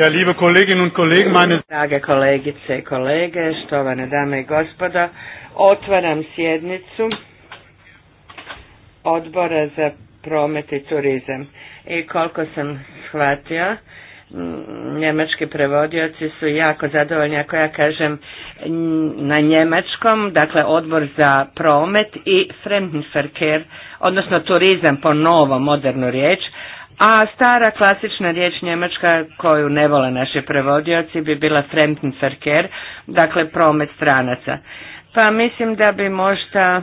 Ja, liebe Kolleginnen und Kollegen, meine... Drage kolegice i kolege, štovane dame i gospoda, otvaram sjednicu odbora za promet i turizam. I koliko sam shvatio, njemački prevodioci su jako zadovoljni ako ja kažem na njemačkom, dakle odbor za promet i Fremdenverkehr, odnosno turizam po novo modernu riječ, a stara klasična riječ njemačka koju ne vole naši prevodioci bi bila Fremdenverkehr, dakle promet stranaca. Pa mislim da bi možda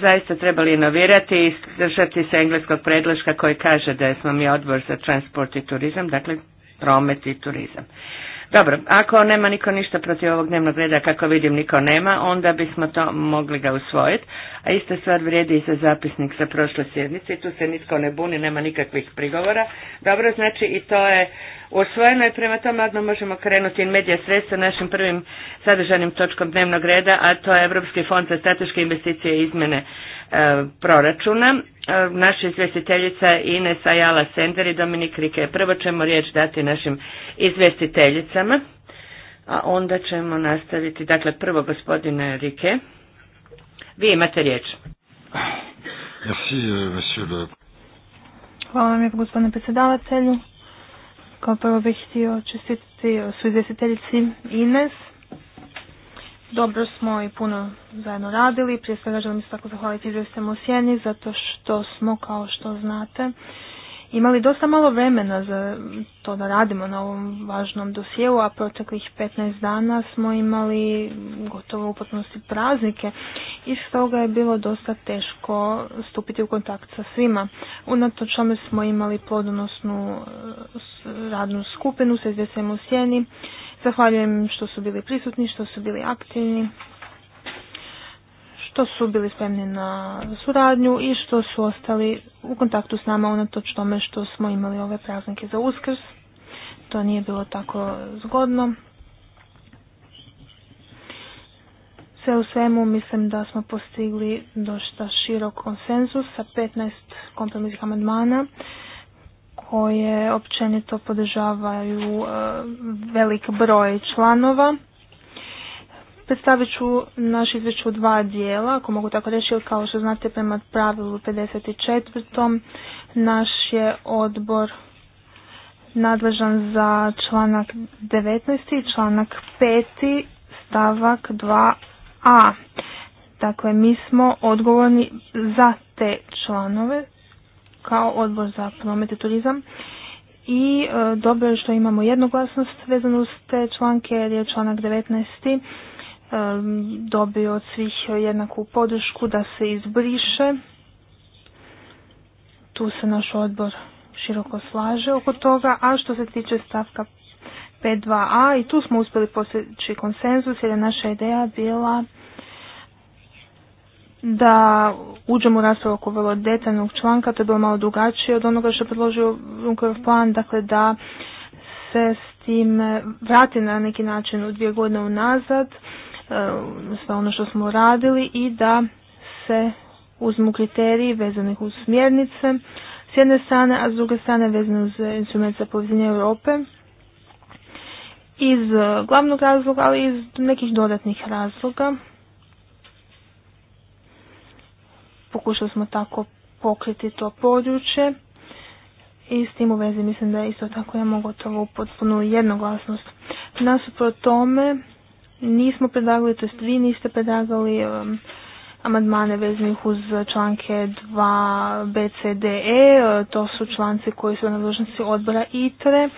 zaista trebali inovirati i držati se engleskog predloška koji kaže da smo mi odbor za transport i turizam, dakle promet i turizam. Dobro, ako nema niko ništa protiv ovog dnevnog reda, kako vidim niko nema, onda bismo to mogli ga usvojiti. A isto stvar vrijedi i za zapisnik sa prošle sjednice i tu se nitko ne buni, nema nikakvih prigovora. Dobro, znači i to je usvojeno i prema tome odmah možemo krenuti in medija sredstva našim prvim sadržanim točkom dnevnog reda, a to je Europski fond za strateške investicije i izmjene E, proračuna. E, naša izvjestiteljica Ines Ajala Sender i Dominik Rike. Prvo ćemo riječ dati našim izvestiteljicama, a onda ćemo nastaviti. Dakle, prvo gospodine Rike, vi imate riječ. Euh, Hvala vam lijepo gospodine predsjedavatelju. Kao prvo bih htio čestiti e, su izvjestiteljici Ines dobro smo i puno zajedno radili. Prije svega želim se tako zahvaliti izvjestem u Sjeni zato što smo, kao što znate, imali dosta malo vremena za to da radimo na ovom važnom dosjeu, a proteklih 15 dana smo imali gotovo upotnosti praznike i toga je bilo dosta teško stupiti u kontakt sa svima. Unato čome smo imali plodonosnu eh, radnu skupinu sa izvjesem u Sjeni Zahvaljujem što su bili prisutni, što su bili aktivni, što su bili spremni na suradnju i što su ostali u kontaktu s nama unatoč tome što smo imali ove praznike za uskrs. To nije bilo tako zgodno. Sve u svemu mislim da smo postigli dosta širok konsenzus sa 15 kompromisnih amandmana koje općenito podržavaju e, velik broj članova. Predstavit ću naš izvješću dva dijela, ako mogu tako reći, kao što znate prema pravilu 54. Naš je odbor nadležan za članak 19. i članak 5. stavak 2a. Dakle, mi smo odgovorni za te članove, kao odbor za promet i turizam. I e, dobro je što imamo jednoglasnost vezanu uz te članke jer je članak 19. E, dobio od svih jednaku podršku da se izbriše. Tu se naš odbor široko slaže oko toga, a što se tiče stavka 5.2a i tu smo uspjeli postići konsenzus jer je naša ideja bila da uđemo u raspravu oko vrlo detaljnog članka, to je bilo malo drugačije od onoga što je predložio Junkerov plan, dakle da se s tim vrati na neki način u dvije godine unazad, e, sve ono što smo radili i da se uzmu kriteriji vezanih uz smjernice s jedne strane, a s druge strane vezane uz instrument za povezanje Europe iz glavnog razloga, ali iz nekih dodatnih razloga Pokušali smo tako pokriti to područje i s tim u vezi mislim da je isto tako mogu gotovo u potpunu jednoglasnost. Nasuprot tome nismo predlagali, to jest vi niste predlagali um, amandmane veznih uz članke 2 BCDE, to su članci koji su na dužnosti odbora ITRE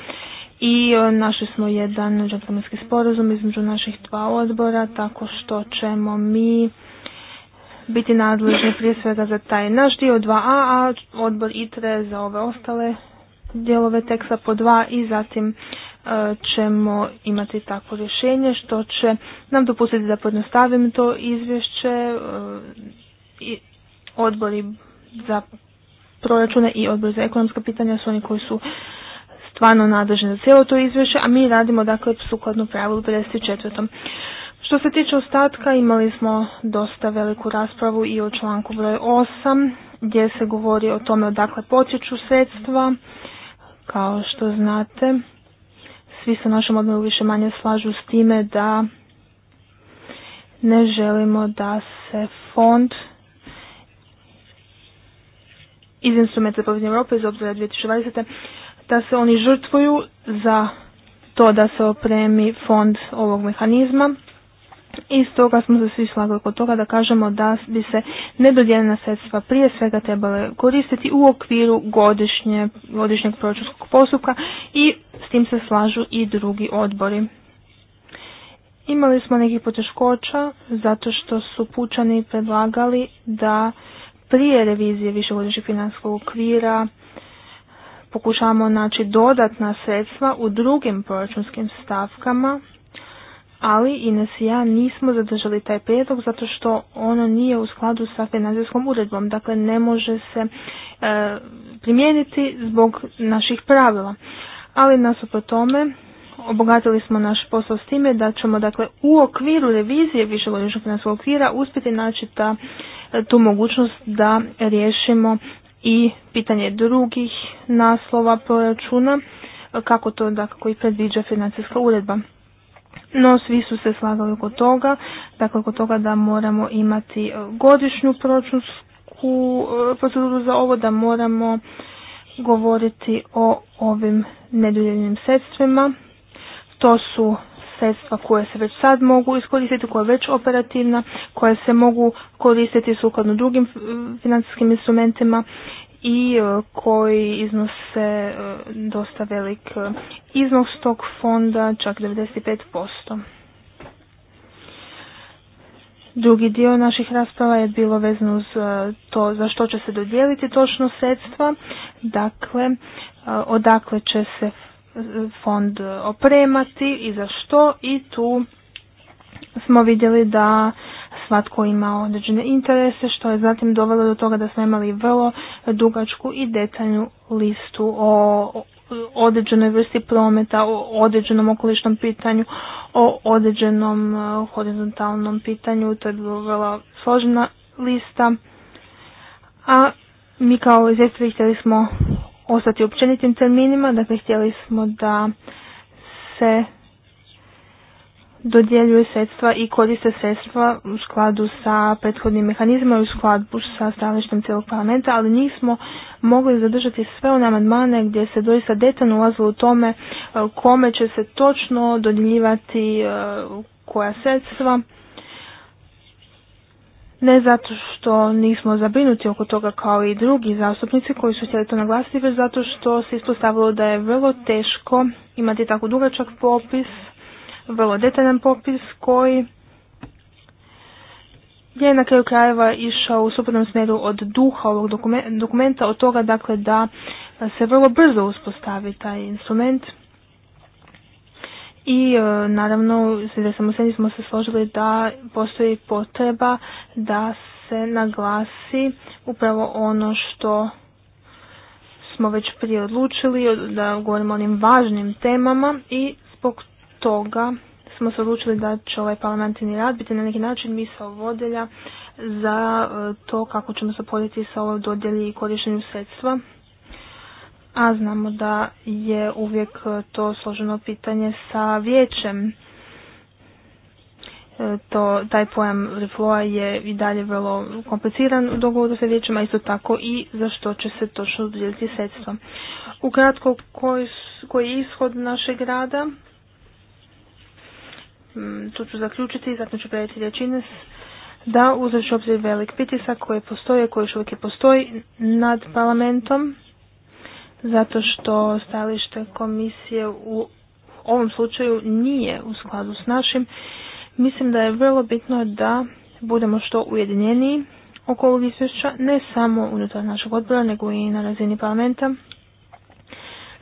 i e, našli smo jedan džentlmenski sporazum između naših dva odbora tako što ćemo mi biti nadležni prije svega za taj naš dio 2a, a odbor ITRE za ove ostale dijelove teksta po 2 i zatim e, ćemo imati takvo rješenje što će nam dopustiti da podnostavim to izvješće e, i odbori za proračune i odbor za ekonomska pitanja su oni koji su stvarno nadležni za cijelo to izvješće, a mi radimo dakle sukladno pravilu 54. Što se tiče ostatka, imali smo dosta veliku raspravu i o članku broj 8, gdje se govori o tome odakle potječu sredstva. Kao što znate, svi se u našem više manje slažu s time da ne želimo da se fond iz instrumenta Povezne Europe iz obzira 2020. da se oni žrtvuju za to da se opremi fond ovog mehanizma i stoga smo se svi slagali kod toga da kažemo da bi se nedodijeljena sredstva prije svega trebale koristiti u okviru godišnje, godišnjeg proračunskog postupka i s tim se slažu i drugi odbori. Imali smo nekih poteškoća zato što su pučani predlagali da prije revizije višegodišnjeg financijskog okvira pokušavamo naći dodatna sredstva u drugim proračunskim stavkama ali Ines i ja nismo zadržali taj prijedlog zato što ono nije u skladu sa financijskom uredbom, dakle ne može se e, primijeniti zbog naših pravila. Ali po tome obogatili smo naš posao s time da ćemo dakle u okviru revizije višegodišnjeg financijskog okvira uspjeti naći ta, e, tu mogućnost da riješimo i pitanje drugih naslova proračuna kako to dakle i predviđa financijska uredba. No, svi su se slagali oko toga, dakle oko toga da moramo imati e, godišnju proračunsku e, proceduru za ovo, da moramo govoriti o ovim neduljenim sredstvima. To su sredstva koje se već sad mogu iskoristiti, koja je već operativna, koja se mogu koristiti sukladno drugim e, financijskim instrumentima i e, koji iznose e, dosta velik e, iznos tog fonda, čak 95%. Drugi dio naših rasprava je bilo vezano uz to za što će se dodijeliti točno sredstva, dakle odakle će se fond opremati i za što i tu smo vidjeli da svatko ima određene interese, što je zatim dovelo do toga da smo imali vrlo dugačku i detaljnu listu o određenoj vrsti prometa, o određenom okolišnom pitanju, o određenom e, horizontalnom pitanju, to je bilo vrlo složena lista. A mi kao izvjestitelji htjeli smo ostati općenitim terminima, dakle htjeli smo da se dodjeljuje sredstva i koriste sredstva u skladu sa prethodnim mehanizmima i u skladu sa stajalištem cijelog parlamenta, ali nismo mogli zadržati sve one amandmane gdje se doista detaljno ulazilo u tome e, kome će se točno dodjeljivati e, koja sredstva. Ne zato što nismo zabrinuti oko toga kao i drugi zastupnici koji su htjeli to naglasiti, već zato što se ispostavilo da je vrlo teško imati tako dugačak popis vrlo detaljan popis koji je na kraju krajeva išao u suprotnom smjeru od duha ovog dokumenta, od toga dakle da se vrlo brzo uspostavi taj instrument. I e, naravno, da sam u smo se složili da postoji potreba da se naglasi upravo ono što smo već prije odlučili, da govorimo o onim važnim temama i zbog toga smo se odlučili da će ovaj parlamentarni rad biti na neki način misao vodelja za e, to kako ćemo se podjeti sa ovoj dodjeli i korištenju sredstva. A znamo da je uvijek e, to složeno pitanje sa vijećem. E, to, taj pojam refloa je i dalje vrlo kompliciran u dogovoru sa vijećima, isto tako i za što će se točno dodjeliti sredstva. Ukratko, koji, koji je ishod našeg rada? Mm, tu ću zaključiti i zato ću prijeti rječine da uzreći obzir velik pritisak koji postoje, koji još uvijek postoji nad parlamentom, zato što stajalište komisije u ovom slučaju nije u skladu s našim. Mislim da je vrlo bitno da budemo što ujedinjeniji oko ovog izvješća, ne samo unutar našeg odbora, nego i na razini parlamenta.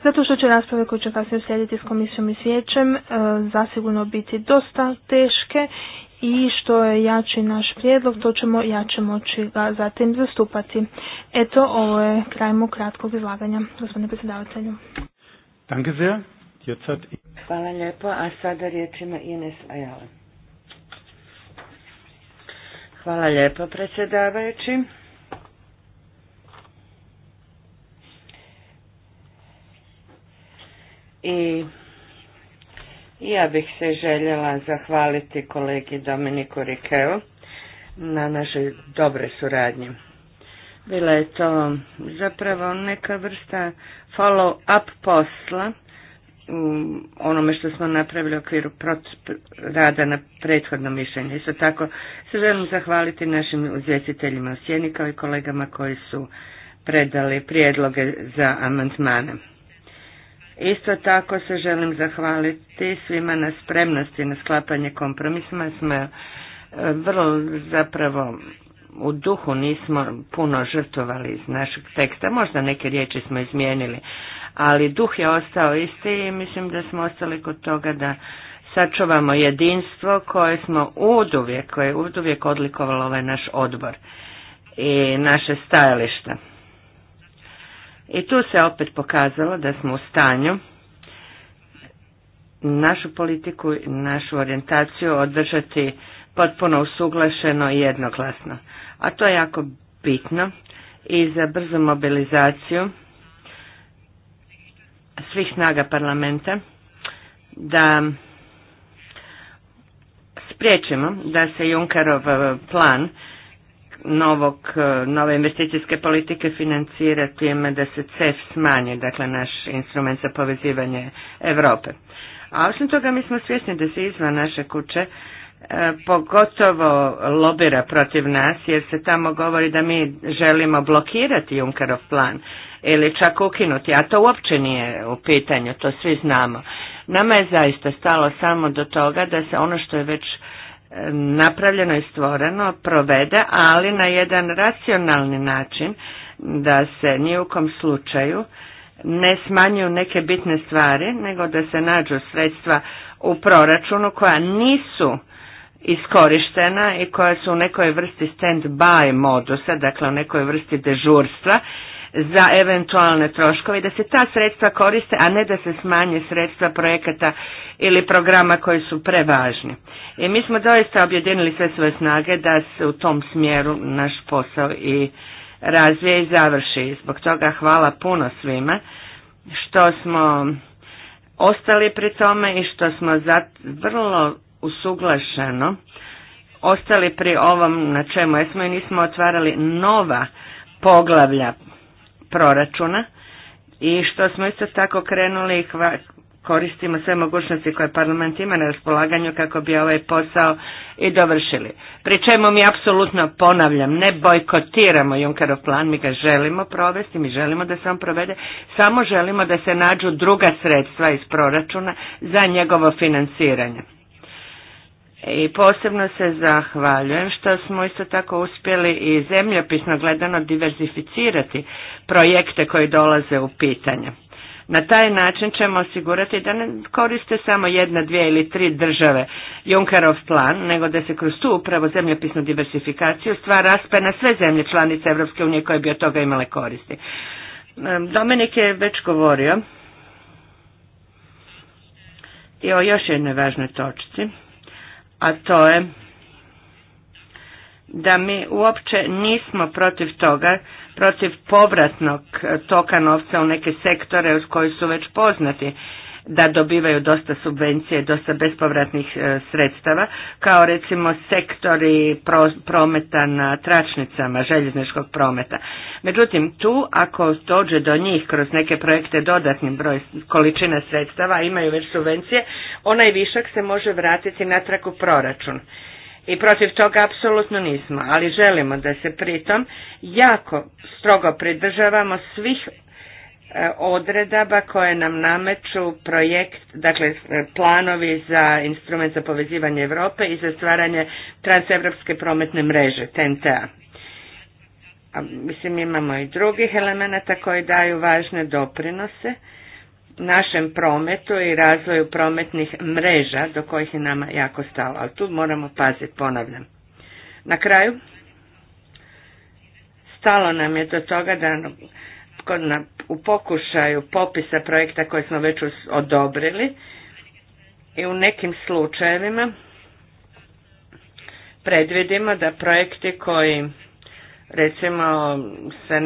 Zato što će rasprave koje će kasnije slijediti s komisijom i svijećem e, zasigurno biti dosta teške i što je jači naš prijedlog, to ćemo jače moći ga zatim zastupati. Eto, ovo je kraj mog kratkog izlaganja, gospodine predsjedavatelju. Danke sehr. Hvala lijepo, a sada riječ Ines Ajala. Hvala lijepo, predsjedavajući. i ja bih se željela zahvaliti kolegi Dominiku Rikeu na našoj dobre suradnji. Bila je to zapravo neka vrsta follow-up posla u onome što smo napravili u okviru rada na prethodno mišljenje. Isto tako se želim zahvaliti našim izvjestiteljima u i kolegama koji su predali prijedloge za amandmane. Isto tako se želim zahvaliti svima na spremnosti na sklapanje kompromisma. Smo e, vrlo zapravo u duhu nismo puno žrtvovali iz našeg teksta. Možda neke riječi smo izmijenili, ali duh je ostao isti i mislim da smo ostali kod toga da sačuvamo jedinstvo koje smo uduvijek, koje je uduvijek odlikovalo ovaj naš odbor i naše stajališta. I tu se opet pokazalo da smo u stanju našu politiku i našu orijentaciju održati potpuno usuglašeno i jednoglasno. A to je jako bitno i za brzu mobilizaciju svih snaga parlamenta da spriječimo da se Junkarov plan novog, e, nove investicijske politike financira time da se CEF smanji, dakle naš instrument za povezivanje Europe. A osim toga mi smo svjesni da se izvan naše kuće e, pogotovo lobira protiv nas jer se tamo govori da mi želimo blokirati Junkerov plan ili čak ukinuti, a to uopće nije u pitanju, to svi znamo. Nama je zaista stalo samo do toga da se ono što je već napravljeno i stvoreno provede, ali na jedan racionalni način da se ni u kom slučaju ne smanjuju neke bitne stvari, nego da se nađu sredstva u proračunu koja nisu iskorištena i koja su u nekoj vrsti stand-by modusa, dakle u nekoj vrsti dežurstva za eventualne troškove i da se ta sredstva koriste, a ne da se smanje sredstva projekata ili programa koji su prevažni. I mi smo doista objedinili sve svoje snage da se u tom smjeru naš posao i razvije i završi. Zbog toga hvala puno svima što smo ostali pri tome i što smo vrlo usuglašeno ostali pri ovom na čemu jesmo i nismo otvarali nova poglavlja proračuna i što smo isto tako krenuli i koristimo sve mogućnosti koje parlament ima na raspolaganju kako bi ovaj posao i dovršili. Pri čemu mi apsolutno ponavljam, ne bojkotiramo Junkerov plan, mi ga želimo provesti, mi želimo da se on provede, samo želimo da se nađu druga sredstva iz proračuna za njegovo financiranje. I posebno se zahvaljujem što smo isto tako uspjeli i zemljopisno gledano diversificirati projekte koji dolaze u pitanje. Na taj način ćemo osigurati da ne koriste samo jedna, dvije ili tri države Junkerov plan, nego da se kroz tu upravo zemljopisnu diversifikaciju stvar raspe na sve zemlje članice Europske unije koje bi od toga imale koristi. Dominik je već govorio i o još jednoj važnoj točci a to je da mi uopće nismo protiv toga, protiv povratnog toka novca u neke sektore koji su već poznati da dobivaju dosta subvencije, dosta bespovratnih e, sredstava, kao recimo sektori prometa na tračnicama, željezničkog prometa. Međutim, tu ako dođe do njih kroz neke projekte dodatni broj količina sredstava, imaju već subvencije, onaj višak se može vratiti natrag u proračun. I protiv toga apsolutno nismo, ali želimo da se pritom jako strogo pridržavamo svih odredaba koje nam nameću projekt, dakle planovi za instrument za povezivanje Europe i za stvaranje transevropske prometne mreže, TNTA. a Mislim, imamo i drugih elemenata koji daju važne doprinose našem prometu i razvoju prometnih mreža do kojih je nama jako stalo, ali tu moramo paziti, ponavljam. Na kraju, stalo nam je do toga da na, u pokušaju popisa projekta koje smo već odobrili i u nekim slučajevima predvidimo da projekti koji recimo sa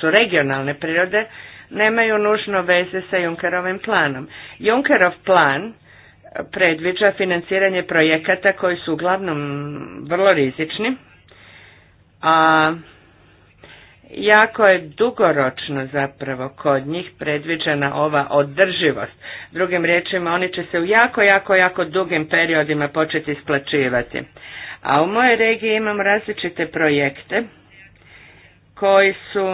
su regionalne prirode nemaju nužno veze sa Junkerovim planom. Junkerov plan predviđa financiranje projekata koji su uglavnom vrlo rizični, a jako je dugoročno zapravo kod njih predviđena ova održivost. Drugim riječima, oni će se u jako, jako, jako dugim periodima početi isplaćivati. A u mojoj regiji imam različite projekte koji su,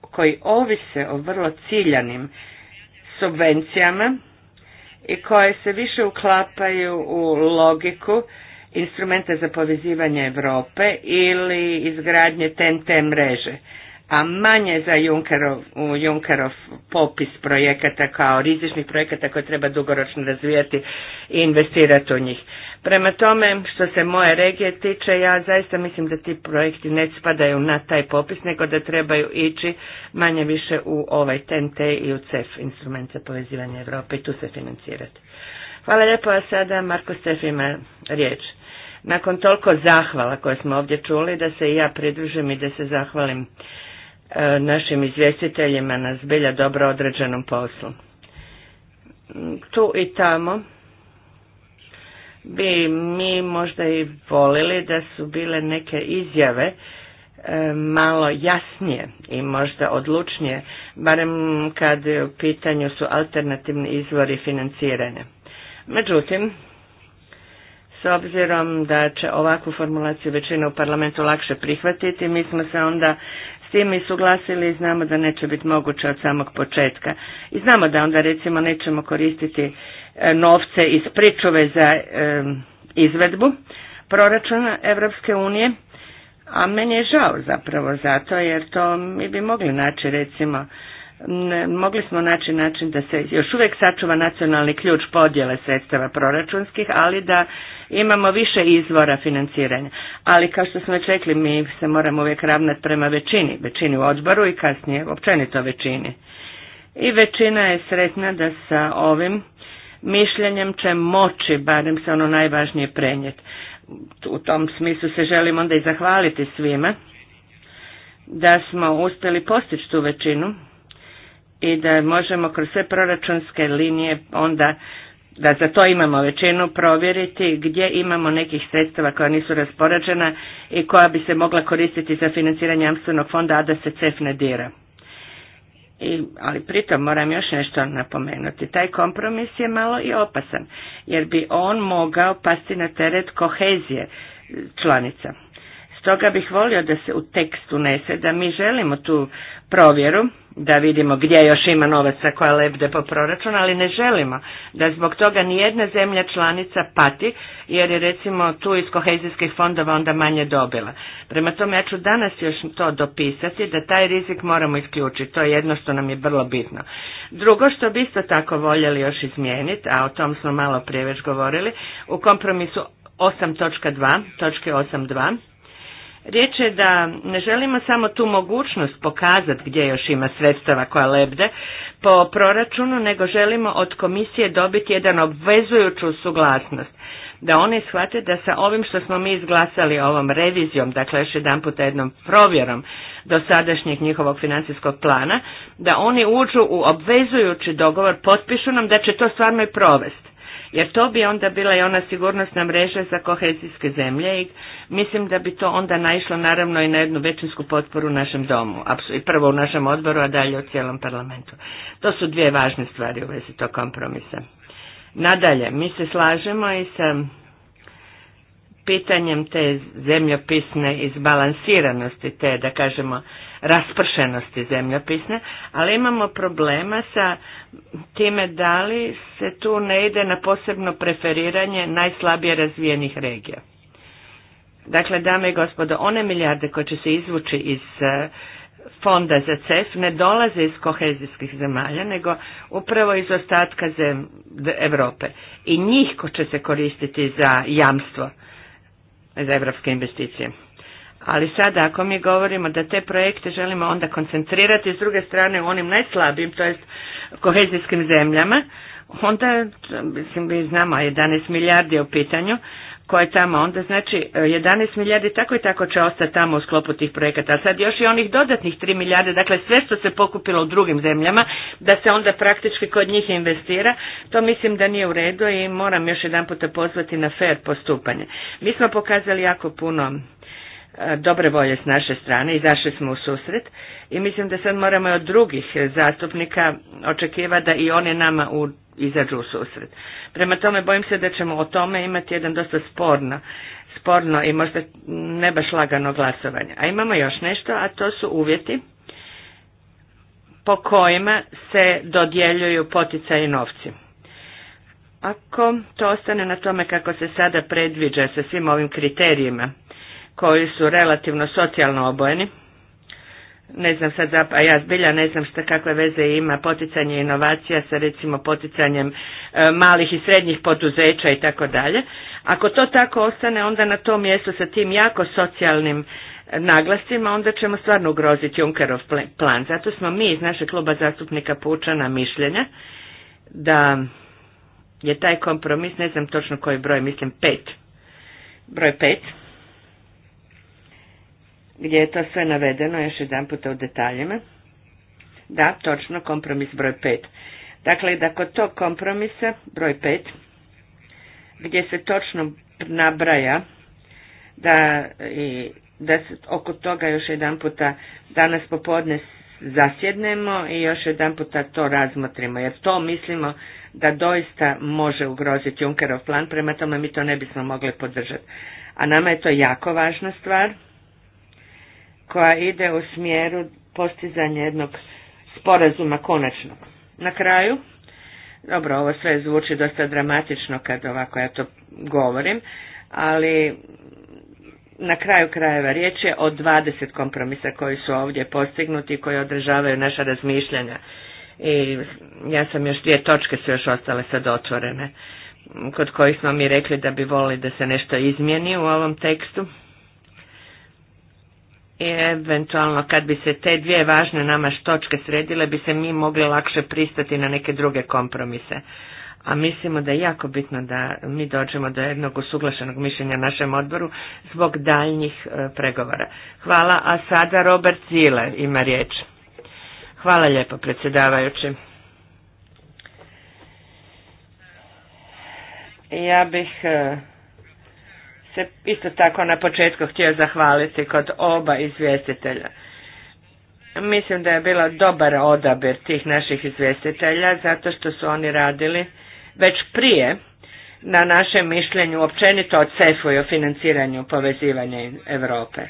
koji ovise o vrlo ciljanim subvencijama i koje se više uklapaju u logiku Instrumente za povezivanje Europe ili izgradnje TNT mreže, a manje za Junkerov, Junkerov popis projekata kao rizičnih projekata koje treba dugoročno razvijati i investirati u njih. Prema tome, što se moje regije tiče, ja zaista mislim da ti projekti ne spadaju na taj popis, nego da trebaju ići manje više u ovaj TNT i u CEF, instrument za povezivanje Europe i tu se financirati. Hvala lijepo, a sada Marko Stef ima riječ. Nakon toliko zahvala koje smo ovdje čuli, da se i ja pridružim i da se zahvalim e, našim izvjestiteljima na zbilja dobro određenom poslu. Tu i tamo bi mi možda i volili da su bile neke izjave e, malo jasnije i možda odlučnije, barem kad u pitanju su alternativni izvori financiranja. Međutim, s obzirom da će ovakvu formulaciju većina u parlamentu lakše prihvatiti, mi smo se onda s tim i suglasili i znamo da neće biti moguće od samog početka. I znamo da onda recimo nećemo koristiti e, novce iz pričuve za e, izvedbu proračuna Evropske unije, a meni je žao zapravo zato jer to mi bi mogli naći recimo mogli smo naći način da se još uvijek sačuva nacionalni ključ podjele sredstava proračunskih, ali da imamo više izvora financiranja. Ali kao što smo već mi se moramo uvijek ravnati prema većini, većini u odboru i kasnije općenito većini. I većina je sretna da sa ovim mišljenjem će moći, barem se ono najvažnije prenijeti. U tom smislu se želim onda i zahvaliti svima da smo uspjeli postići tu većinu i da možemo kroz sve proračunske linije onda da za to imamo većinu, provjeriti gdje imamo nekih sredstava koja nisu raspoređena i koja bi se mogla koristiti za financiranje jamstvenog fonda, a da se CEF ne dira. I, ali pritom moram još nešto napomenuti. Taj kompromis je malo i opasan, jer bi on mogao pasti na teret kohezije članica. Stoga bih volio da se u tekst unese da mi želimo tu provjeru da vidimo gdje još ima novaca koja lebde po proračunu, ali ne želimo da zbog toga nijedna zemlja članica pati, jer je recimo tu iz kohezijskih fondova onda manje dobila. Prema tome ja ću danas još to dopisati, da taj rizik moramo isključiti, to je jedno što nam je vrlo bitno. Drugo što bi isto tako voljeli još izmijeniti, a o tom smo malo prije već govorili, u kompromisu 8.2, točke 8.2, Riječ je da ne želimo samo tu mogućnost pokazati gdje još ima sredstava koja lebde po proračunu, nego želimo od komisije dobiti jedan obvezujuću suglasnost. Da oni shvate da sa ovim što smo mi izglasali ovom revizijom, dakle još jedan puta jednom provjerom dosadašnjeg njihovog financijskog plana, da oni uđu u obvezujući dogovor, potpišu nam da će to stvarno i provesti jer to bi onda bila i ona sigurnosna mreža za kohezijske zemlje i mislim da bi to onda naišlo naravno i na jednu većinsku potporu u našem domu, i prvo u našem odboru, a dalje u cijelom parlamentu. To su dvije važne stvari u vezi tog kompromisa. Nadalje, mi se slažemo i sa pitanjem te zemljopisne izbalansiranosti, te da kažemo raspršenosti zemljopisne, ali imamo problema sa time da li se tu ne ide na posebno preferiranje najslabije razvijenih regija. Dakle, dame i gospodo, one milijarde koje će se izvući iz e, fonda za CEF ne dolaze iz kohezijskih zemalja, nego upravo iz ostatka Europe. I njih ko će se koristiti za jamstvo za evropske investicije. Ali sada ako mi govorimo da te projekte želimo onda koncentrirati s druge strane u onim najslabijim, to jest kohezijskim zemljama, onda mislim mi znamo 11 milijardi u pitanju koje tamo onda znači 11 milijardi tako i tako će ostati tamo u sklopu tih projekata. A sad još i onih dodatnih 3 milijarde, dakle sve što se pokupilo u drugim zemljama da se onda praktički kod njih investira, to mislim da nije u redu i moram još jedan pozvati na fair postupanje. Mi smo pokazali jako puno dobre volje s naše strane, izašli smo u susret i mislim da sad moramo od drugih zastupnika očekivati da i one nama u, izađu u susret. Prema tome bojim se da ćemo o tome imati jedan dosta sporno, sporno i možda ne baš lagano glasovanje. A imamo još nešto, a to su uvjeti po kojima se dodjeljuju poticaji novci. Ako to ostane na tome kako se sada predviđa sa svim ovim kriterijima, koji su relativno socijalno obojeni. Ne znam sad, a ja zbilja ne znam šta kakve veze ima poticanje inovacija sa recimo poticanjem e, malih i srednjih poduzeća i tako dalje. Ako to tako ostane, onda na tom mjestu sa tim jako socijalnim e, naglascima, onda ćemo stvarno ugroziti Junkerov plan. Zato smo mi iz našeg kluba zastupnika Pučana mišljenja da je taj kompromis, ne znam točno koji broj, mislim pet, broj pet, gdje je to sve navedeno još jedan puta u detaljima. Da, točno, kompromis broj 5. Dakle, da kod tog kompromisa broj 5, gdje se točno nabraja da, i, da se oko toga još jedan puta danas popodne zasjednemo i još jedan puta to razmotrimo, jer to mislimo da doista može ugroziti Junkerov plan, prema tome mi to ne bismo mogli podržati. A nama je to jako važna stvar, koja ide u smjeru postizanja jednog sporazuma konačnog. Na kraju, dobro, ovo sve zvuči dosta dramatično kad ovako ja to govorim, ali na kraju krajeva riječ je o 20 kompromisa koji su ovdje postignuti i koji održavaju naša razmišljanja. I ja sam još dvije točke su još ostale sad otvorene, kod kojih smo mi rekli da bi volili da se nešto izmijeni u ovom tekstu eventualno kad bi se te dvije važne nama točke sredile bi se mi mogli lakše pristati na neke druge kompromise. A mislimo da je jako bitno da mi dođemo do jednog usuglašenog mišljenja našem odboru zbog daljnjih e, pregovora. Hvala, a sada Robert Zile ima riječ. Hvala lijepo predsjedavajući. Ja bih e, se isto tako na početku htio zahvaliti kod oba izvjestitelja. Mislim da je bila dobar odabir tih naših izvjestitelja zato što su oni radili već prije na našem mišljenju općenito o CEF-u i o financiranju povezivanja Europe.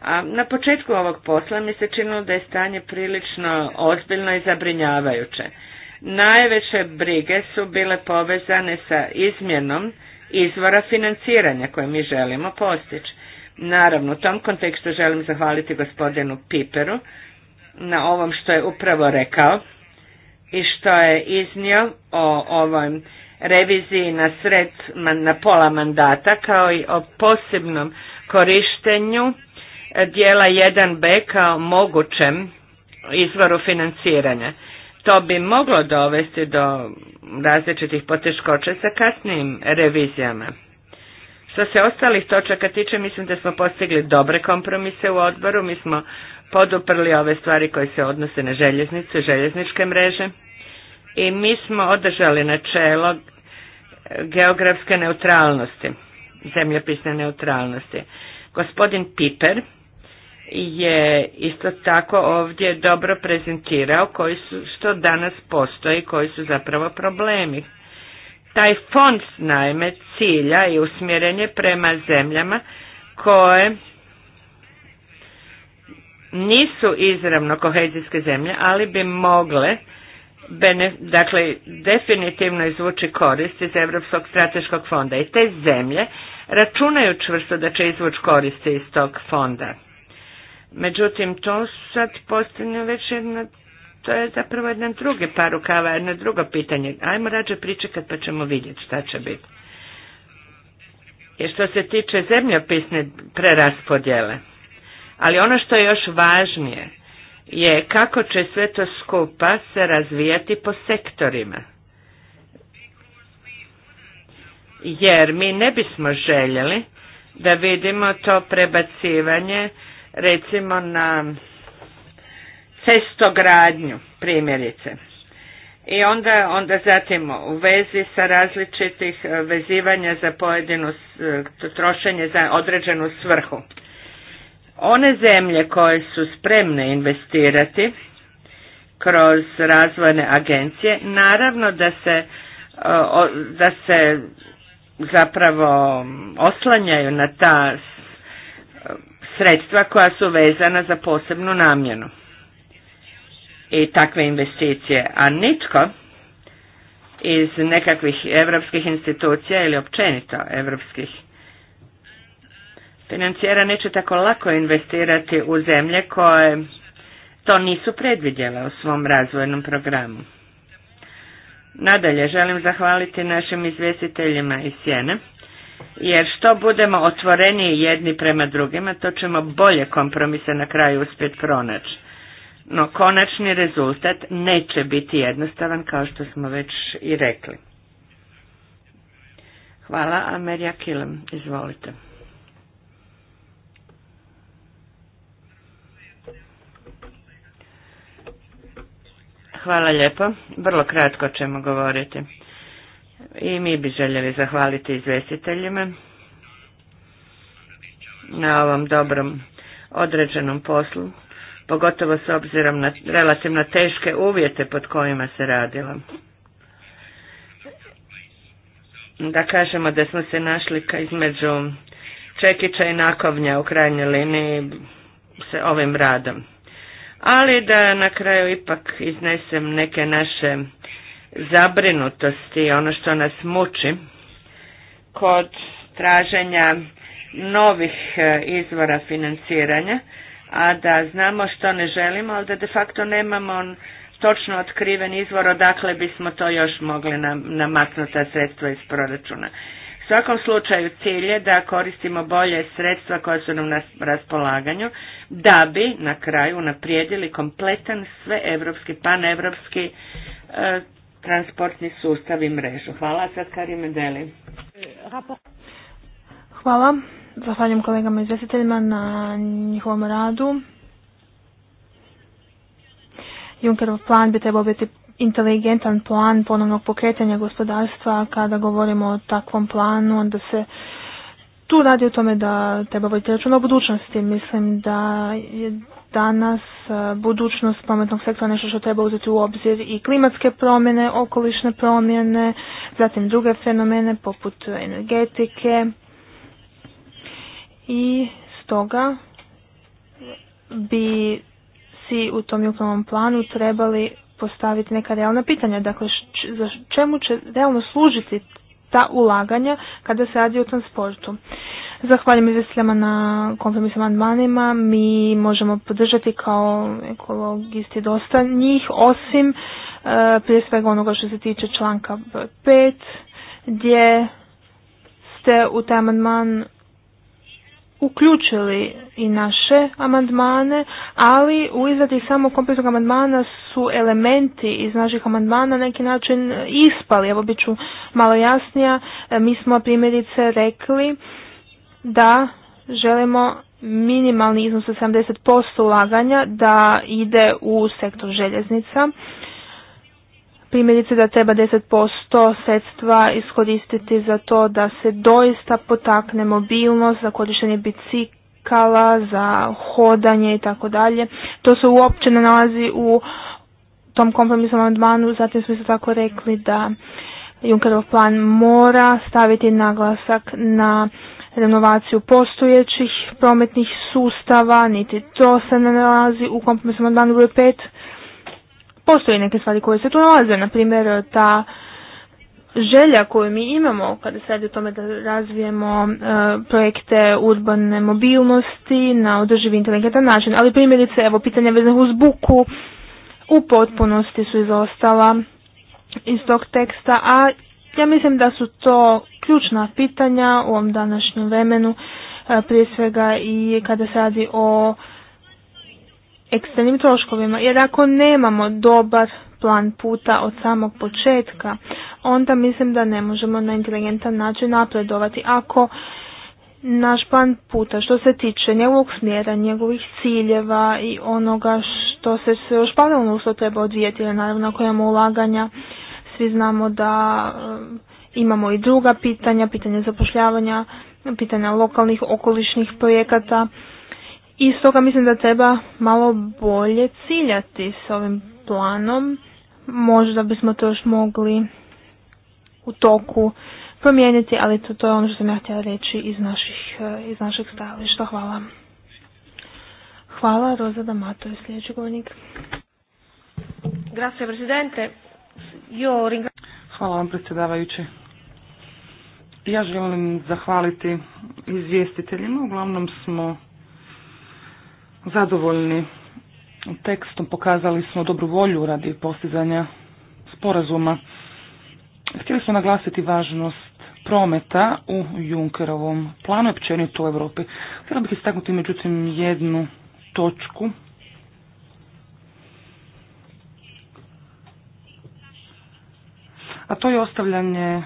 A na početku ovog posla mi se činilo da je stanje prilično ozbiljno i zabrinjavajuće. Najveće brige su bile povezane sa izmjenom izvora financiranja koje mi želimo postići. Naravno, u tom kontekstu želim zahvaliti gospodinu Piperu na ovom što je upravo rekao i što je iznio o ovoj reviziji na sred, na pola mandata, kao i o posebnom korištenju dijela 1b kao mogućem izvoru financiranja. To bi moglo dovesti do različitih poteškoća sa kasnijim revizijama. Što se ostalih točaka tiče, mislim da smo postigli dobre kompromise u odboru, mi smo poduprli ove stvari koje se odnose na željeznicu i željezničke mreže i mi smo održali načelo geografske neutralnosti, zemljopisne neutralnosti. Gospodin Piper je isto tako ovdje dobro prezentirao koji su, što danas postoji, koji su zapravo problemi. Taj fond naime cilja i usmjerenje prema zemljama koje nisu izravno kohezijske zemlje, ali bi mogle dakle, definitivno izvući korist iz Europskog strateškog fonda. I te zemlje računaju čvrsto da će izvući koristi iz tog fonda. Međutim, to sad postane već jedna, to je zapravo jedan drugi par rukava, jedno drugo pitanje. Ajmo rađe pričekat pa ćemo vidjeti šta će biti. Jer što se tiče zemljopisne preraspodjele, ali ono što je još važnije je kako će sve to skupa se razvijati po sektorima. Jer mi ne bismo željeli da vidimo to prebacivanje recimo na cestogradnju primjerice. I onda, onda zatim u vezi sa različitih e, vezivanja za pojedinu e, trošenje za određenu svrhu. One zemlje koje su spremne investirati kroz razvojne agencije, naravno da se, e, da se zapravo oslanjaju na ta sredstva koja su vezana za posebnu namjenu i takve investicije, a nitko iz nekakvih evropskih institucija ili općenito evropskih financijera neće tako lako investirati u zemlje koje to nisu predvidjele u svom razvojnom programu. Nadalje želim zahvaliti našim izvjestiteljima iz Sjene jer što budemo otvoreniji jedni prema drugima, to ćemo bolje kompromise na kraju uspjeti pronaći. No konačni rezultat neće biti jednostavan kao što smo već i rekli. Hvala, Amerija Kilem, izvolite. Hvala lijepo, vrlo kratko ćemo govoriti. I mi bi željeli zahvaliti izvjestiteljima na ovom dobrom određenom poslu, pogotovo s obzirom na relativno teške uvjete pod kojima se radilo. Da kažemo da smo se našli između Čekića i Nakovnja u krajnjoj liniji se ovim radom. Ali da na kraju ipak iznesem neke naše zabrinutosti, ono što nas muči kod traženja novih e, izvora financiranja, a da znamo što ne želimo, ali da de facto nemamo točno otkriven izvor odakle bismo to još mogli namaknuti sredstva iz proračuna. U svakom slučaju cilj je da koristimo bolje sredstva koja su nam na raspolaganju da bi na kraju naprijedili kompletan sve evropski, panevropski e, transportni sustav i mrežu. Hvala sad karim Deli. Hvala. Zahvaljujem kolegama izvjestiteljima na njihovom radu. Junkerov plan bi trebao biti inteligentan plan ponovnog pokretanja gospodarstva. Kada govorimo o takvom planu, onda se tu radi o tome da treba voditi račun o budućnosti. Mislim da je danas e, budućnost pametnog sektora nešto što treba uzeti u obzir i klimatske promjene, okolišne promjene, zatim druge fenomene poput energetike i stoga bi si u tom nuklearnom planu trebali postaviti neka realna pitanja. Dakle, za čemu će realno služiti ta ulaganja kada se radi o transportu. Zahvaljujem izvjestiteljama na kompromisnim amandmanima. Mi možemo podržati kao ekologisti dosta njih, osim e, prije svega onoga što se tiče članka 5, gdje ste u taj amandman uključili i naše amandmane, ali u izradi samog kompletnog amandmana su elementi iz naših amandmana na neki način ispali. Evo bit ću malo jasnija. E, mi smo primjerice rekli da želimo minimalni iznos od 70% ulaganja da ide u sektor željeznica. Primjerice da treba 10% sredstva iskoristiti za to da se doista potakne mobilnost za korištenje bicikala, za hodanje i tako dalje. To se uopće ne nalazi u tom kompromisnom amandmanu, zatim smo se tako rekli da Junkerov plan mora staviti naglasak na renovaciju postojećih prometnih sustava, niti to se ne nalazi u kompromisnom amandmanu broj 5. Postoje neke stvari koje se tu nalaze, na primjer ta želja koju mi imamo kada se radi o tome da razvijemo e, projekte urbane mobilnosti na održivi inteligentan način, ali primjerice evo pitanja vezano uz buku u potpunosti su izostala iz tog teksta, a ja mislim da su to ključna pitanja u ovom današnjem vremenu, e, prije svega i kada se radi o ekstremnim troškovima. Jer ako nemamo dobar plan puta od samog početka, onda mislim da ne možemo na inteligentan način napredovati. Ako naš plan puta što se tiče njegovog smjera, njegovih ciljeva i onoga što se sve još usto treba odvijeti, jer naravno ako imamo ulaganja, svi znamo da imamo i druga pitanja, pitanja zapošljavanja, pitanja lokalnih okolišnih projekata i stoga mislim da treba malo bolje ciljati s ovim planom. Možda bismo to još mogli u toku promijeniti, ali to, to je ono što sam ja htjela reći iz, naših, eh, iz našeg stajališta. Hvala. Hvala, Roza D'Amato je sljedeći govornik. Hvala vam, predsjedavajući. Ja želim zahvaliti izvjestiteljima. Uglavnom smo zadovoljni tekstom. Pokazali smo dobru volju radi postizanja sporazuma. Htjeli smo naglasiti važnost prometa u Junkerovom planu i općenito u Europi. Htjela bih istaknuti međutim jednu točku a to je ostavljanje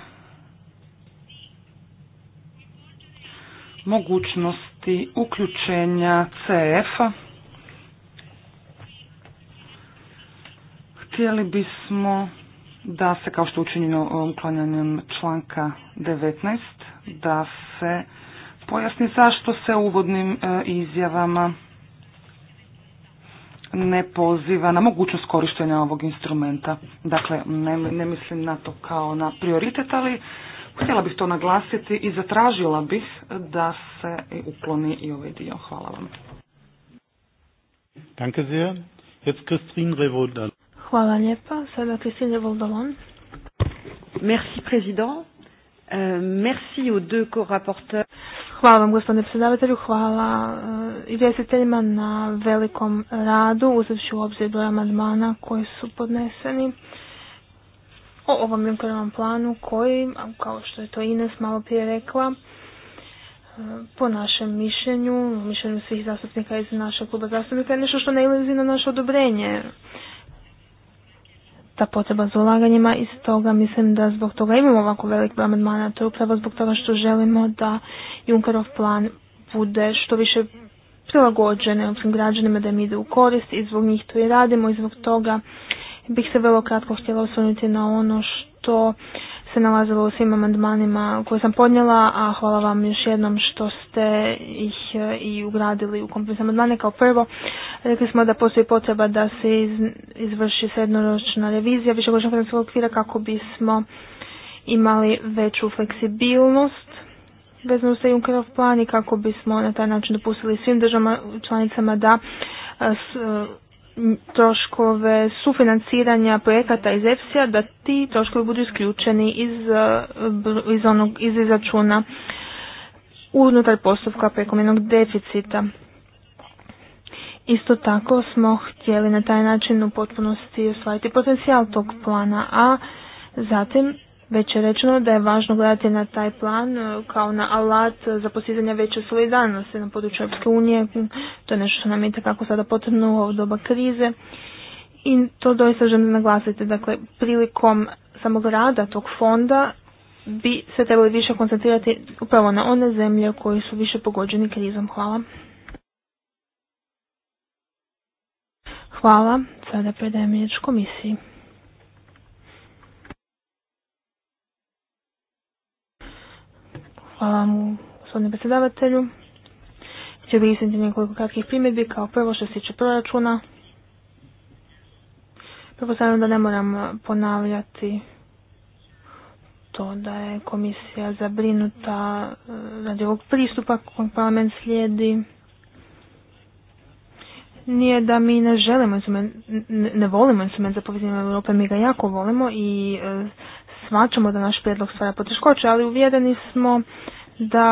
mogućnosti uključenja CF-a. Htjeli bismo da se, kao što je učinjeno uklanjanjem članka 19, da se pojasni zašto se uvodnim e, izjavama ne poziva na mogućnost korištenja ovog instrumenta. Dakle, ne mislim na to kao na prioritet, ali Htjela bih to naglasiti i zatražila bih da se ukloni i ovaj dio. Hvala vam. Danke sehr. Jetzt Christine Revaud. Hvala lijepa. Sada Christine Revoldalon. Merci, président. Uh, merci aux deux co-rapporteurs. Hvala vam gospodine predsjedavatelju, hvala uh, izvjestiteljima na velikom radu, uzevši u obzir broj amandmana koji su podneseni o ovom Junkarovom planu koji, kao što je to Ines malo prije rekla, e, po našem mišljenju, mišljenju svih zastupnika iz našeg kluba zastupnika, je nešto što ne na naše odobrenje. Ta potreba za ulaganjima i stoga mislim da zbog toga imamo ovako velik amandmana. upravo zbog toga što želimo da Junkarov plan bude što više prilagođen europskim građanima, da im ide u korist i zbog njih to i radimo i zbog toga bih se vrlo kratko htjela osvrnuti na ono što se nalazilo u svim amandmanima koje sam podnijela, a hvala vam još jednom što ste ih e, i ugradili u kompromis amandmane. Kao prvo, rekli smo da postoji potreba da se izvrši srednoročna revizija višegodišnjeg financijskog okvira kako bismo imali veću fleksibilnost vezano sa Junckerov plan i kako bismo na taj način dopustili svim državama članicama da e, e, troškove sufinanciranja projekata iz efsi da ti troškovi budu isključeni iz, e, iz, onog, iz izračuna unutar postupka prekomjernog deficita. Isto tako smo htjeli na taj način u potpunosti osvajati potencijal tog plana, a zatim već je rečeno da je važno gledati na taj plan e, kao na alat za postizanje veće solidarnosti na području Europske unije. To je nešto što nam je takako sada potrebno u ovo doba krize. I to doista želim naglasiti. Dakle, prilikom samog rada tog fonda bi se trebali više koncentrirati upravo na one zemlje koje su više pogođeni krizom. Hvala. Hvala. Sada predajem riječ komisiji. Hvala vam, gospodine predsjedavatelju. Htio bih iznijeti nekoliko kratkih primjedbi. Kao prvo što se tiče proračuna. Pretpostavljam da ne moram ponavljati to da je komisija zabrinuta eh, radi ovog pristupa kojeg parlament slijedi. Nije da mi ne želimo instrument, ne volimo instrument za povezivanje Europe, mi ga jako volimo i eh, svačamo da naš prijedlog stvara poteškoće, ali uvjereni smo da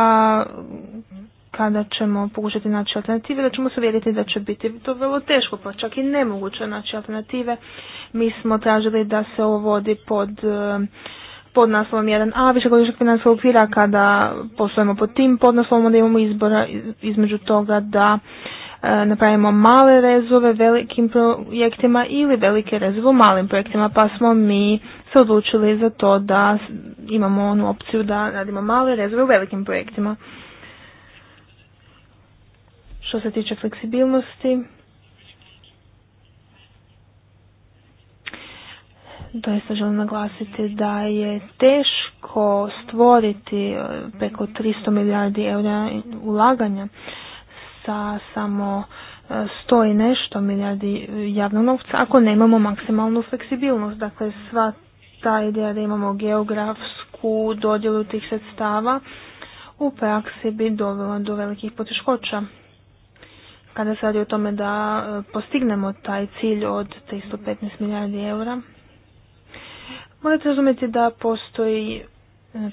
kada ćemo pokušati naći alternative, da ćemo se uvjeriti da će biti to vrlo teško, pa čak i nemoguće naći alternative. Mi smo tražili da se ovo vodi pod eh, pod naslovom 1a višegodišnjeg financijskog okvira kada poslujemo pod tim podnaslovom da imamo izbora između toga da E, napravimo male rezove velikim projektima ili velike rezove u malim projektima, pa smo mi se odlučili za to da imamo onu opciju da radimo male rezove u velikim projektima. Što se tiče fleksibilnosti, doista želim naglasiti da je teško stvoriti e, preko 300 milijardi eura ulaganja sa samo e, sto i nešto milijardi e, javnog novca ako nemamo maksimalnu fleksibilnost. Dakle, sva ta ideja da imamo geografsku dodjelu tih sredstava u praksi bi dovela do velikih poteškoća. Kada se radi o tome da e, postignemo taj cilj od 315 milijardi eura, morate razumjeti da postoji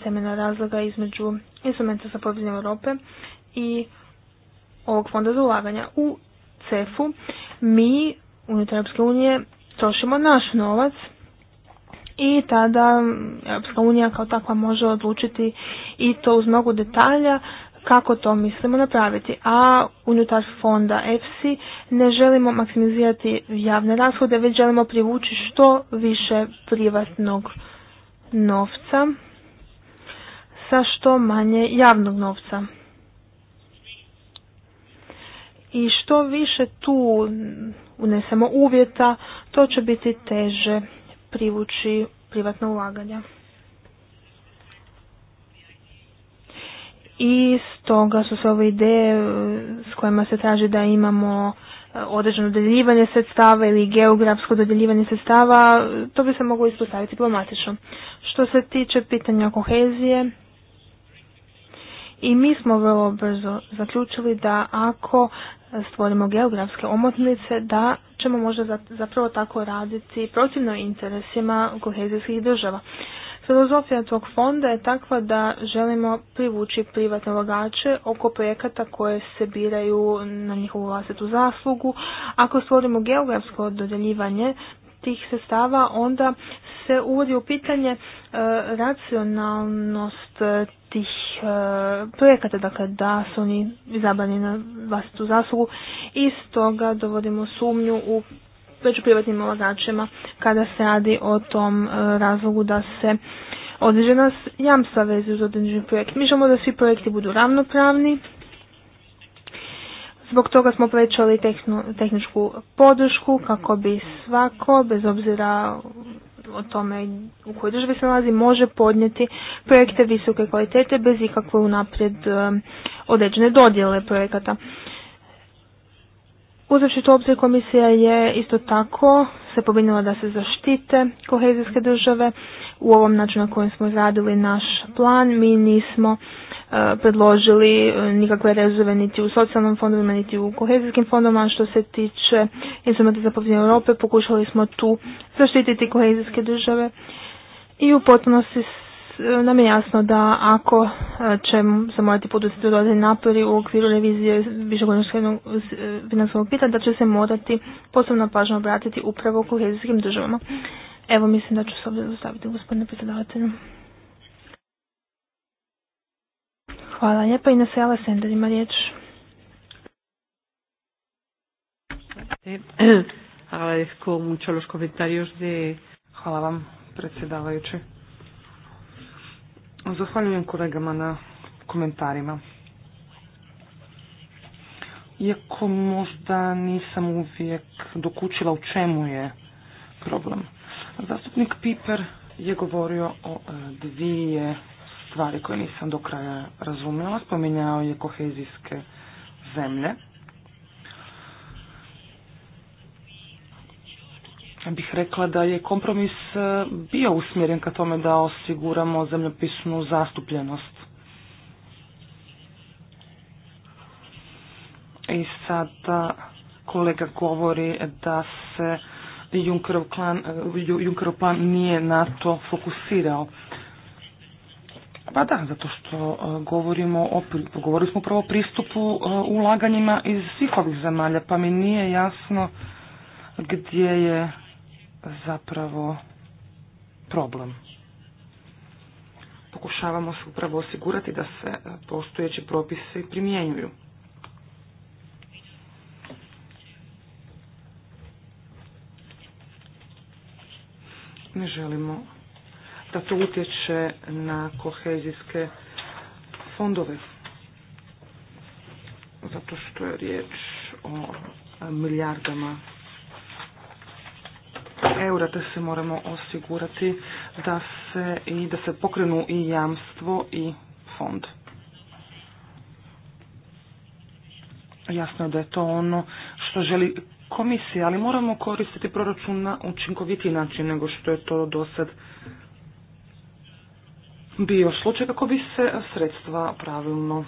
temeljna razloga između instrumenta za povezanje Europe i ovog fonda za ulaganja. U CEF-u mi unutar Europske unije trošimo naš novac i tada Europska unija kao takva može odlučiti i to uz mnogo detalja kako to mislimo napraviti. A unutar fonda EFSI ne želimo maksimizirati javne rashode, već želimo privući što više privatnog novca sa što manje javnog novca i što više tu unesemo uvjeta, to će biti teže privući privatna ulaganja. I stoga su se ove ideje e, s kojima se traži da imamo e, određeno dodjeljivanje sredstava ili geografsko dodjeljivanje sredstava, e, to bi se moglo ispostaviti problematično. Što se tiče pitanja kohezije, i mi smo vrlo brzo zaključili da ako stvorimo geografske omotnice, da ćemo možda zapravo tako raditi protivno interesima kohezijskih država. Filozofija tog fonda je takva da želimo privući privatne ulagače oko projekata koje se biraju na njihovu vlastitu zaslugu. Ako stvorimo geografsko dodeljivanje tih sestava, onda se uvodi u pitanje e, racionalnost tih e, projekata, dakle da su oni izabrani na vlastitu zaslugu i stoga dovodimo sumnju u među privatnim ulagačima kada se radi o tom e, razlogu da se određena jamstva vezi uz određeni projekt. Mi želimo da svi projekti budu ravnopravni, Zbog toga smo povećali tehničku podršku kako bi svako, bez obzira o tome u kojoj državi se nalazi može podnijeti projekte visoke kvalitete bez ikakve unaprijed um, određene dodjele projekata. Uzavši to obzir komisija je isto tako se pobinila da se zaštite kohezijske države. U ovom načinu na kojem smo izradili naš plan mi nismo E, predložili e, nikakve rezove niti u socijalnom fondovima, niti u kohezijskim fondovima. Što se tiče instrumenta za povezivanje Europe, pokušali smo tu zaštititi kohezijske države i u potpunosti e, nam je jasno da ako će se morati poduzeti dodatni napori u okviru revizije višegodnog financijskog pita, da će se morati posebno pažno obratiti upravo kohezijskim državama. Evo mislim da ću se ovdje dostaviti gospodine predsjedavatelju. Hvala lijepa. Ines Alessandar ima riječ. Agradezco los comentarios de... Hvala vam, predsjedavajući. Zahvaljujem kolegama na komentarima. Iako možda nisam uvijek dokučila u čemu je problem. Zastupnik Piper je govorio o e, dvije stvari koje nisam do kraja razumjela. Spominjao je kohezijske zemlje. bih rekla da je kompromis e, bio usmjeren ka tome da osiguramo zemljopisnu zastupljenost. I sada kolega govori da se Junkerov e, Junkerov plan nije na to fokusirao. Pa da, zato što e, govorimo o, govorili smo upravo o pristupu e, ulaganjima iz svih ovih zemalja, pa mi nije jasno gdje je zapravo problem. Pokušavamo se upravo osigurati da se e, postojeći propisi primjenjuju. Ne želimo da to utječe na kohezijske fondove. Zato što je riječ o milijardama eura, te se moramo osigurati da se, i da se pokrenu i jamstvo i fond. Jasno je da je to ono što želi komisija, ali moramo koristiti proračun na učinkovitiji način nego što je to do sad bio slučaj kako bi se sredstva pravilno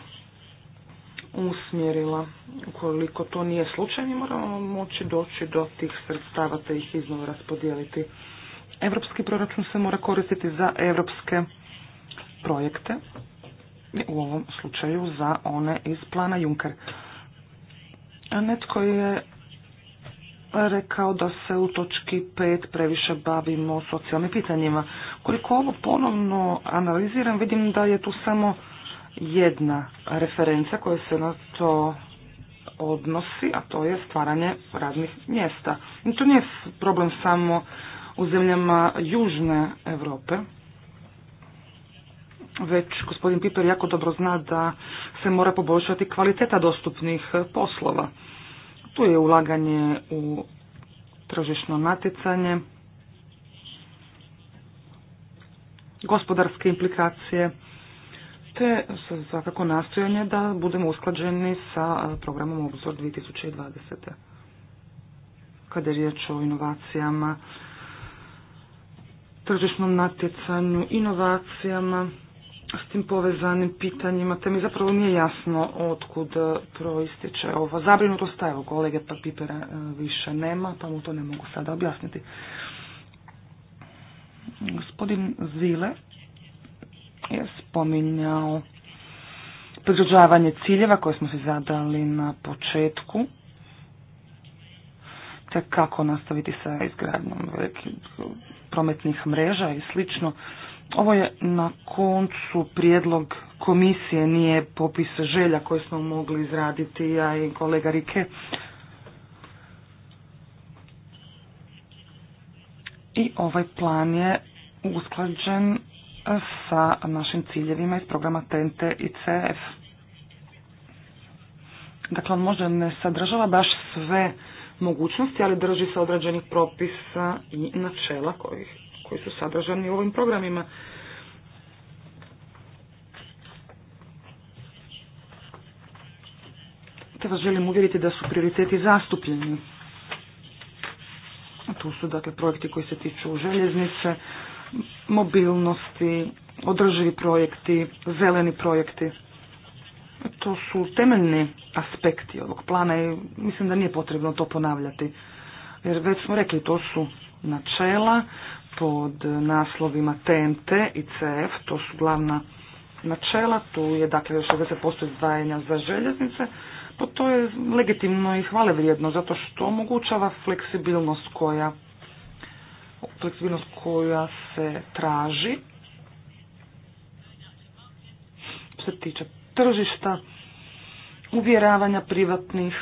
usmjerila. Ukoliko to nije slučaj, mi moramo moći doći do tih sredstava te ih iznova raspodijeliti. Evropski proračun se mora koristiti za evropske projekte, u ovom slučaju za one iz plana Juncker. Netko je rekao da se u točki 5 previše bavimo socijalnim pitanjima. Koliko ovo ponovno analiziram, vidim da je tu samo jedna referenca koja se na to odnosi, a to je stvaranje radnih mjesta. I to nije problem samo u zemljama Južne Europe, već gospodin Piper jako dobro zna da se mora poboljšati kvaliteta dostupnih poslova. Tu je ulaganje u tržišno natjecanje, gospodarske implikacije, te svakako nastojanje da budemo usklađeni sa programom Obzor 2020. Kada je riječ o inovacijama, tržišnom natjecanju, inovacijama, s tim povezanim pitanjima, te mi zapravo nije jasno otkud proističe ova Zabrinutost, evo kolege pa više nema, pa mu to ne mogu sada objasniti. Gospodin Zile je spominjao pridržavanje ciljeva koje smo se zadali na početku, te kako nastaviti sa izgradnjom prometnih mreža i slično. Ovo je na koncu prijedlog komisije, nije popis želja koje smo mogli izraditi, ja i kolega Rike i ovaj plan je usklađen sa našim ciljevima iz programa TNT i CF. Dakle, on možda ne sadržava baš sve mogućnosti, ali drži se određenih propisa i načela koji, koji su sadržani u ovim programima. Te vas želim uvjeriti da su prioriteti zastupljeni. Tu su dakle projekti koji se tiču željeznice, mobilnosti, održivi projekti, zeleni projekti. To su temeljni aspekti ovog plana i mislim da nije potrebno to ponavljati. Jer već smo rekli, to su načela pod naslovima TNT i CF, to su glavna načela, tu je dakle 60% izdvajanja za željeznice, pa to je legitimno i hvale vrijedno zato što omogućava fleksibilnost koja fleksibilnost koja se traži se tiče tržišta, uvjeravanja privatnih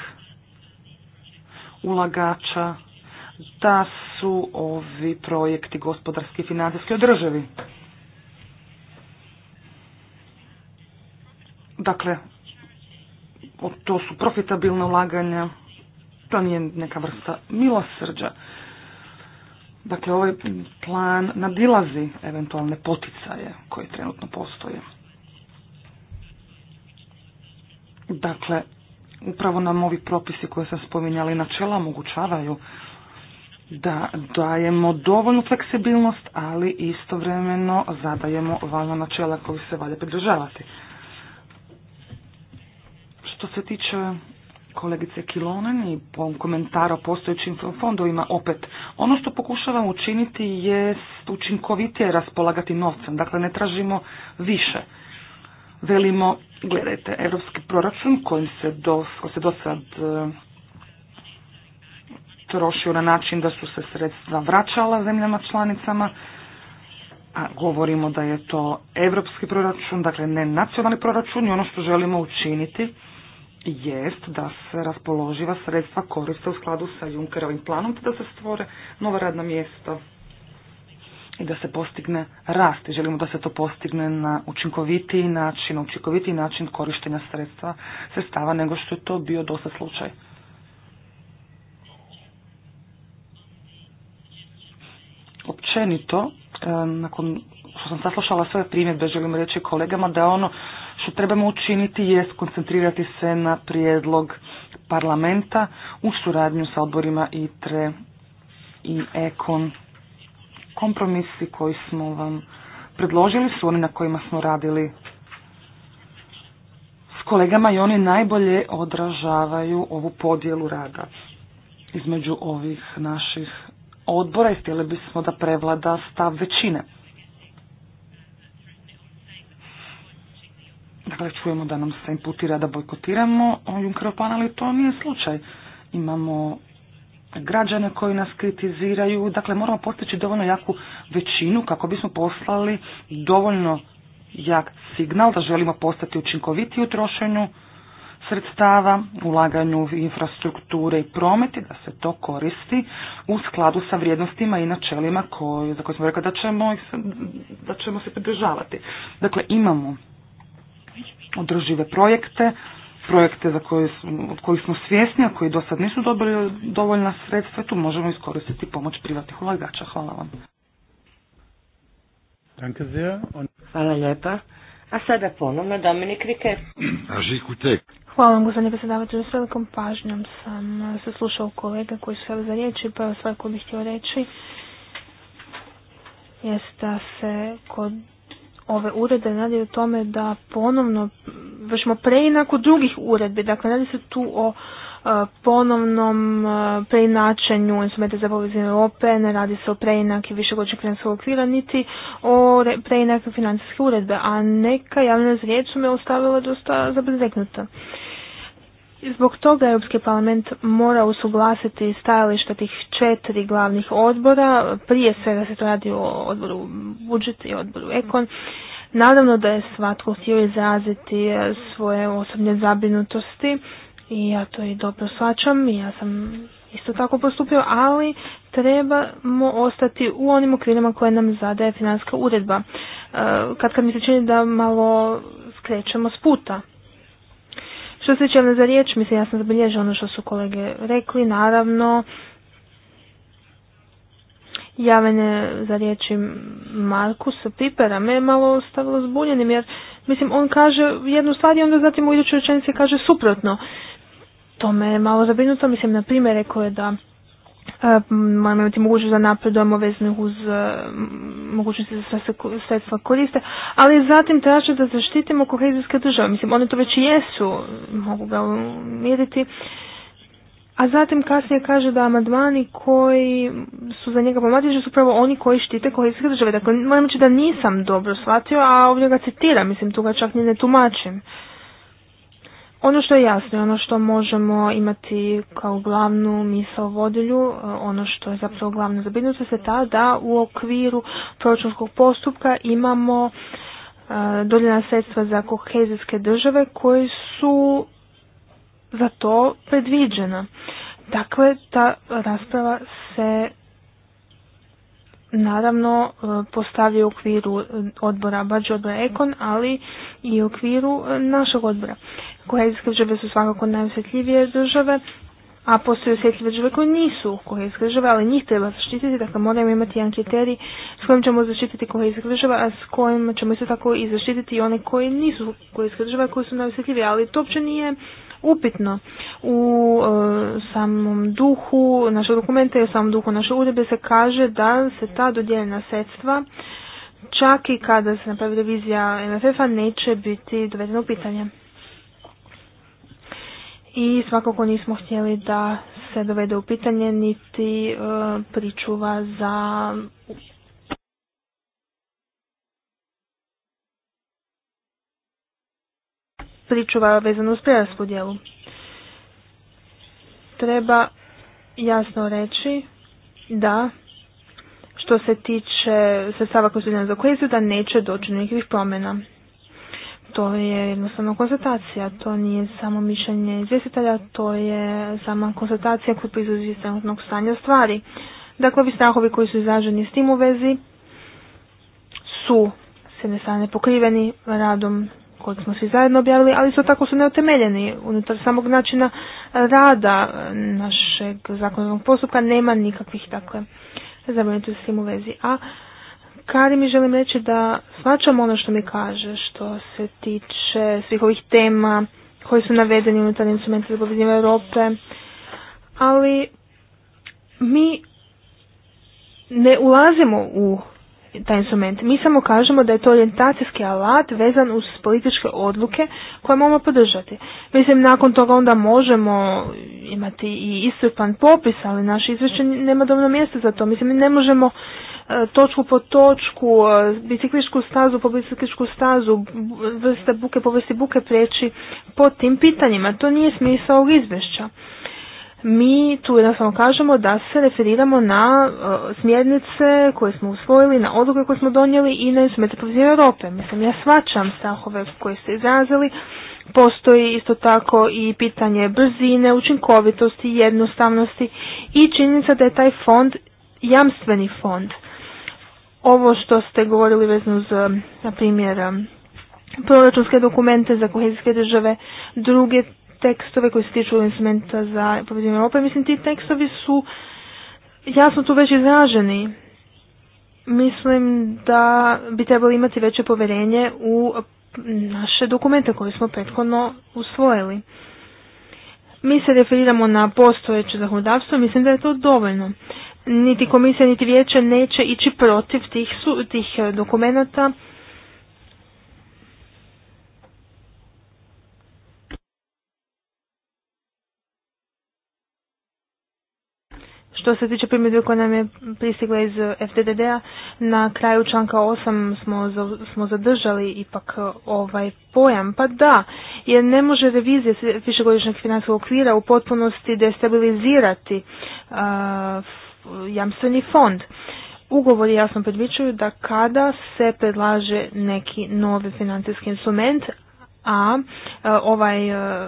ulagača da su ovi projekti gospodarski i financijski održivi. Dakle, to su profitabilna ulaganja, to nije neka vrsta milosrđa. Dakle, ovaj plan nadilazi eventualne poticaje koje trenutno postoje. Dakle, upravo nam ovi propisi koje sam spominjala i načela omogućavaju da dajemo dovoljnu fleksibilnost, ali istovremeno zadajemo valjna načela koji se valja pridržavati. Što se tiče kolegice Kilonen i komentara o postojećim fondovima, opet, ono što pokušavam učiniti je učinkovitije raspolagati novcem, dakle ne tražimo više. Velimo, gledajte, europski proračun kojim se do, koji se do sad e, trošio na način da su se sredstva vraćala zemljama članicama, a govorimo da je to europski proračun, dakle ne nacionalni proračun i ono što želimo učiniti jest da se raspoloživa sredstva koriste u skladu sa Junkerovim planom da se stvore nova radna mjesta i da se postigne rast. želimo da se to postigne na učinkovitiji način, učinkovitiji način korištenja sredstva, sredstava nego što je to bio dosta slučaj. Općenito, eh, nakon što sam saslušala svoje primjedbe, želim reći kolegama da ono što trebamo učiniti je skoncentrirati se na prijedlog parlamenta u suradnju sa odborima ITRE i EKON. Kompromisi koji smo vam predložili su oni na kojima smo radili s kolegama i oni najbolje odražavaju ovu podjelu rada između ovih naših odbora i htjeli bismo da prevlada stav većine. Dakle, čujemo da nam se imputira da bojkotiramo Junckerov plan, ali to nije slučaj. Imamo građane koji nas kritiziraju, dakle moramo postići dovoljno jaku većinu kako bismo poslali dovoljno jak signal da želimo postati učinkoviti u trošenju sredstava, ulaganju infrastrukture i prometi, da se to koristi u skladu sa vrijednostima i načelima za koje smo rekli da ćemo, da ćemo se pridržavati. Dakle, imamo održive projekte, projekte za koje, od kojih smo svjesni, a koji do sad nisu dobili dovoljna sredstva, tu možemo iskoristiti pomoć privatnih ulagača. Hvala vam. Hvala lijepa. A sada ponovno Dominik Rike. Hvala vam, gospodine predsjedavatelju. S velikom pažnjom sam e, saslušao kolega koji su sada za riječi, pa svakako bih htio reći jest da se kod ove urede radi o tome da ponovno vršimo preinaku drugih uredbi. Dakle, radi se tu o e, ponovnom e, preinačenju instrumenta za povezanje Europe, ne radi se o preinaki višegodišnjeg financijskog okvira, niti o preinaku financijske uredbe, a neka javna riječ su me ostavila dosta zabrzeknuta zbog toga Europski parlament mora usuglasiti stajališta tih četiri glavnih odbora, prije svega se to radi o odboru budžet i odboru ekon. Naravno da je svatko htio izraziti svoje osobne zabrinutosti i ja to i dobro svačam i ja sam isto tako postupio, ali trebamo ostati u onim okvirima koje nam zadaje finanska uredba. E, kad kad mi se čini da malo skrećemo s puta. Što se tiče za riječ, mislim ja sam zabilježila ono što su kolege rekli, naravno mene za riječi Markusa Pipera me je malo stavilo zbunjenim jer mislim on kaže jednu stvar i onda zatim u idućoj rečenici kaže suprotno. To me malo zabrinuto, mislim na primjer rekao je da E, moramo imati mogućnost da napredujemo vezno uz e, mogućnosti da sredstva koriste, ali zatim traže da zaštitimo kohezijske države. Mislim, one to već i jesu, mogu ga umiriti. A zatim kasnije kaže da amandmani koji su za njega pomatični su upravo oni koji štite kohezijske države. Dakle, moram reći da nisam dobro shvatio, a ovdje ga citiram, mislim, tu ga čak ni ne tumačim. Ono što je jasno, ono što možemo imati kao glavnu misao vodilju, e, ono što je zapravo glavna zabrinutost je ta da u okviru proračunskog postupka imamo e, doljena sredstva za kohezijske države koje su za to predviđena. Dakle, ta rasprava se naravno e, postavlja u okviru odbora Bađe odbora Ekon, ali i u okviru našeg odbora kohezijske države su svakako najosjetljivije države, a postoje osjetljive države koje nisu kohezijske države, ali njih treba zaštititi, dakle moramo imati jedan kriterij s kojim ćemo zaštititi kohezijske države, a s kojim ćemo isto tako i zaštititi one koji nisu kohezijske države, koji su najosjetljivije, ali to uopće nije upitno. U e, samom duhu našeg dokumenta i u samom duhu naše uredbe se kaže da se ta dodijeljena sredstva čak i kada se napravi revizija MFF-a neće biti dovedena u pitanje i svakako nismo htjeli da se dovede u pitanje niti e, pričuva za pričuva vezano uz preraspodjelu. Treba jasno reći da što se tiče sredstava konsolidana za koheziju da neće doći do nekih promjena. To je jednostavno konstatacija, to nije samo mišljenje izvjestitelja, to je sama konstatacija koja proizlazi iz trenutnog stanja stvari. Dakle, ovi strahovi koji su izraženi s tim u vezi su s jedne strane pokriveni radom kojeg smo svi zajedno objavili, ali isto tako su neotemeljeni. Unutar samog načina rada našeg zakonodavnog postupka nema nikakvih dakle zabrinutosti s tim u vezi. A Kari mi želim reći da svačam ono što mi kaže što se tiče svih ovih tema koji su navedeni unutar instrumenta za Europe, ali mi ne ulazimo u taj instrument. Mi samo kažemo da je to orijentacijski alat vezan uz političke odluke koje moramo podržati. Mislim, nakon toga onda možemo imati i istrpan popis, ali naš izvješće nema dovoljno mjesta za to. Mislim, mi ne možemo E, točku po točku, e, bicikličku stazu po bicikličku stazu, vrste buke po vrsti buke prijeći po tim pitanjima. To nije smisao ovog izvješća. Mi tu jednostavno kažemo da se referiramo na e, smjernice koje smo usvojili, na odluke koje smo donijeli i na instrumente provizije Europe. Mislim, ja svačam strahove koje ste izrazili. Postoji isto tako i pitanje brzine, učinkovitosti, jednostavnosti i činjenica da je taj fond jamstveni fond ovo što ste govorili vezno za, na primjer, um, proračunske dokumente za kohezijske države, druge tekstove koji se tiču instrumenta za povedenje Europe, mislim ti tekstovi su jasno tu već izraženi. Mislim da bi trebali imati veće povjerenje u naše dokumente koje smo prethodno usvojili. Mi se referiramo na postojeće zakonodavstvo, mislim da je to dovoljno niti komisija niti vijeće neće ići protiv tih, su, tih e, dokumenata. Što se tiče primjedbe koja nam je pristigla iz e, FTDD-a, na kraju članka 8 smo, smo zadržali ipak e, ovaj pojam. Pa da, jer ne može revizija višegodišnjeg financijskog okvira u potpunosti destabilizirati uh, jamstveni fond. Ugovori jasno predviđaju da kada se predlaže neki novi financijski instrument, a e, ovaj e,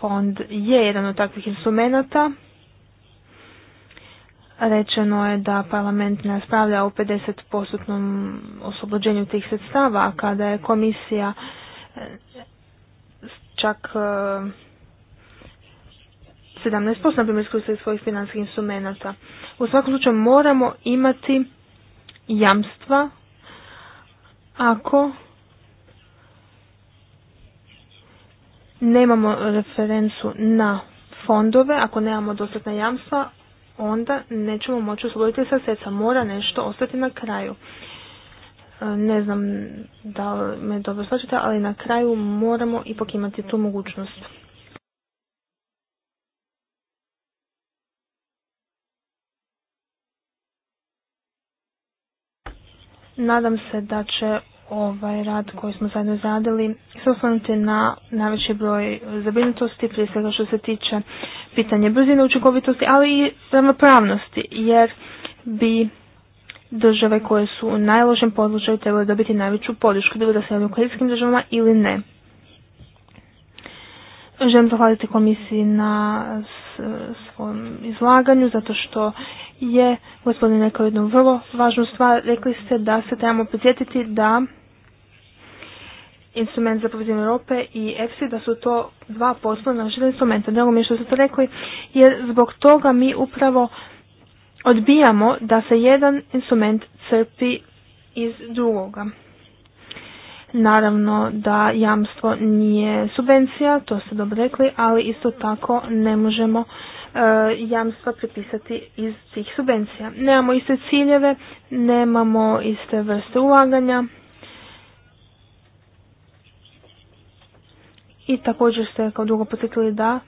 fond je jedan od takvih instrumenata, Rečeno je da parlament ne raspravlja o 50% oslobođenju tih sredstava, a kada je komisija e, čak 17% na primjer iskoristili svojih financijskih instrumenta. U svakom slučaju moramo imati jamstva ako nemamo referencu na fondove, ako nemamo dostatna jamstva, onda nećemo moći osloboditi sa sredstva. Mora nešto ostati na kraju. E, ne znam da me dobro slačite, ali na kraju moramo ipak imati tu mogućnost. Nadam se da će ovaj rad koji smo zajedno zadali se osvrnuti na najveći broj zabrinutosti, prije svega što se tiče pitanje brzine učinkovitosti, ali i ravnopravnosti, jer bi države koje su u najložem podlučaju trebali dobiti najveću podršku, bilo da se radi u državama ili ne. Želim zahvaliti komisiji na E, svom izlaganju, zato što je gospodin rekao jednu vrlo važnu stvar. Rekli ste da se trebamo podsjetiti da instrument za povezivanje Europe i EFSI, da su to dva poslovna naša instrumenta. Drago mi je što ste to rekli, jer zbog toga mi upravo odbijamo da se jedan instrument crpi iz drugoga. Naravno da jamstvo nije subvencija, to ste dobro rekli, ali isto tako ne možemo e, jamstva pripisati iz tih subvencija. Nemamo iste ciljeve, nemamo iste vrste ulaganja. I također ste kao dugo potekli da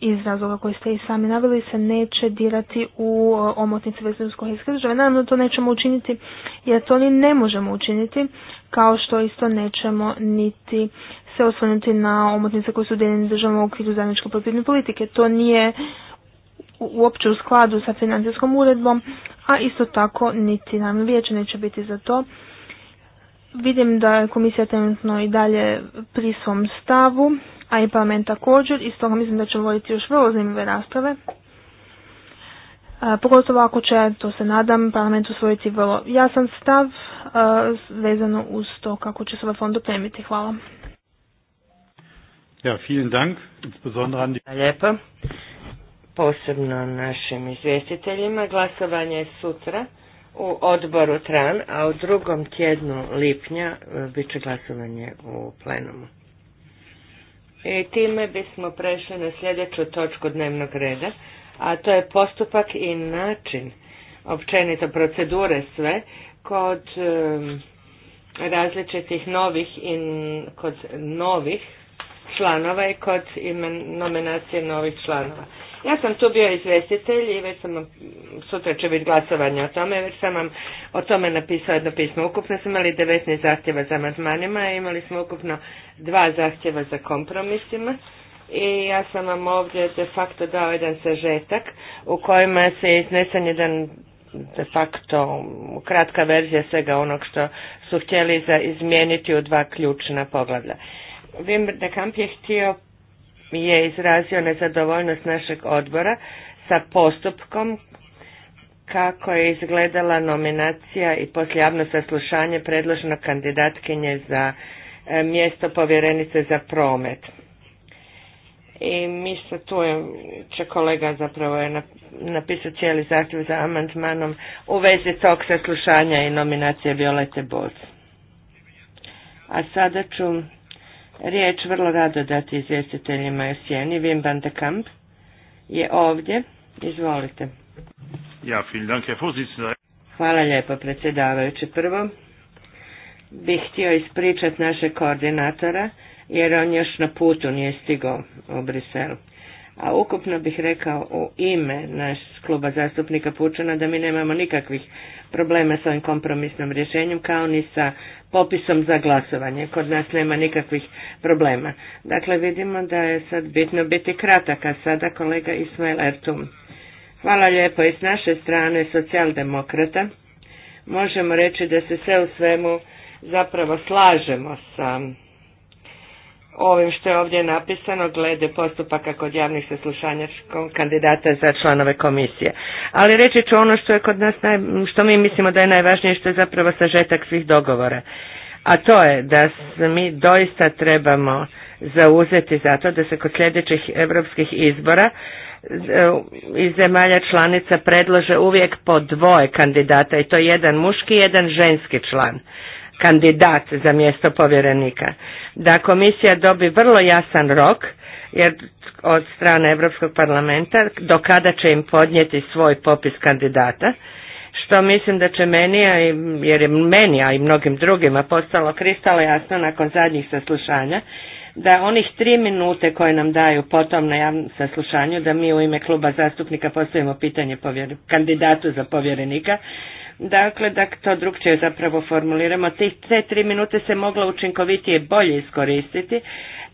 iz razloga koji ste i sami naveli se neće dirati u e, omotnice vezinskog iz države. Naravno to nećemo učiniti jer to ni ne možemo učiniti kao što isto nećemo niti se osvrnuti na omotnice koje su dijeljene državama u okviru zajedničke poljoprivredne politike. To nije uopće u skladu sa financijskom uredbom, a isto tako niti nam vijeće neće biti za to. Vidim da je komisija trenutno i dalje pri svom stavu a i parlament također i toga mislim da ćemo voditi još vrlo zanimljive rasprave. Pogotovo ako će, to se nadam, parlament usvojiti vrlo jasan stav vezano uz to kako će se ovaj fond opremiti. Hvala. Ja, vielen Dank, insbesondere an Posebno našim izvjestiteljima. Glasovanje je sutra u odboru TRAN, a u drugom tjednu lipnja e, bit će glasovanje u plenumu. I time bismo prešli na sljedeću točku dnevnog reda, a to je postupak i način, općenito procedure sve, kod različitih novih i kod novih članova i kod imen, nominacije novih članova. Ja sam tu bio izvjestitelj i već sam, sutra će biti glasovanje o tome, već sam vam o tome napisao jedno pismo. Ukupno smo imali 19 zahtjeva za amandmanima, imali smo ukupno dva zahtjeva za kompromisima i ja sam vam ovdje de facto dao jedan sažetak u kojima se iznesen jedan de facto kratka verzija svega onog što su htjeli za izmijeniti u dva ključna poglavlja. Wim da Kamp je htio je izrazio nezadovoljnost našeg odbora sa postupkom kako je izgledala nominacija i poslije javno saslušanje predloženo kandidatkinje za e, mjesto povjerenice za promet. I mi tu je, će kolega zapravo je napisao cijeli zahtjev za amandmanom u vezi tog saslušanja i nominacije Violete Boz. A sada ću riječ vrlo rado dati izvjestiteljima u sjeni. Wim van de Kamp je ovdje. Izvolite. Ja, vielen Dank, Herr Hvala lijepo, predsjedavajući. Prvo bih htio ispričati naše koordinatora, jer on još na putu nije stigao u Briselu. A ukupno bih rekao u ime naš kluba zastupnika Pučana da mi nemamo nikakvih problema s ovim kompromisnom rješenjem kao ni sa popisom za glasovanje. Kod nas nema nikakvih problema. Dakle, vidimo da je sad bitno biti kratak, a sada kolega Ismail Ertum. Hvala lijepo i s naše strane socijaldemokrata. Možemo reći da se sve u svemu zapravo slažemo sa ovim što je ovdje napisano glede postupaka kod javnih saslušanja kandidata za članove komisije. Ali reći ću ono što je kod nas naj, što mi mislimo da je najvažnije što je zapravo sažetak svih dogovora. A to je da mi doista trebamo zauzeti za to da se kod sljedećih europskih izbora e, iz zemalja članica predlože uvijek po dvoje kandidata i to jedan muški i jedan ženski član kandidat za mjesto povjerenika, da komisija dobi vrlo jasan rok jer od strane Europskog parlamenta do kada će im podnijeti svoj popis kandidata, što mislim da će meni, jer je meni, a i mnogim drugima postalo kristalo jasno nakon zadnjih saslušanja, da onih tri minute koje nam daju potom na javnom saslušanju, da mi u ime kluba zastupnika postavimo pitanje kandidatu za povjerenika, Dakle, da to drugčije zapravo formuliramo, tih te tri minute se moglo učinkovitije bolje iskoristiti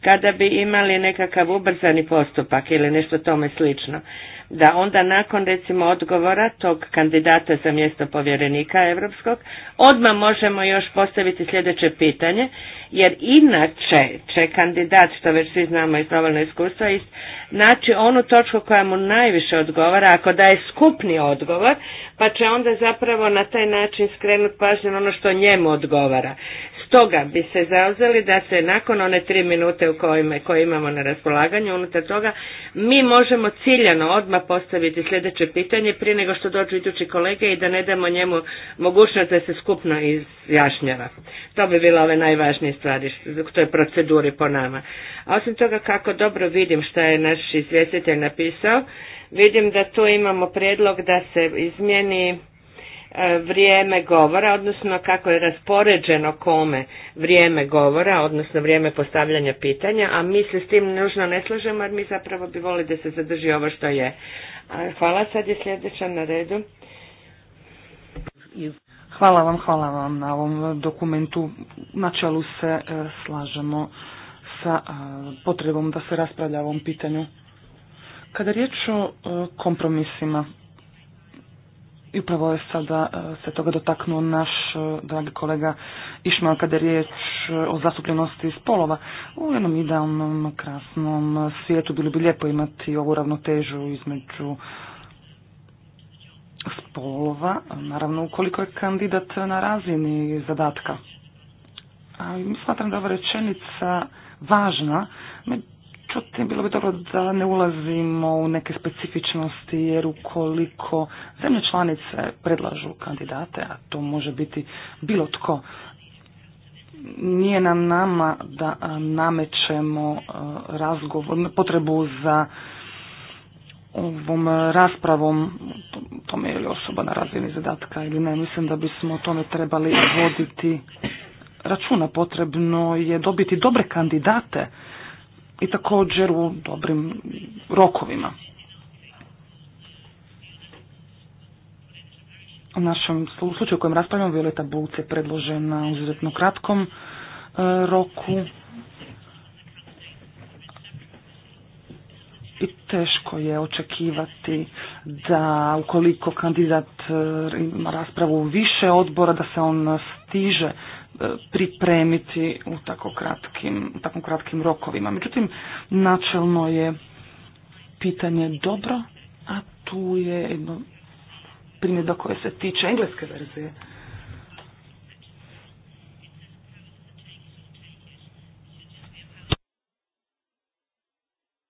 kada bi imali nekakav ubrzani postupak ili nešto tome slično. Da onda nakon recimo odgovora tog kandidata za mjesto povjerenika europskog, odmah možemo još postaviti sljedeće pitanje, jer inače će kandidat, što već svi znamo iz dovoljno iskustva, naći onu točku koja mu najviše odgovara, ako daje skupni odgovor, pa će onda zapravo na taj način skrenuti pažnju na ono što njemu odgovara. Stoga bi se zauzeli da se nakon one tri minute u kojima, koje imamo na raspolaganju, unutar toga mi možemo ciljano odmah postaviti sljedeće pitanje prije nego što dođu idući kolege i da ne damo njemu mogućnost da se skupno izjašnjava. To bi bila ove najvažnije stvari, u je proceduri po nama. A osim toga kako dobro vidim što je naš izvjestitelj napisao, Vidim da tu imamo predlog da se izmijeni e, vrijeme govora, odnosno kako je raspoređeno kome vrijeme govora, odnosno vrijeme postavljanja pitanja, a mi se s tim nužno ne slažemo jer mi zapravo bi volili da se zadrži ovo što je. Hvala, sad je sljedeća na redu. Hvala vam, hvala vam na ovom dokumentu. Načelu se e, slažemo sa e, potrebom da se raspravlja o ovom pitanju. Kada je riječ o e, kompromisima, i upravo je sada e, se toga dotaknuo naš e, dragi kolega Išmal kada je riječ o zastupljenosti spolova. U jednom idealnom, krasnom svijetu bilo bi lijepo imati ovu ravnotežu između spolova, naravno ukoliko je kandidat na razini zadatka. Ali smatram da je ova rečenica važna, Međutim, bilo bi dobro da ne ulazimo u neke specifičnosti, jer ukoliko zemlje članice predlažu kandidate, a to može biti bilo tko, nije nam nama da namećemo e, razgovor, potrebu za ovom raspravom, tome je li osoba na razini zadatka ili ne, mislim da bismo o tome trebali voditi računa. Potrebno je dobiti dobre kandidate i također u dobrim rokovima. U našem slučaju u kojem raspravljamo Violeta buc je predložena u izuzetno kratkom e, roku. I teško je očekivati da ukoliko kandidat e, ima raspravu više odbora da se on stiže E, pripremiti u tako kratkim, kratkim rokovima. Međutim, načelno je pitanje dobro, a tu je jedno primjedba koja se tiče engleske verzije.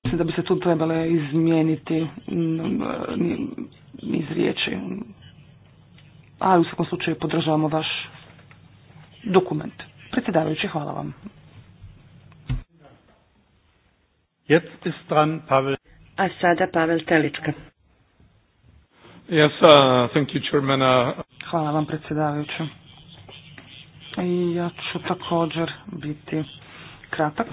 Mislim da bi se tu trebale izmijeniti mm, e, iz riječi. Ali u svakom slučaju podržavamo vaš dokument. Predsjedavajući, hvala vam. A sada Pavel Telička. Yes, uh, thank you, Chairman. Uh, hvala vam, predsjedavajući. I ja ću također biti kratak.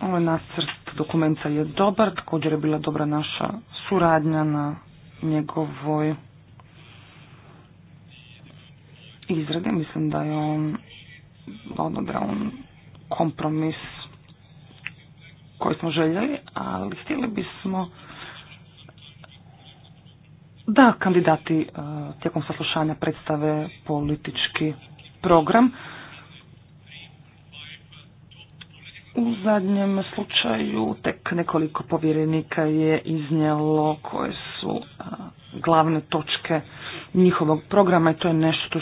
Ovaj nacrt dokumenta je dobar, također je bila dobra naša suradnja na njegovoj izrade. Mislim da je on on kompromis koji smo željeli, ali htjeli bismo da kandidati e, tijekom saslušanja predstave politički program. U zadnjem slučaju tek nekoliko povjerenika je iznijelo koje su e, glavne točke njihovog programa i to je nešto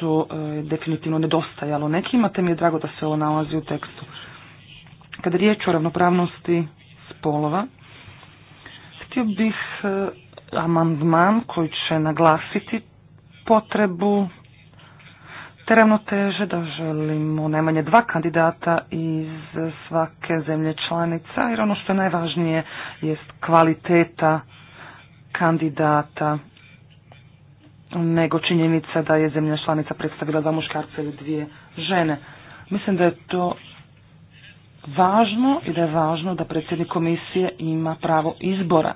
to je definitivno nedostajalo nekima, te mi je drago da se ovo nalazi u tekstu. Kada je riječ o ravnopravnosti spolova, htio bih e, amandman koji će naglasiti potrebu te ravnoteže da želimo najmanje dva kandidata iz svake zemlje članica jer ono što je najvažnije jest kvaliteta kandidata nego činjenica da je zemlja članica predstavila dva muškarca ili dvije žene. Mislim da je to važno i da je važno da predsjednik komisije ima pravo izbora.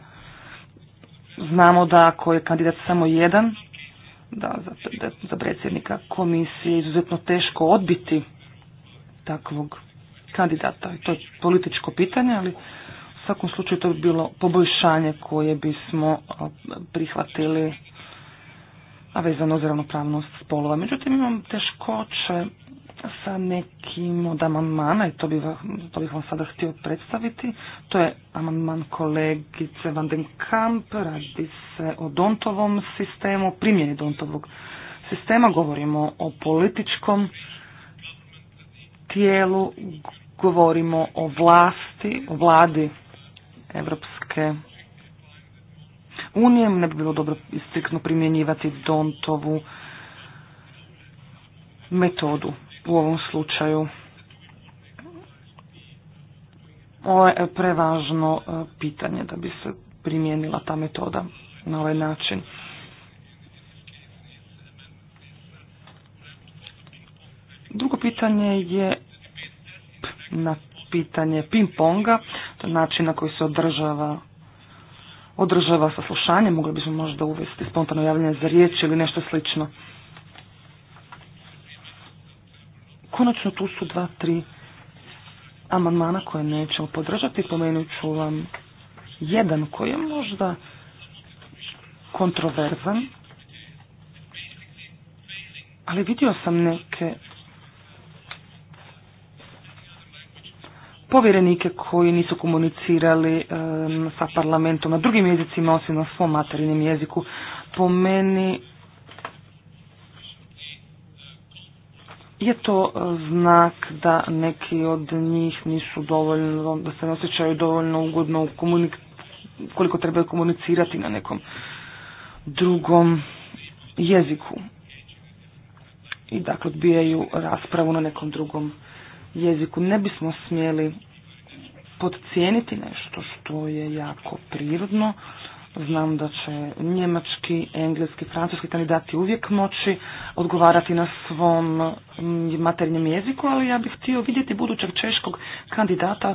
Znamo da ako je kandidat samo jedan, da za, za predsjednika komisije je izuzetno teško odbiti takvog kandidata. To je političko pitanje, ali u svakom slučaju to bi bilo poboljšanje koje bismo prihvatili a vezano za ravnopravnost spolova. Međutim, imam teškoće sa nekim od amandmana i to, bi, bih vam sada htio predstaviti. To je amandman kolegice Van den Kamp, radi se o Dontovom sistemu, primjeni Dontovog sistema, govorimo o političkom tijelu, govorimo o vlasti, o vladi Evropske unijem, ne bi bilo dobro striktno primjenjivati Dontovu metodu u ovom slučaju. Ovo je prevažno e, pitanje da bi se primijenila ta metoda na ovaj način. Drugo pitanje je na pitanje ping-ponga, način na koji se održava održava saslušanje, mogli bismo možda uvesti spontano javljanje za riječ ili nešto slično. Konačno tu su dva, tri amandmana koje nećemo podržati. Pomenut ću vam jedan koji je možda kontroverzan, ali vidio sam neke povjerenike koji nisu komunicirali sa parlamentom na drugim jezicima osim na svom materinjem jeziku. Po meni je to e, znak da neki od njih nisu dovoljno, da se ne osjećaju dovoljno ugodno koliko trebaju komunicirati na nekom drugom jeziku. I dakle odbijaju raspravu na nekom drugom jeziku. Ne bismo smjeli podcijeniti nešto što je jako prirodno. Znam da će njemački, engleski, francuski kandidati uvijek moći odgovarati na svom maternjem jeziku, ali ja bih htio vidjeti budućeg češkog kandidata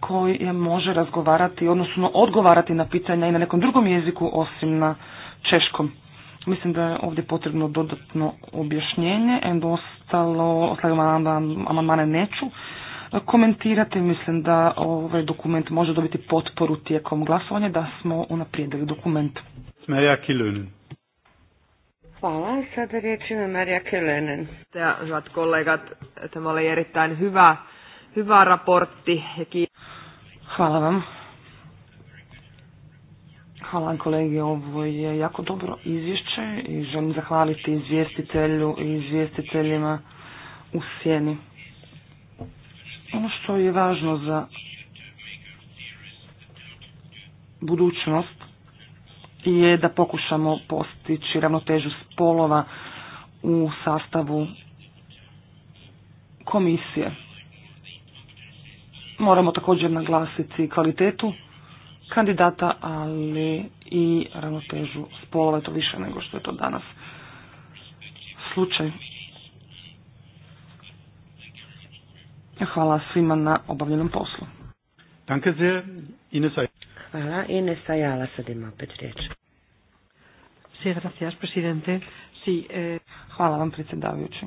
koji je može razgovarati, odnosno odgovarati na pitanja i na nekom drugom jeziku osim na češkom. Mislim da je ovdje potrebno dodatno objašnjenje, endo ostalo, ostalo amandmane neću komentirati. Mislim da ovaj dokument može dobiti potporu tijekom glasovanja, da smo unaprijedili dokument. Kilunin. Hvala, sada riječ ima Marija Kilunin. Ja, hyvät kollegat, tämä erittäin hyvä, hyvä raportti. Hvala vam. Hvala kolegi, ovo je jako dobro izvješće i želim zahvaliti izvjestitelju i izvjestiteljima u sjeni. Ono što je važno za budućnost je da pokušamo postići ravnotežu spolova u sastavu komisije. Moramo također naglasiti kvalitetu kandidata, ali i ravnotežu spolova, to više nego što je to danas slučaj. Hvala svima na obavljenom poslu. Danke sehr, Ines Hvala, Ines Ajala sad ima opet riječ. Eh, Hvala vam, predsjedavajući.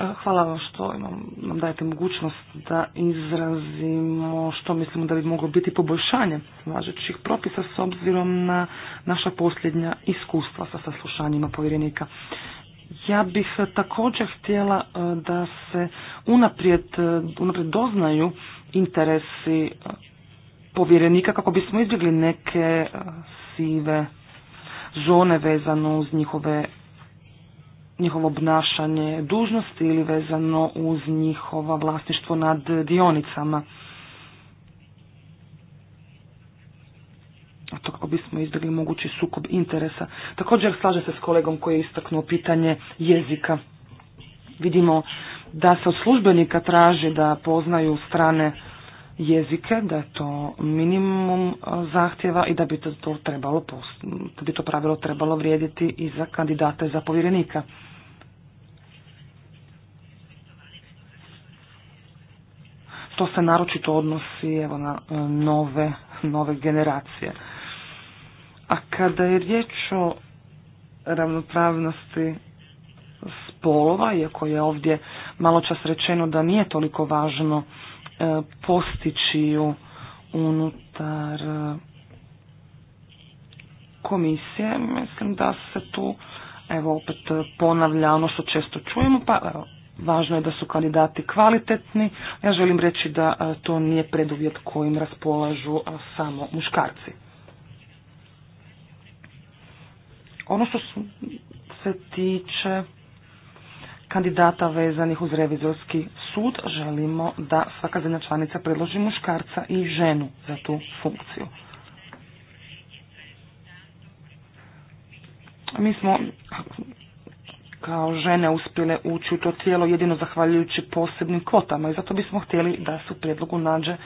E, hvala vam što nam dajete mogućnost da izrazimo što mislimo da bi moglo biti poboljšanje važećih propisa s obzirom na naša posljednja iskustva sa saslušanjima povjerenika. Ja bih također htjela e, da se unaprijed, e, unaprijed doznaju interesi povjerenika kako bismo izbjegli neke sive zone vezano uz njihove njihovo obnašanje dužnosti ili vezano uz njihova vlasništvo nad dionicama. A to kako bismo izbjegli mogući sukob interesa. Također slaže se s kolegom koji je istaknuo pitanje jezika. Vidimo da se od službenika traži da poznaju strane jezike, da je to minimum e, zahtjeva i da bi to, trebalo, da bi to pravilo trebalo vrijediti i za kandidate za povjerenika. To se naročito odnosi evo, na e, nove, nove generacije. A kada je riječ o ravnopravnosti spolova, iako je ovdje malo čas rečeno da nije toliko važno E, postići unutar e, komisije. Mislim da se tu evo opet ponavlja ono što često čujemo, pa važno je da su kandidati kvalitetni. Ja želim reći da e, to nije preduvjet kojim raspolažu samo muškarci. Ono što se tiče kandidata vezanih uz revizorski sud želimo da svaka zemlja članica predloži muškarca i ženu za tu funkciju. Mi smo kao žene uspjele ući u to tijelo jedino zahvaljujući posebnim kvotama i zato bismo htjeli da se u prijedlogu nađe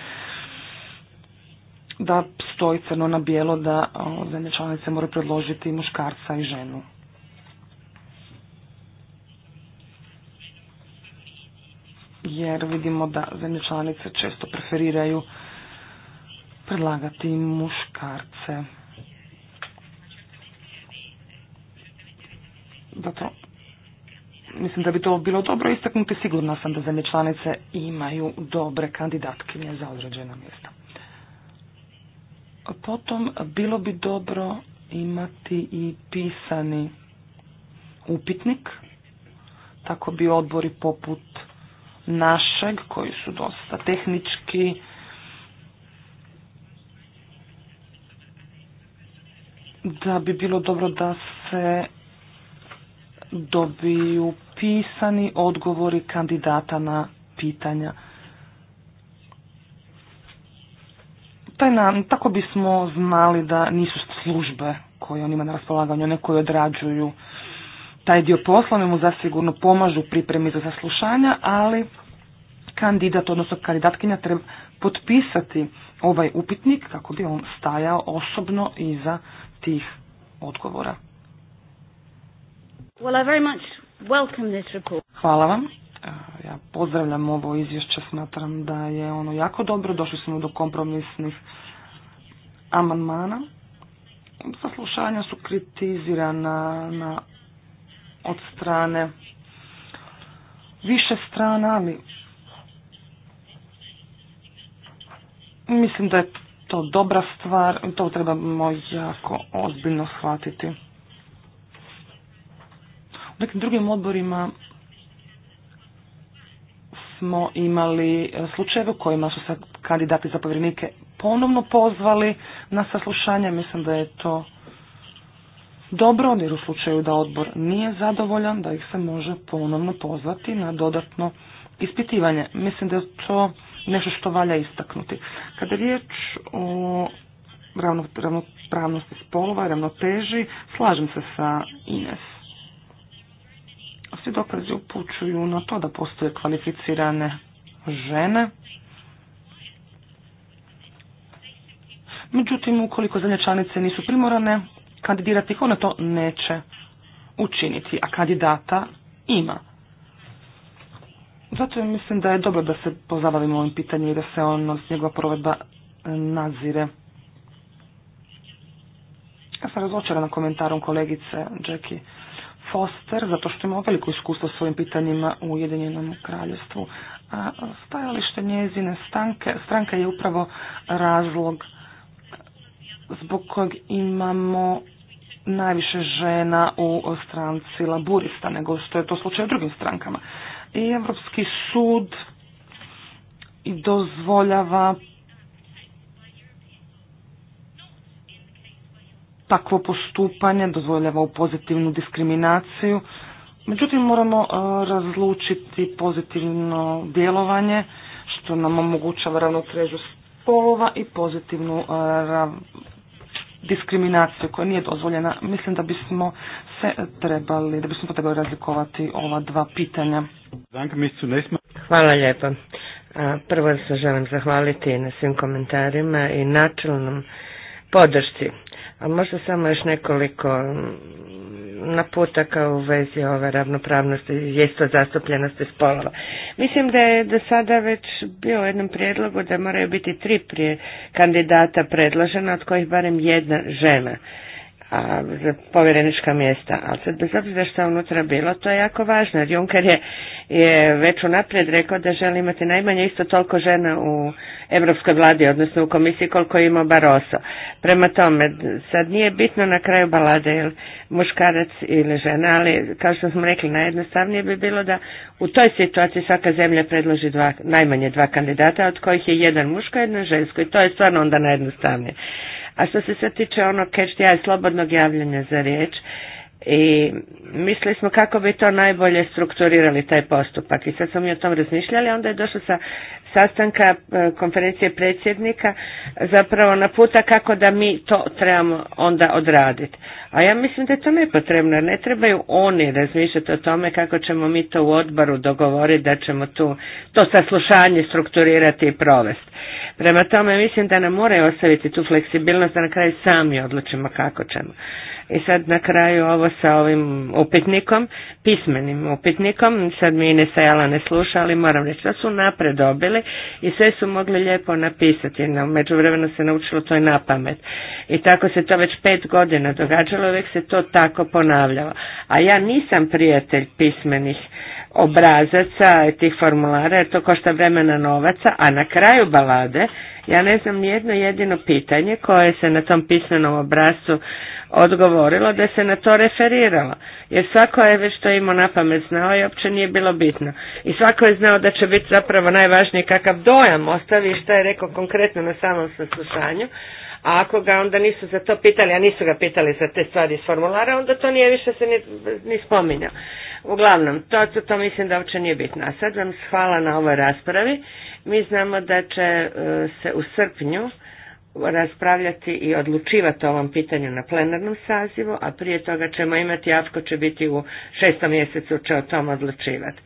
da stoji crno na bijelo da zemlje članice moraju predložiti muškarca i ženu. jer vidimo da zemlje članice često preferiraju predlagati muškarce. Zato mislim da bi to bilo dobro istaknuti. Sigurna sam da zemlje članice imaju dobre kandidatkinje za određena mjesta. Potom bilo bi dobro imati i pisani upitnik. Tako bi odbori poput našeg, koji su dosta tehnički, da bi bilo dobro da se dobiju pisani odgovori kandidata na pitanja. Taj nam, tako bismo znali da nisu službe koje on ima na raspolaganju, one koje odrađuju taj dio posla, mi mu zasigurno pomažu pripremi za saslušanja, ali kandidat, odnosno kandidatkinja treba potpisati ovaj upitnik kako bi on stajao osobno iza tih odgovora. I Hvala vam. E, ja pozdravljam ovo izvješće, smatram da je ono jako dobro, došli smo do kompromisnih amandmana. Saslušanja su kritizirana na od strane više strana, ali mislim da je to dobra stvar, to trebamo jako ozbiljno shvatiti. U nekim drugim odborima smo imali e, slučajeve u kojima su se kandidati za povjerenike ponovno pozvali na saslušanje. Mislim da je to dobro, jer u slučaju da odbor nije zadovoljan, da ih se može ponovno pozvati na dodatno ispitivanje. Mislim da je to nešto što valja istaknuti. Kada je riječ o ravnopravnosti spolova i ravnoteži, slažem se sa Ines. Svi dokazi upućuju na to da postoje kvalificirane žene. Međutim, ukoliko zemlje članice nisu primorane kandidiratih, ona to neće učiniti, a kandidata ima. Zato mislim da je dobro da se pozabavimo ovim pitanjem i da se on s njegova provedba e, nadzire. Ja sam na komentarom kolegice Jackie Foster, zato što ima veliko iskustvo s ovim pitanjima u Ujedinjenom kraljevstvu. A stajalište njezine stanke, stranka je upravo razlog zbog kojeg imamo najviše žena u stranci laburista nego što je to slučaj u drugim strankama. I Evropski sud dozvoljava takvo postupanje, dozvoljava u pozitivnu diskriminaciju. Međutim, moramo e, razlučiti pozitivno djelovanje, što nam omogućava ravnotežu spolova i pozitivnu e, diskriminaciju koja nije dozvoljena. Mislim da bismo se trebali, da bismo trebali razlikovati ova dva pitanja. Hvala lijepa. Prvo se želim zahvaliti na svim komentarima i načelnom podršci a možda samo još nekoliko mm, naputaka u vezi ove ravnopravnosti i zastupljenosti spolova. Mislim da je do sada već bio u jednom prijedlogu da moraju biti tri prije kandidata predložena, od kojih barem jedna žena a, za povjerenička mjesta. Ali sad bez obzira što je unutra bilo, to je jako važno. Jer Juncker je, je već unaprijed rekao da želi imati najmanje isto toliko žena u Europskoj vladi, odnosno u komisiji koliko je imao Barroso. Prema tome, sad nije bitno na kraju balade jel muškarac ili žena, ali kao što smo rekli, najjednostavnije bi bilo da u toj situaciji svaka zemlja predloži dva, najmanje dva kandidata, od kojih je jedan muško, jedna žensko. I to je stvarno onda najjednostavnije. A što se sve tiče onog catch ja slobodnog javljanja za riječ, i mislili smo kako bi to najbolje strukturirali taj postupak i sad smo mi o tom razmišljali, onda je došlo sa sastanka e, konferencije predsjednika zapravo naputa kako da mi to trebamo onda odraditi. A ja mislim da je to nepotrebno, jer ne trebaju oni razmišljati o tome kako ćemo mi to u odboru dogovoriti da ćemo tu to saslušanje strukturirati i provesti. Prema tome mislim da nam moraju ostaviti tu fleksibilnost da na kraju sami odlučimo kako ćemo. I e sad na kraju ovo sa ovim upitnikom, pismenim upitnikom, sad mi sa Jala ne sluša, ali moram reći da su napred dobili i sve su mogli lijepo napisati, no, međuvremeno se naučilo to i na pamet. I tako se to već pet godina događalo, uvijek se to tako ponavljalo. A ja nisam prijatelj pismenih obrazaca i tih formulara, jer to košta vremena novaca, a na kraju balade ja ne znam nijedno jedino pitanje koje se na tom pismenom obrazcu odgovorilo da se na to referiralo. Jer svako je već to imao na pamet znao i uopće nije bilo bitno. I svako je znao da će biti zapravo najvažniji kakav dojam ostavi što je rekao konkretno na samom saslušanju. A ako ga onda nisu za to pitali, a nisu ga pitali za te stvari iz formulara, onda to nije više se ni, spominjao. Uglavnom, to, to mislim da uopće nije bitno. A sad vam hvala na ovoj raspravi. Mi znamo da će e, se u srpnju raspravljati i odlučivati o ovom pitanju na plenarnom sazivu, a prije toga ćemo imati, Avko će biti u šestom mjesecu, će o tom odlučivati.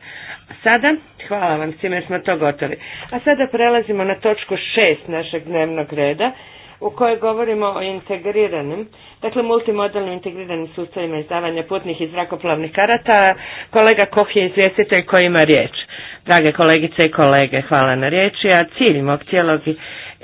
sada, hvala vam, s time smo to gotovi. A sada prelazimo na točku šest našeg dnevnog reda, u kojoj govorimo o integriranim, dakle multimodalnim integriranim sustavima izdavanja putnih i zrakoplavnih karata. Kolega Koh je izvjestitelj koji ima riječ. Drage kolegice i kolege, hvala na riječi, a cilj mog cijelog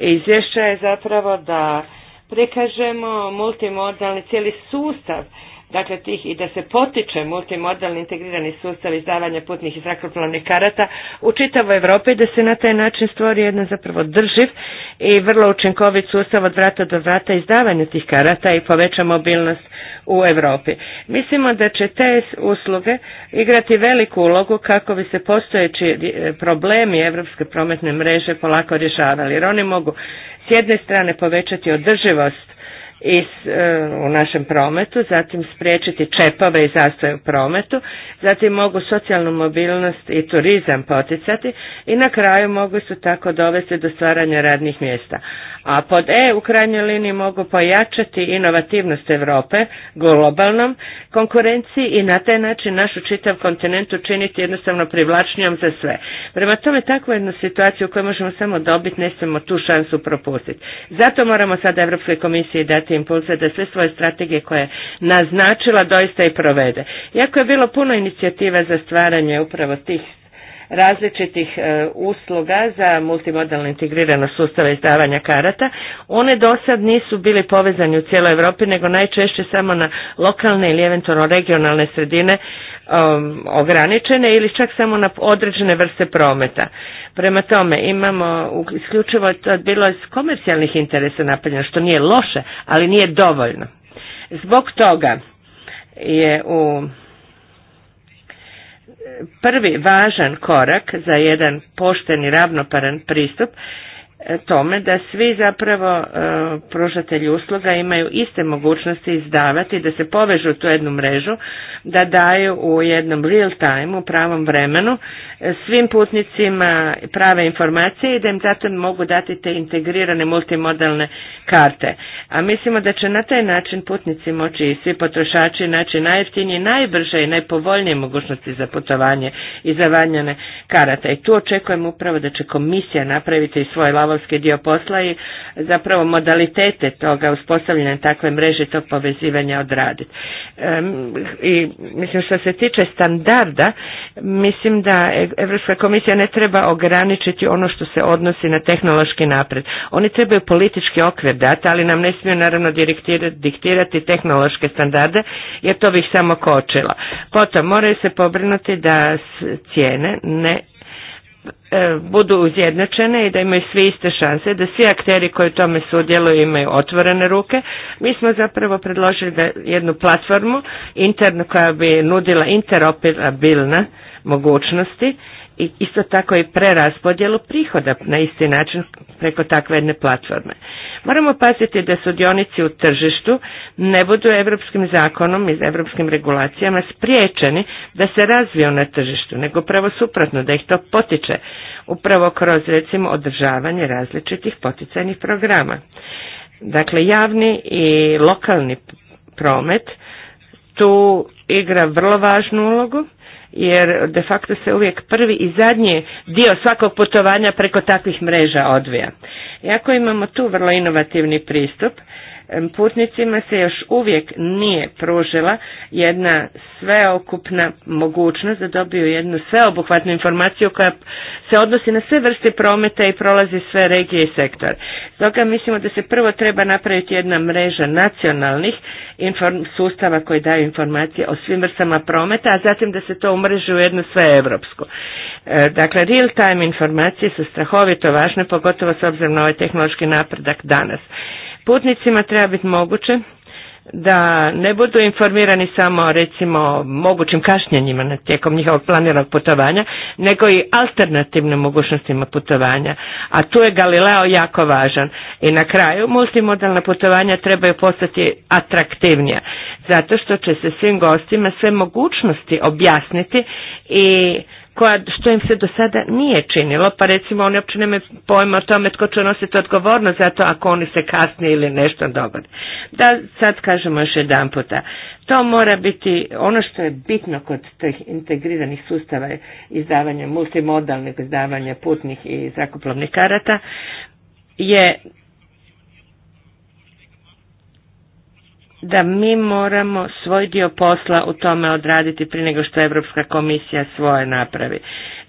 izvješća je zapravo da prikažemo multimodalni cijeli sustav dakle tih i da se potiče multimodalni integrirani sustav izdavanja putnih i zrakoplovnih karata u čitavoj Europi da se na taj način stvori jedan zapravo drživ i vrlo učinkovit sustav od vrata do vrata izdavanja tih karata i poveća mobilnost u Europi. Mislimo da će te usluge igrati veliku ulogu kako bi se postojeći e, problemi europske prometne mreže polako rješavali, jer oni mogu s jedne strane povećati održivost i e, u našem prometu, zatim spriječiti čepove i zastoje u prometu, zatim mogu socijalnu mobilnost i turizam poticati i na kraju mogu su tako dovesti do stvaranja radnih mjesta. A pod E u krajnjoj liniji mogu pojačati inovativnost Europe globalnom konkurenciji i na taj način našu čitav kontinent učiniti jednostavno privlačnijom za sve. Prema tome takvu jednu situaciju kojoj možemo samo dobiti ne smijemo tu šansu propustiti. Zato moramo sada Europskoj komisiji dati impulse da sve svoje strategije koje je naznačila doista i provede. Iako je bilo puno inicijativa za stvaranje upravo tih različitih e, usluga za multimodalno integrirano sustave izdavanja karata. One do sad nisu bili povezani u cijeloj Europi, nego najčešće samo na lokalne ili eventualno regionalne sredine um, ograničene ili čak samo na određene vrste prometa. Prema tome imamo isključivo to bilo iz komercijalnih interesa napravljeno, što nije loše, ali nije dovoljno. Zbog toga je u prvi važan korak za jedan pošten i ravnoparan pristup e, tome da svi zapravo e, pružatelji usluga imaju iste mogućnosti izdavati, da se povežu u tu jednu mrežu, da daju u jednom real time, u pravom vremenu, svim putnicima prave informacije i da im zato mogu dati te integrirane multimodalne karte. A mislimo da će na taj način putnici moći i svi potrošači naći najjeftinije, najbrže i najpovoljnije mogućnosti za putovanje i za vanjane karata. I tu očekujem upravo da će komisija napraviti svoj lavovski dio posla i zapravo modalitete toga uspostavljanja takve mreže tog povezivanja odraditi. I mislim što se tiče standarda, mislim da Europska komisija ne treba ograničiti ono što se odnosi na tehnološki napred. Oni trebaju politički okvir dati, ali nam ne smiju naravno diktirati tehnološke standarde, jer to bi ih samo kočilo. Potom moraju se pobrinuti da cijene ne e, budu uzjednačene i da imaju svi iste šanse, da svi akteri koji u tome sudjeluju imaju otvorene ruke. Mi smo zapravo predložili jednu platformu internu koja bi nudila interoperabilna mogućnosti i isto tako i preraspodjelu prihoda na isti način preko takve jedne platforme. Moramo paziti da sudionici u tržištu ne budu evropskim zakonom i evropskim regulacijama spriječeni da se razviju na tržištu, nego pravo suprotno, da ih to potiče, upravo kroz recimo održavanje različitih poticajnih programa. Dakle, javni i lokalni promet tu igra vrlo važnu ulogu jer de facto se uvijek prvi i zadnji dio svakog putovanja preko takvih mreža odvija. Iako imamo tu vrlo inovativni pristup, putnicima se još uvijek nije pružila jedna sveokupna mogućnost da dobiju jednu sveobuhvatnu informaciju koja se odnosi na sve vrste prometa i prolazi sve regije i sektor. Stoga mislimo da se prvo treba napraviti jedna mreža nacionalnih sustava koji daju informacije o svim vrstama prometa, a zatim da se to umreži u jednu sveeuropsku. E, dakle, real time informacije su strahovito važne, pogotovo s obzirom na ovaj tehnološki napredak danas. Putnicima treba biti moguće da ne budu informirani samo recimo mogućim kašnjenjima na tijekom njihovog planiranog putovanja, nego i alternativnim mogućnostima putovanja. A tu je Galileo jako važan. I na kraju multimodalna putovanja trebaju postati atraktivnija, zato što će se svim gostima sve mogućnosti objasniti i koja, što im se do sada nije činilo, pa recimo oni uopće nemaju pojma o tome tko će nositi odgovornost za to ako oni se kasnije ili nešto dogodi. Da sad kažemo još jedan puta, to mora biti ono što je bitno kod tih integriranih sustava izdavanja multimodalnih, izdavanja putnih i zrakoplovnih karata, je da mi moramo svoj dio posla u tome odraditi prije nego što Europska komisija svoje napravi.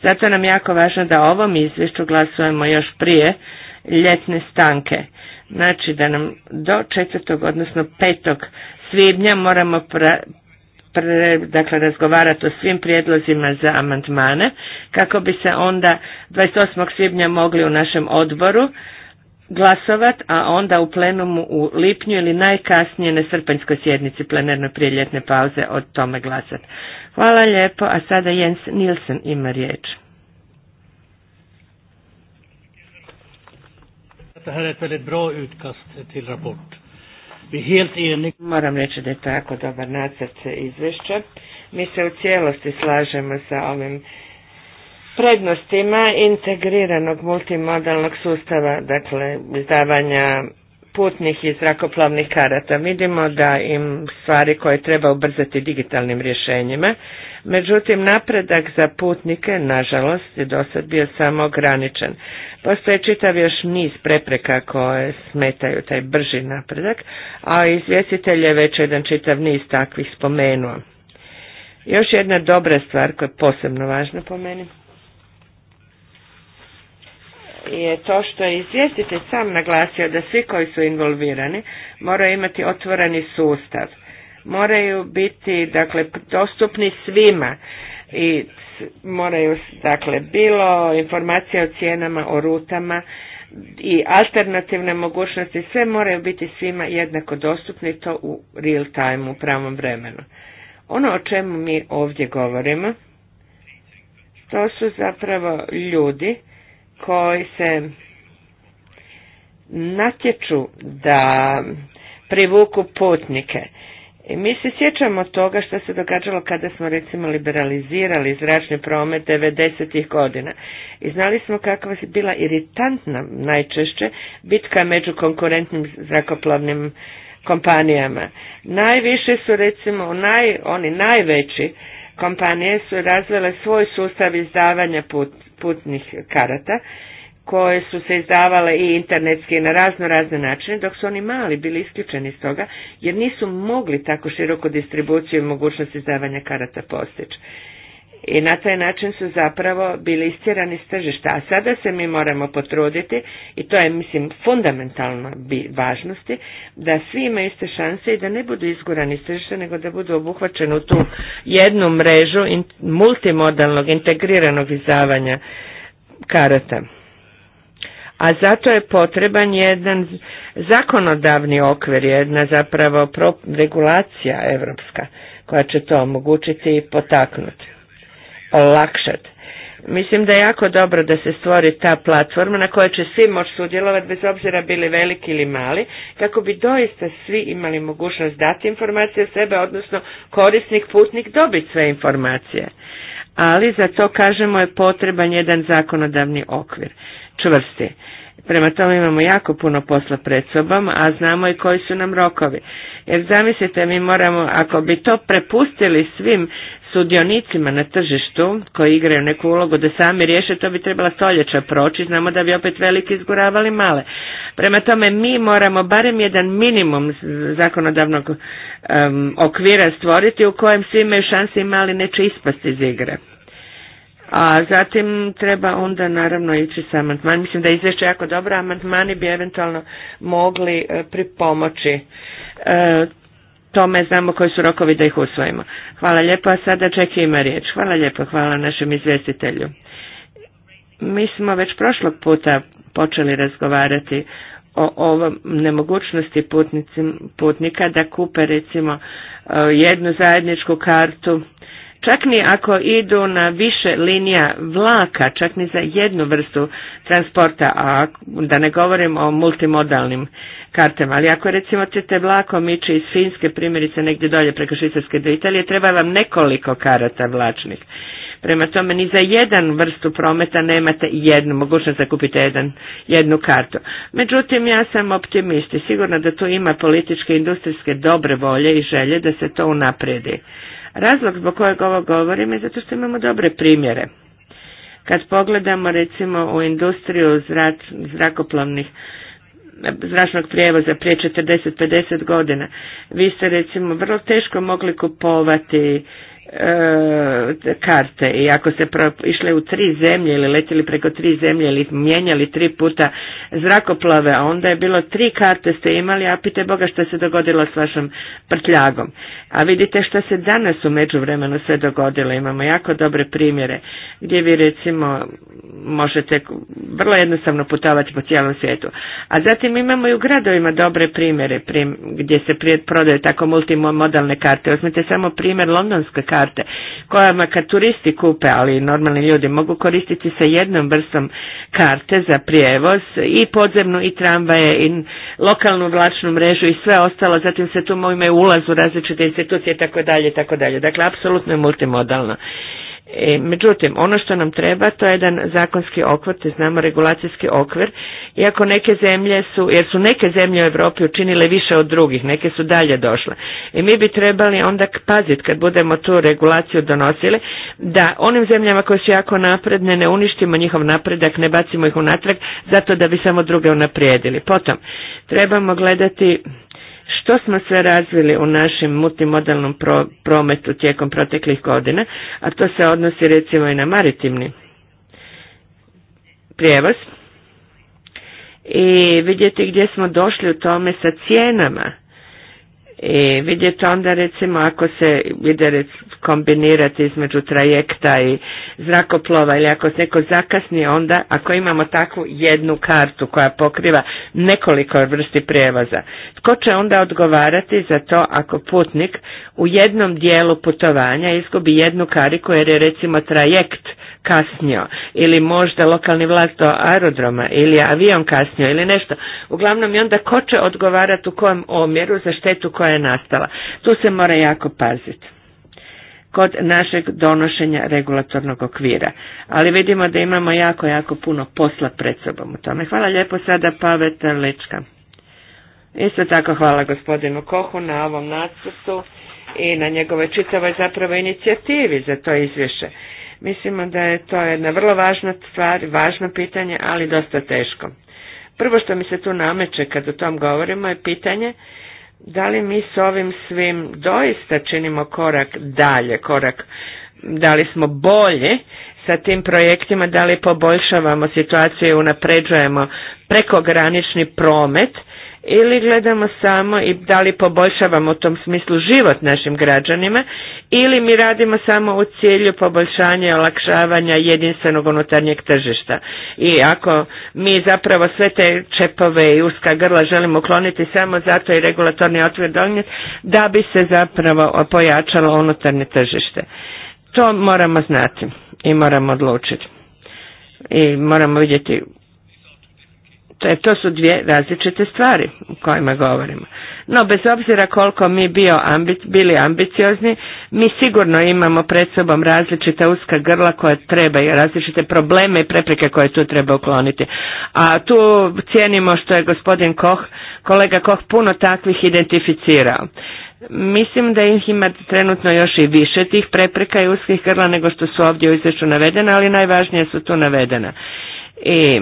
Zato nam jako važno da ovom izvješću glasujemo još prije ljetne stanke. Znači da nam do četvrtog, odnosno petog svibnja moramo dakle, razgovarati o svim prijedlozima za amandmane kako bi se onda 28. svibnja mogli u našem odboru glasovat, a onda u plenumu u lipnju ili najkasnije na srpanjskoj sjednici plenerno prije ljetne pauze o tome glasat. Hvala lijepo, a sada Jens Nilsen ima riječ. Det här är ett väldigt Moram reći da je tako dobar nacrt izvješća. Mi se u cijelosti slažemo sa ovim prednostima integriranog multimodalnog sustava, dakle izdavanja putnih i zrakoplovnih karata. Vidimo da im stvari koje treba ubrzati digitalnim rješenjima, međutim napredak za putnike, nažalost, je do sad bio samo ograničen. Postoje čitav još niz prepreka koje smetaju taj brži napredak, a izvjestitelj je već jedan čitav niz takvih spomenuo. Još jedna dobra stvar koja je posebno važna po meni je to što je izvjestitelj sam naglasio da svi koji su involvirani moraju imati otvoreni sustav. Moraju biti dakle dostupni svima i moraju dakle bilo informacije o cijenama, o rutama i alternativne mogućnosti, sve moraju biti svima jednako dostupni to u real time, u pravom vremenu. Ono o čemu mi ovdje govorimo, to su zapravo ljudi koji se natječu da privuku putnike. I mi se sjećamo toga što se događalo kada smo recimo liberalizirali zračni promet 90-ih godina. I znali smo kakva je bila iritantna najčešće bitka među konkurentnim zrakoplovnim kompanijama. Najviše su recimo naj, oni najveći kompanije su razvile svoj sustav izdavanja putnih karata koje su se izdavale i internetski na razno razne načine, dok su oni mali bili isključeni iz toga, jer nisu mogli tako široku distribuciju i mogućnost izdavanja karata postići i na taj način su zapravo bili istjerani s tržišta. A sada se mi moramo potruditi i to je mislim fundamentalno važnosti da svi imaju iste šanse i da ne budu izgurani s tržišta nego da budu obuhvaćeni u tu jednu mrežu multimodalnog integriranog izdavanja karata. A zato je potreban jedan zakonodavni okvir, jedna zapravo regulacija evropska koja će to omogućiti i potaknuti olakšati. Mislim da je jako dobro da se stvori ta platforma na kojoj će svi moći sudjelovati bez obzira bili veliki ili mali, kako bi doista svi imali mogućnost dati informacije o sebe, odnosno korisnik, putnik dobiti sve informacije. Ali za to kažemo je potreban jedan zakonodavni okvir, čvrsti. Prema tome imamo jako puno posla pred sobom, a znamo i koji su nam rokovi. Jer zamislite, mi moramo, ako bi to prepustili svim sudionicima na tržištu koji igraju neku ulogu da sami riješe, to bi trebala stoljeća proći, znamo da bi opet veliki izguravali male. Prema tome mi moramo barem jedan minimum zakonodavnog okvira stvoriti u kojem svi imaju šanse i mali neće ispasti iz igre. A zatim treba onda naravno ići sa amantman. Mislim da je izvješće jako dobro, amantmani bi eventualno mogli e, pripomoći e, tome znamo koji su rokovi da ih usvojimo. Hvala lijepo, a sada Čeki ima riječ. Hvala lijepo, hvala našem izvjestitelju. Mi smo već prošlog puta počeli razgovarati o ovom nemogućnosti putnika da kupe recimo e, jednu zajedničku kartu Čak ni ako idu na više linija vlaka, čak ni za jednu vrstu transporta, a da ne govorim o multimodalnim kartama. Ali ako recimo ćete vlakom ići iz Finske, primjerice negdje dolje preko Švicarske do Italije, treba vam nekoliko karata vlačnih. Prema tome ni za jedan vrstu prometa nemate jednu, mogućnost da kupite jedan, jednu kartu. Međutim, ja sam optimist i sigurno da tu ima političke, i industrijske dobre volje i želje da se to unaprijedi. Razlog zbog kojeg ovo govorim je zato što imamo dobre primjere. Kad pogledamo recimo u industriju zrakoplovnih zračnog prijevoza prije 40-50 godina. Vi ste recimo vrlo teško mogli kupovati e, karte i ako ste išli u tri zemlje ili letjeli preko tri zemlje ili mijenjali tri puta zrakoplove, a onda je bilo tri karte ste imali, a pite Boga što se dogodilo s vašom prtljagom. A vidite što se danas u međuvremenu sve dogodilo, imamo jako dobre primjere gdje vi recimo možete vrlo jednostavno putovati po cijelom svijetu. A zatim imamo i u gradovima dobre primjere gdje se prodaju tako multimodalne karte. Osmite samo primjer londonske karte karte kojama kad turisti kupe, ali normalni ljudi mogu koristiti sa jednom vrstom karte za prijevoz i podzemnu i tramvaje i lokalnu vlačnu mrežu i sve ostalo, zatim se tu imaju ulaz u različite institucije i tako dalje i tako dalje. Dakle, apsolutno je multimodalno. E, međutim, ono što nam treba to je jedan zakonski okvir, te znamo regulacijski okvir, iako neke zemlje su, jer su neke zemlje u Europi učinile više od drugih, neke su dalje došle. I mi bi trebali onda paziti kad budemo tu regulaciju donosili, da onim zemljama koje su jako napredne ne uništimo njihov napredak, ne bacimo ih unatrag, zato da bi samo druge unaprijedili. Potom, trebamo gledati što smo sve razvili u našem multimodalnom prometu tijekom proteklih godina, a to se odnosi recimo i na maritimni prijevoz i vidjeti gdje smo došli u tome sa cijenama i vidjeti onda recimo ako se ide kombinirati između trajekta i zrakoplova ili ako se neko zakasni onda ako imamo takvu jednu kartu koja pokriva nekoliko vrsti prijevoza. Tko će onda odgovarati za to ako putnik u jednom dijelu putovanja izgubi jednu kariku jer je recimo trajekt kasnio ili možda lokalni vlast do aerodroma ili avion kasnio ili nešto. Uglavnom i onda ko će odgovarati u kojem omjeru za štetu koja je nastala. Tu se mora jako paziti kod našeg donošenja regulatornog okvira. Ali vidimo da imamo jako, jako puno posla pred sobom u tome. Hvala lijepo sada Paveta Lička. Isto tako hvala gospodinu Kohu na ovom nacrtu i na njegovoj čitavoj zapravo inicijativi za to izvješće. Mislimo da je to jedna vrlo važna stvar, važno pitanje, ali dosta teško. Prvo što mi se tu nameće kad o tom govorimo je pitanje da li mi s ovim svim doista činimo korak dalje, korak da li smo bolji sa tim projektima, da li poboljšavamo situaciju i unapređujemo prekogranični promet ili gledamo samo i da li poboljšavamo u tom smislu život našim građanima ili mi radimo samo u cilju poboljšanja i olakšavanja jedinstvenog unutarnjeg tržišta. I ako mi zapravo sve te čepove i uska grla želimo ukloniti samo zato i regulatorni otvor donijeti da bi se zapravo pojačalo unutarnje tržište. To moramo znati i moramo odlučiti i moramo vidjeti to su dvije različite stvari o kojima govorimo. No, bez obzira koliko mi bio bili ambiciozni, mi sigurno imamo pred sobom različita uska grla koja treba i različite probleme i prepreke koje tu treba ukloniti. A tu cijenimo što je gospodin Koh, kolega Koh puno takvih identificirao. Mislim da ih ima trenutno još i više tih prepreka i uskih grla nego što su ovdje u izvješću navedena, ali najvažnije su tu navedena. I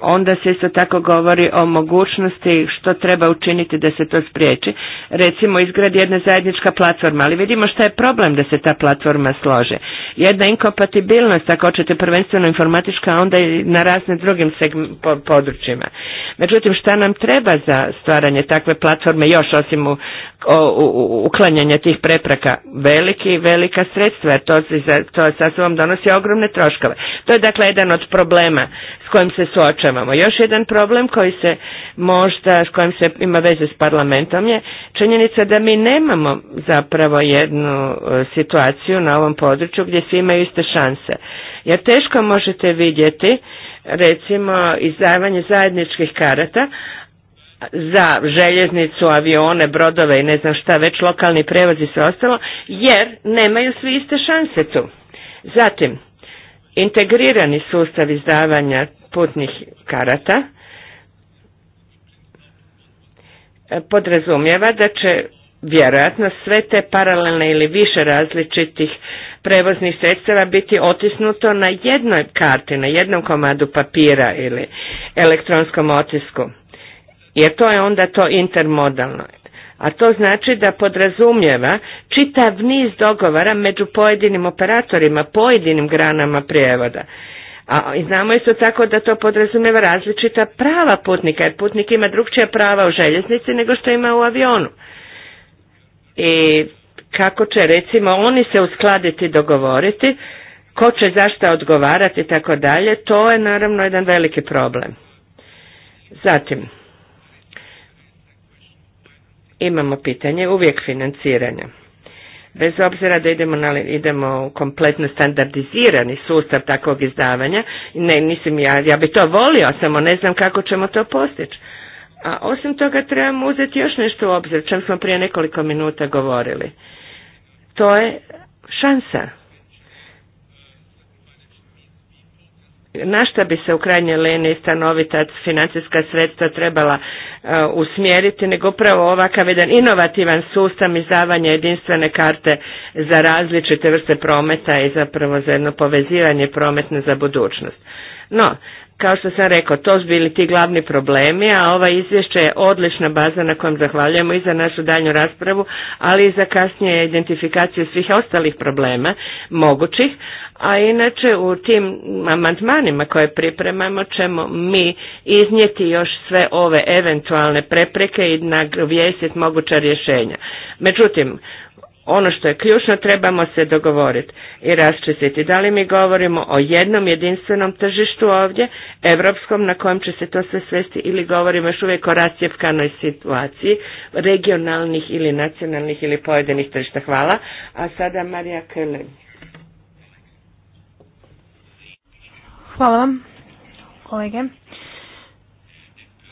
onda se isto tako govori o mogućnosti što treba učiniti da se to spriječi. Recimo izgradi jedna zajednička platforma, ali vidimo što je problem da se ta platforma slože. Jedna inkompatibilnost, ako hoćete prvenstveno informatička, a onda i na raznim drugim područjima. Međutim, šta nam treba za stvaranje takve platforme još osim u, uklanjanja tih prepreka? Veliki i velika sredstva, jer to, to sa sobom donosi ogromne troškove. To je dakle jedan od problema s kojim se suočavamo. Još jedan problem koji se možda, s kojim se ima veze s parlamentom je činjenica da mi nemamo zapravo jednu e, situaciju na ovom području gdje svi imaju iste šanse. Jer teško možete vidjeti recimo izdavanje zajedničkih karata, za željeznicu, avione, brodove i ne znam šta, već lokalni prevoz i sve ostalo, jer nemaju svi iste šanse tu. Zatim, integrirani sustav izdavanja putnih karata e, podrazumijeva da će vjerojatno sve te paralelne ili više različitih prevoznih sredstava biti otisnuto na jednoj karti, na jednom komadu papira ili elektronskom otisku. Jer to je onda to intermodalno a to znači da podrazumijeva čitav niz dogovara među pojedinim operatorima, pojedinim granama prijevoda. A znamo isto tako da to podrazumijeva različita prava putnika, jer putnik ima drugčija prava u željeznici nego što ima u avionu. I kako će recimo oni se uskladiti, dogovoriti, ko će zašto odgovarati i tako dalje, to je naravno jedan veliki problem. Zatim, imamo pitanje uvijek financiranja. Bez obzira da idemo, na, idemo u kompletno standardizirani sustav takvog izdavanja, ne, mislim ja, ja bi to volio, samo ne znam kako ćemo to postići. A osim toga trebamo uzeti još nešto u obzir, čem smo prije nekoliko minuta govorili. To je šansa na bi se u krajnjoj liniji stanovita financijska sredstva trebala e, usmjeriti, nego upravo ovakav jedan inovativan sustav izdavanja jedinstvene karte za različite vrste prometa i zapravo za jedno povezivanje prometne za budućnost. No, kao što sam rekao, to su bili ti glavni problemi, a ova izvješća je odlična baza na kojom zahvaljujemo i za našu daljnju raspravu, ali i za kasnije identifikaciju svih ostalih problema mogućih, a inače u tim amandmanima koje pripremamo ćemo mi iznijeti još sve ove eventualne prepreke i nagvijestiti moguća rješenja. Međutim, ono što je ključno trebamo se dogovoriti i raščistiti. Da li mi govorimo o jednom jedinstvenom tržištu ovdje, europskom, na kojem će se to sve svesti ili govorimo još uvijek o rasjepkanoj situaciji regionalnih ili nacionalnih ili pojedinih tržišta. Hvala. A sada Marija Kelin. Hvala vam, kolege.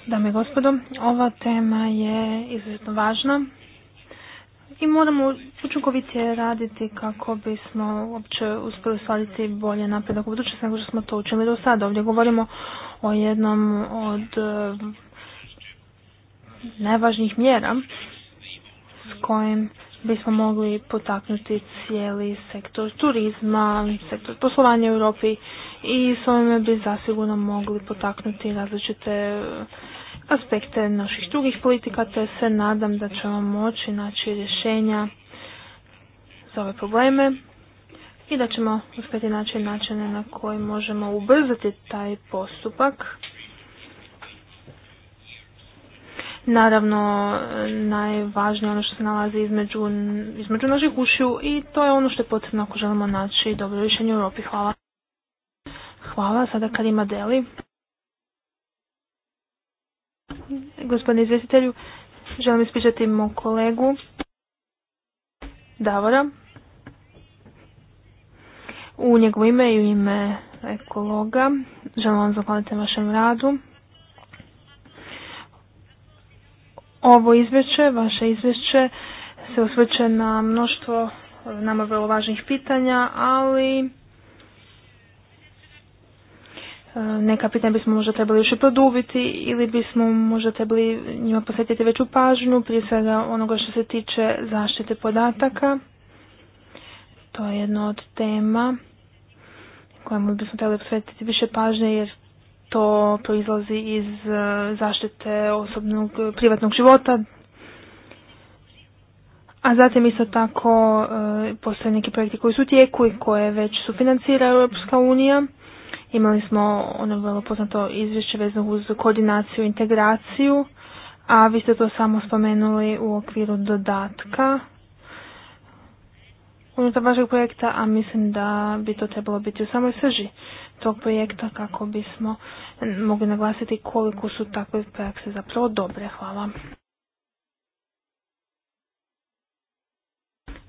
Dame i gospodo, ova tema je izuzetno važna i moramo učinkovitije raditi kako bismo uopće uspjeli sladiti bolje napredak u budućnosti nego što smo to učinili do sada. Ovdje govorimo o jednom od e, najvažnijih mjera s kojim bismo mogli potaknuti cijeli sektor turizma, sektor poslovanja u Europi i s ovime bi zasigurno mogli potaknuti različite eh, aspekte naših drugih politika, te se nadam da ćemo moći naći rješenja za ove probleme i da ćemo uspjeti naći načine na koji možemo ubrzati taj postupak. Naravno, najvažnije ono što se nalazi između, između naših ušiju i to je ono što je potrebno ako želimo naći dobro rješenje u Europi. Hvala. Hvala. Sada ima Deli. Gospodine izvjestitelju, želim ispričati mog kolegu Davora. U njegovo ime i u ime ekologa želim vam zahvaliti na vašem radu. Ovo izvješće, vaše izvješće se osvrće na mnoštvo nama vrlo važnih pitanja, ali E, neka pitanja bismo možda trebali još i produbiti ili bismo možda trebali njima posvetiti veću pažnju, prije svega onoga što se tiče zaštite podataka. To je jedna od tema kojemu bismo trebali posvetiti više pažnje jer to proizlazi iz e, zaštite osobnog privatnog života. A zatim isto tako e, postoje neki projekti koji su u tijeku i koje već sufinancira Europska unija. Imali smo ono vrlo poznato izvješće vezano uz koordinaciju i integraciju, a vi ste to samo spomenuli u okviru dodatka unutar vašeg projekta, a mislim da bi to trebalo biti u samoj srži tog projekta kako bismo mogli naglasiti koliko su takve prakse zapravo dobre. Hvala.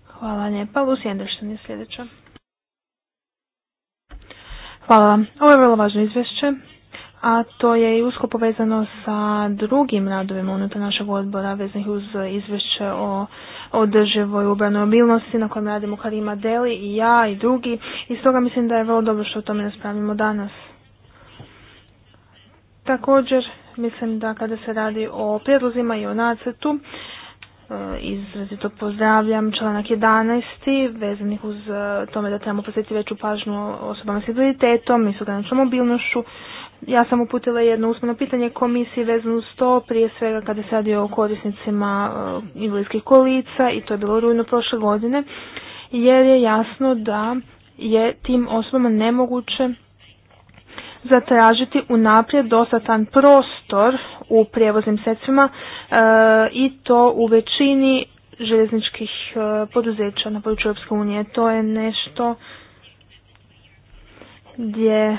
Hvala lijepa. Lucy je sljedeća. Hvala Ovo je vrlo važno izvješće, a to je i usko povezano sa drugim radovima unutar našeg odbora vezanih uz izvješće o održivoj ubranoj mobilnosti na kojem radimo Karima Deli i ja i drugi. I stoga mislim da je vrlo dobro što o tome raspravimo danas. Također, mislim da kada se radi o prijedlozima i o nacrtu, Eh, izrazito pozdravljam članak 11. vezanih uz eh, tome da trebamo posjetiti veću pažnju osobama s invaliditetom i sugranično mobilnošću. Ja sam uputila jedno usmeno pitanje komisiji vezano uz to, prije svega kada se radi o korisnicima eh, invalidskih kolica i to je bilo rujno prošle godine, jer je jasno da je tim osobama nemoguće zatražiti unaprijed dostatan prostor u prijevoznim sredstvima e, i to u većini željezničkih e, poduzeća na području Europske unije. To je nešto gdje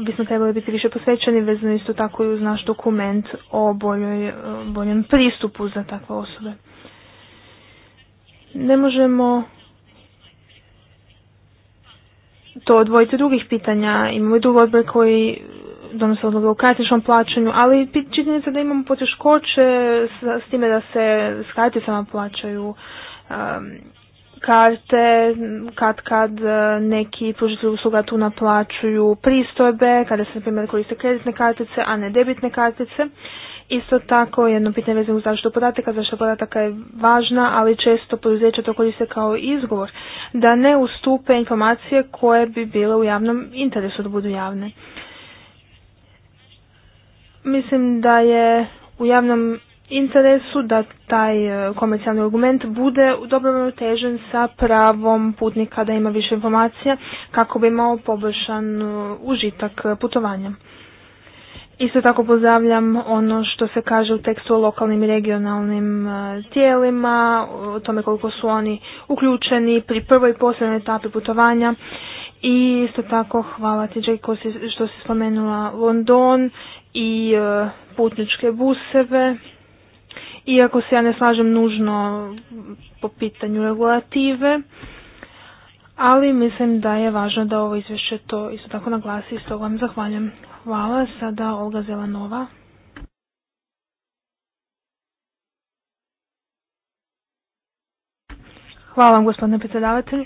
bismo trebali biti više posvećeni vezano isto tako i uz naš dokument o boljoj, e, boljem pristupu za takve osobe. Ne možemo to odvojiti drugih pitanja. Imamo i drugi koji donose odluke u kartičnom plaćanju, ali činjenica da imamo poteškoće s, s time da se s karticama plaćaju um, karte, kad kad uh, neki pružitelji usluga tu naplaćuju pristojbe, kada se na primjer koriste kreditne kartice, a ne debitne kartice. Isto tako, jedno pitanje vezano uz zaštitu podataka. Zaštita podataka je važna, ali često poduzeća to koriste kao izgovor da ne ustupe informacije koje bi bile u javnom interesu da budu javne. Mislim da je u javnom interesu da taj e, komercijalni argument bude dobro težen sa pravom putnika da ima više informacija kako bi imao poboljšan e, užitak putovanja. Isto tako pozdravljam ono što se kaže u tekstu o lokalnim i regionalnim e, tijelima, o tome koliko su oni uključeni pri prvoj i posljednoj etapi putovanja. I isto tako hvala ti Jake što si spomenula London i e, putničke buseve. Iako se ja ne slažem nužno po pitanju regulative, ali mislim da je važno da ovo izvješće to isto tako naglasi i s vam zahvaljam. Hvala. Sada Olga Zelanova. Hvala vam gospodine predsjedavatelju.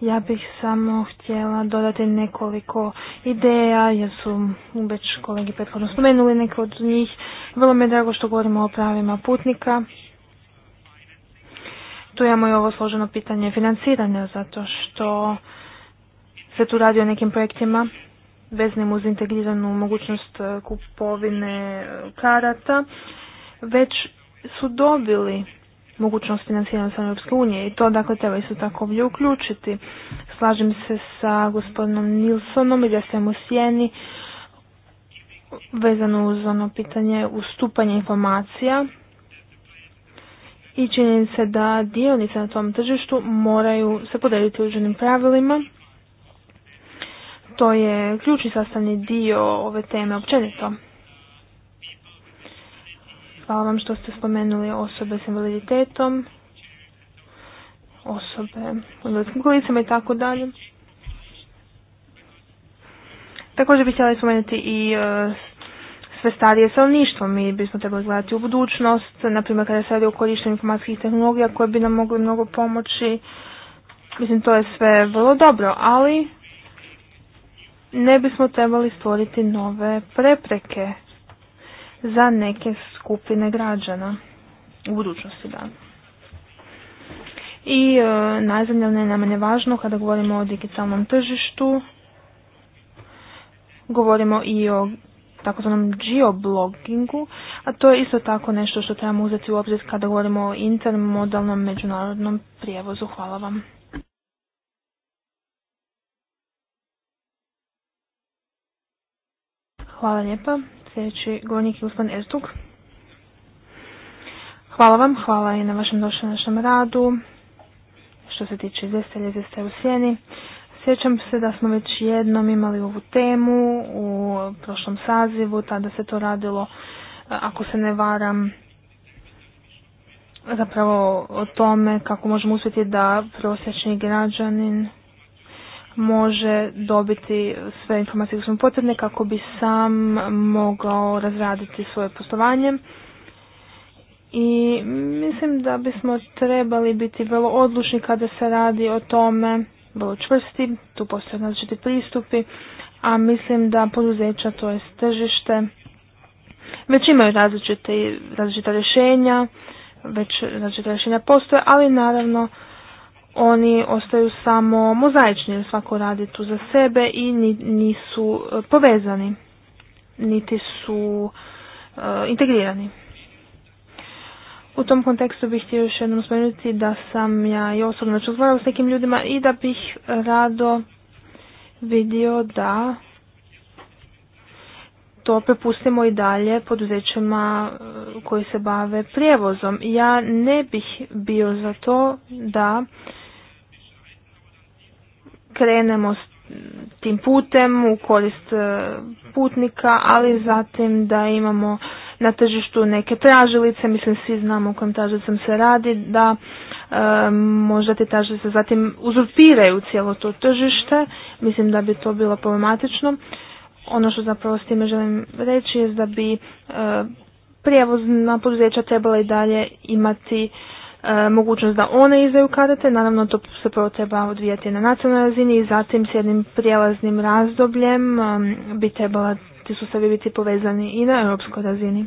Ja bih samo htjela dodati nekoliko ideja, jer su već kolegi prethodno spomenuli neke od njih. Vrlo mi je drago što govorimo o pravima putnika. Tu imamo i ovo složeno pitanje financiranja, zato što se tu radi o nekim projektima veznim uz integriranu mogućnost e, kupovine e, karata, već su dobili mogućnost financiranja sa Europske unije i to dakle treba isto tako ovdje uključiti. Slažem se sa gospodinom Nilsonom i da sam u sjeni vezano uz ono pitanje ustupanja informacija i činjenice da dionice na tom tržištu moraju se podeliti uđenim pravilima to je ključni sastavni dio ove teme općenito. Hvala vam što ste spomenuli osobe s invaliditetom, osobe u invalidskim kolicama i tako dalje. Također bih htjela spomenuti i e, sve starije stanovništvo. Mi bismo trebali gledati u budućnost, naprimjer kada se radi o korištenju informacijskih tehnologija koje bi nam mogle mnogo pomoći. Mislim, to je sve vrlo dobro, ali ne bismo trebali stvoriti nove prepreke za neke skupine građana u budućnosti da. I e, najzadnje je važno kada govorimo o digitalnom tržištu, govorimo i o takozvanom geoblogingu, a to je isto tako nešto što trebamo uzeti u obzir kada govorimo o intermodalnom međunarodnom prijevozu. Hvala vam. Hvala lijepa. Sljedeći govornik je Usman Ertug. Hvala vam, hvala i na vašem našem radu. Što se tiče Zestelje, Zestelje u sjeni. Sjećam se da smo već jednom imali ovu temu u prošlom sazivu, tada se to radilo, ako se ne varam, zapravo o tome kako možemo uspjeti da prosječni građanin može dobiti sve informacije koje su potrebne kako bi sam mogao razraditi svoje poslovanje. I mislim da bismo trebali biti vrlo odlučni kada se radi o tome, vrlo čvrsti, tu postoje različiti pristupi, a mislim da poduzeća, to je tržište, već imaju različite, različita rješenja, već različita rješenja postoje, ali naravno oni ostaju samo mozaični, jer svako radi tu za sebe i nisu e, povezani, niti su e, integrirani. U tom kontekstu bih htio još jednom spomenuti da sam ja i osobno razgovarala s nekim ljudima i da bih rado vidio da to prepustimo i dalje poduzećima e, koji se bave prijevozom. Ja ne bih bio za to da krenemo s tim putem u korist e, putnika, ali zatim da imamo na tržištu neke tražilice, mislim svi znamo o kojem tražilicom se radi, da e, možda te tražilice zatim uzurpiraju cijelo to tržište, mislim da bi to bilo problematično. Ono što zapravo s time želim reći je da bi e, prijevozna poduzeća trebala i dalje imati E, mogućnost da one izdaju kadete, naravno to se prvo treba odvijati na nacionalnoj razini i zatim s jednim prijelaznim razdobljem e, bi trebala ti sustavi biti povezani i na europskoj razini.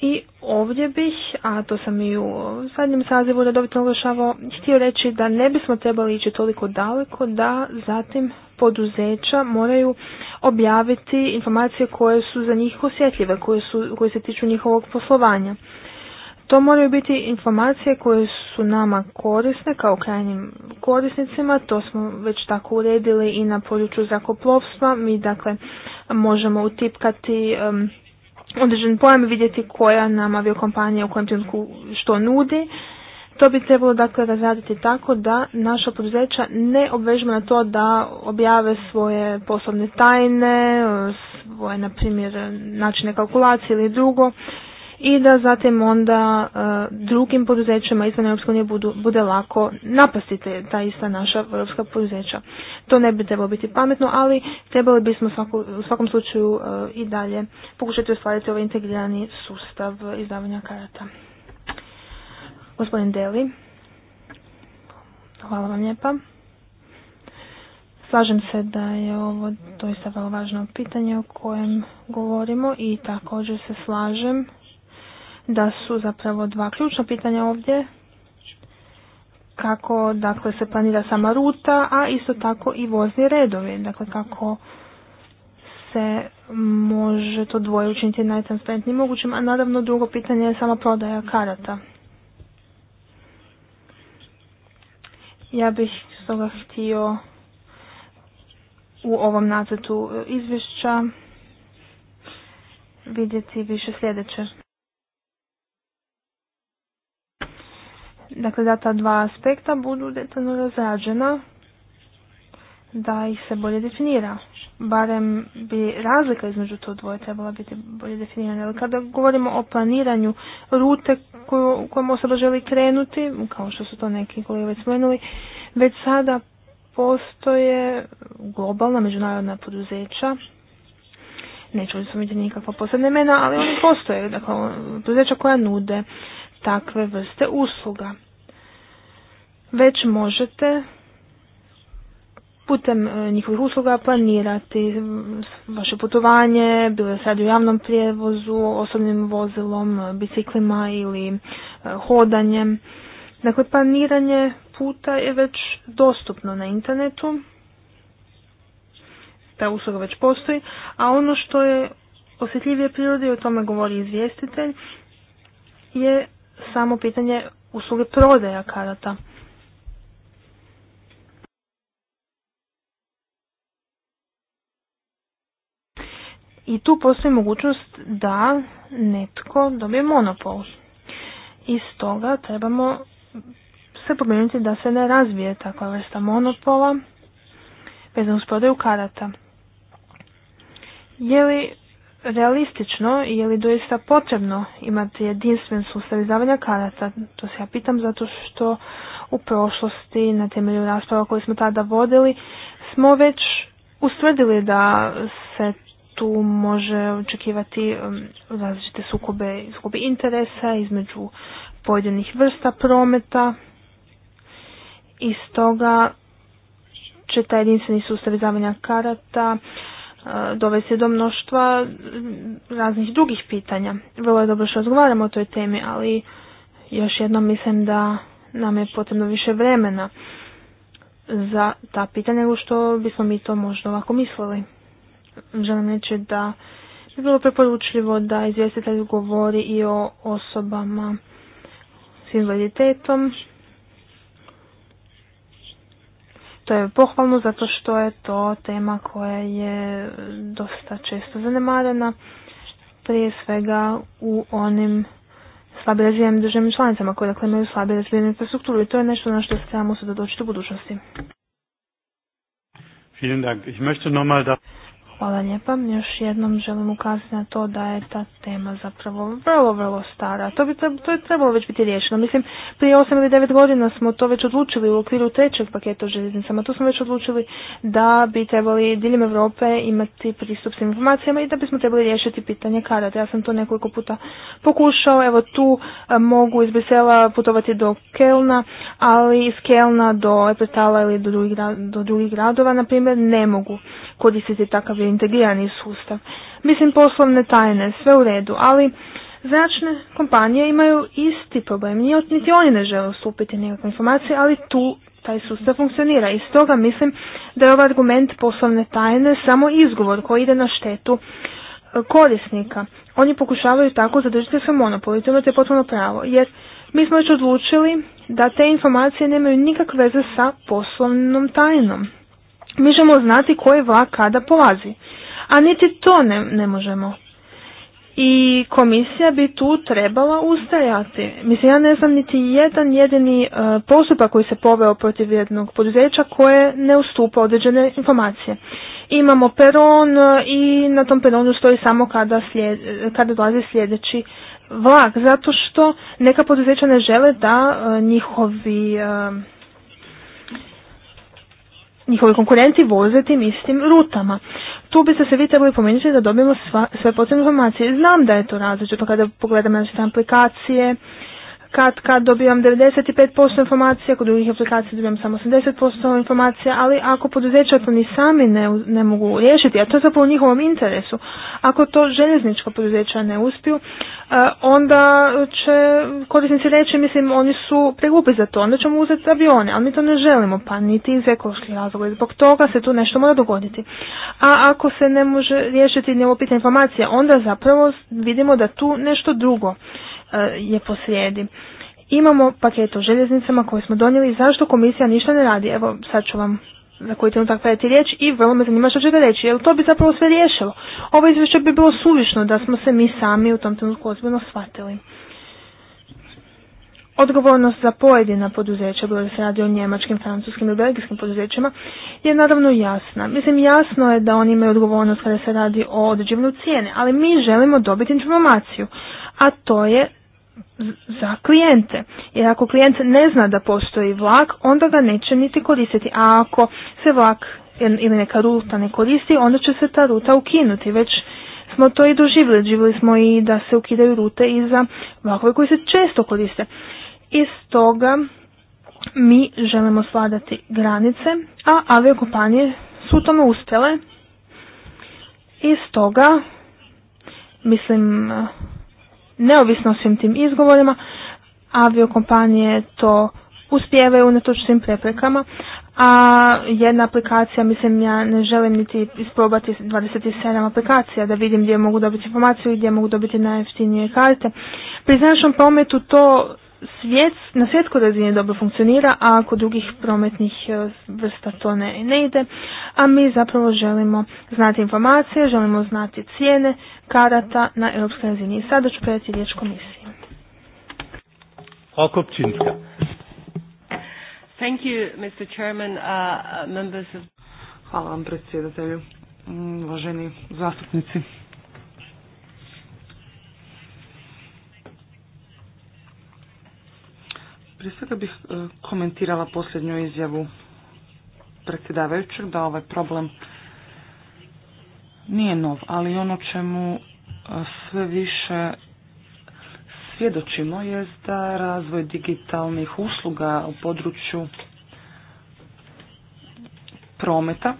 I ovdje bih, a to sam i u zadnjem sazivu redovito oglašavao, htio reći da ne bismo trebali ići toliko daleko da zatim poduzeća moraju objaviti informacije koje su za njih osjetljive, koje, su, koje se tiču njihovog poslovanja. To moraju biti informacije koje su nama korisne kao krajnjim korisnicima, to smo već tako uredili i na području zrakoplovstva. Mi dakle možemo utipkati um, određen pojam i vidjeti koja nam aviokompanija u kojem što nudi. To bi trebalo dakle razraditi tako da naša poduzeća ne obvežimo na to da objave svoje poslovne tajne, svoje na primjer načine kalkulacije ili drugo i da zatim onda e, drugim poduzećima izvan Europske budu, bude lako napasti te, ta ista naša europska poduzeća. To ne bi trebalo biti pametno, ali trebali bismo u svakom slučaju e, i dalje pokušati ostvariti ovaj integrirani sustav izdavanja karata. Gospodin Deli, hvala vam lijepa. Slažem se da je ovo doista vrlo važno pitanje o kojem govorimo i također se slažem da su zapravo dva ključna pitanja ovdje kako dakle se planira sama ruta, a isto tako i vozni redovi, dakle kako se može to dvoje učiniti najtransparentnijim mogućim, a naravno drugo pitanje je sama prodaja karata. Ja bih stoga htio u ovom nacrtu izvješća vidjeti više sljedeće. dakle da ta dva aspekta budu detaljno razrađena, da ih se bolje definira. Barem bi razlika između to dvoje trebala biti bolje definirana. Ali kada govorimo o planiranju rute u kojom osoba želi krenuti, kao što su to neki kolege već spomenuli, već sada postoje globalna međunarodna poduzeća neću vidjeti nikakva posebna imena, ali oni postoje, dakle, poduzeća koja nude takve vrste usluga. Već možete putem e, njihovih usluga planirati vaše putovanje, bilo je sad u javnom prijevozu, osobnim vozilom, biciklima ili e, hodanjem. Dakle, planiranje puta je već dostupno na internetu, ta usluga već postoji, a ono što je osjetljivije prirode, o tome govori izvjestitelj, je samo pitanje usluge prodaja karata. I tu postoji mogućnost da netko dobije monopol. I stoga trebamo se pobrinuti da se ne razvije takva vrsta monopola vezano uz prodaju karata. Je li realistično i je li doista potrebno imati jedinstven sustav izdavanja karata. To se ja pitam zato što u prošlosti na temelju rasprava koje smo tada vodili smo već ustvrdili da se tu može očekivati um, različite sukobe, sukobe interesa između pojedinih vrsta prometa i stoga će taj jedinstveni sustav izdavanja karata dovesti do mnoštva raznih drugih pitanja. Vrlo je dobro što razgovaramo o toj temi, ali još jednom mislim da nam je potrebno više vremena za ta pitanja nego što bismo mi to možda ovako mislili. Želim reći da bi bilo preporučljivo da izvjestitelj govori i o osobama s invaliditetom To je pohvalno zato što je to tema koja je dosta često zanemarena, prije svega u onim slabe razvijenim državnim članicama koje dakle imaju slabe razvijenu infrastrukturu i to je nešto na što se trebamo sada doći u budućnosti. Vielen Dank. Ich möchte Hvala lijepa. Još jednom želim ukazati na to da je ta tema zapravo vrlo, vrlo stara. To, bi, to je trebalo već biti riješeno. Mislim, prije 8 ili 9 godina smo to već odlučili u okviru trećeg paketa o željeznicama. Tu smo već odlučili da bi trebali diljem Europe imati pristup s informacijama i da bismo trebali riješiti pitanje karata. Ja sam to nekoliko puta pokušao. Evo tu e, mogu iz Brisela putovati do Kelna, ali iz Kelna do Epretala ili do drugih, do drugih gradova, na primjer, ne mogu koristiti takav integrirani sustav. Mislim poslovne tajne, sve u redu, ali zračne kompanije imaju isti problem. Niti oni ne žele ustupiti nekakve informacije, ali tu taj sustav funkcionira. I stoga mislim da je ovaj argument poslovne tajne samo izgovor koji ide na štetu e, korisnika. Oni pokušavaju tako zadržati sve monopol i to potpuno pravo. Jer mi smo već odlučili da te informacije nemaju nikakve veze sa poslovnom tajnom mi ćemo znati koji vlak kada polazi. A niti to ne, možemo. I komisija bi tu trebala ustajati. Mislim, ja ne znam niti jedan jedini uh, postupak koji se poveo protiv jednog poduzeća koje ne ustupa određene informacije. Imamo peron e, i na tom peronu stoji samo kada, e, kada dolazi sljedeći vlak, zato što neka poduzeća ne žele da njihovi njihovi konkurenti voze tim istim rutama. Tu biste se vi trebali pomenuti da dobijemo sva, sve potrebne informacije. Znam da je to različito kada pogledam naše aplikacije, kad, kad dobijam 95% informacija, kod drugih aplikacija dobijam samo 80% informacija, ali ako poduzeća to ni sami ne, ne mogu riješiti, a to je zapravo u njihovom interesu, ako to željeznička poduzeća ne uspiju, E, onda će korisnici reći, mislim, oni su preglupi za to, onda ćemo uzeti avione, ali mi to ne želimo, pa niti iz ekoloških razloga. Zbog toga se tu nešto mora dogoditi. A ako se ne može riješiti ni pitanje informacija, onda zapravo vidimo da tu nešto drugo e, je posrijedi. Imamo paket o željeznicama koje smo donijeli, zašto komisija ništa ne radi? Evo, sad ću vam na koji trenutak predati riječ i vrlo me zanima što ga reći, jer to bi zapravo sve riješilo. Ovo izvješće bi bilo suvišno da smo se mi sami u tom trenutku ozbiljno shvatili. Odgovornost za pojedina poduzeća, bilo da se radi o njemačkim, francuskim ili belgijskim poduzećima, je naravno jasna. Mislim, jasno je da oni imaju odgovornost kada se radi o određivanju cijene, ali mi želimo dobiti informaciju, a to je za klijente. Jer ako klijent ne zna da postoji vlak, onda ga neće niti koristiti. A ako se vlak ili neka ruta ne koristi, onda će se ta ruta ukinuti. Već smo to i doživjeli. Doživjeli smo i da se ukidaju rute i za vlakove koji se često koriste. I stoga mi želimo sladati granice, a aviokompanije su u tome uspjele. I stoga, mislim, neovisno o svim tim izgovorima, aviokompanije to uspijevaju unatoč svim preprekama, a jedna aplikacija, mislim ja ne želim niti isprobati 27 aplikacija da vidim gdje mogu dobiti informaciju i gdje mogu dobiti najjeftinije karte. Pri značnom prometu to svjet, na svjetskoj razini dobro funkcionira, a kod drugih prometnih e, vrsta to ne, ne ide. A mi zapravo želimo znati informacije, želimo znati cijene karata na europskoj razini. I sada ću predati riječ komisiji. Thank you, Mr. Chairman, uh, uh, members of... Hvala vam predsjedatelju, mm, uvaženi zastupnici. Prije svega bih e, komentirala posljednju izjavu predsjedavajućeg da ovaj problem nije nov, ali ono čemu e, sve više svjedočimo je da razvoj digitalnih usluga u području prometa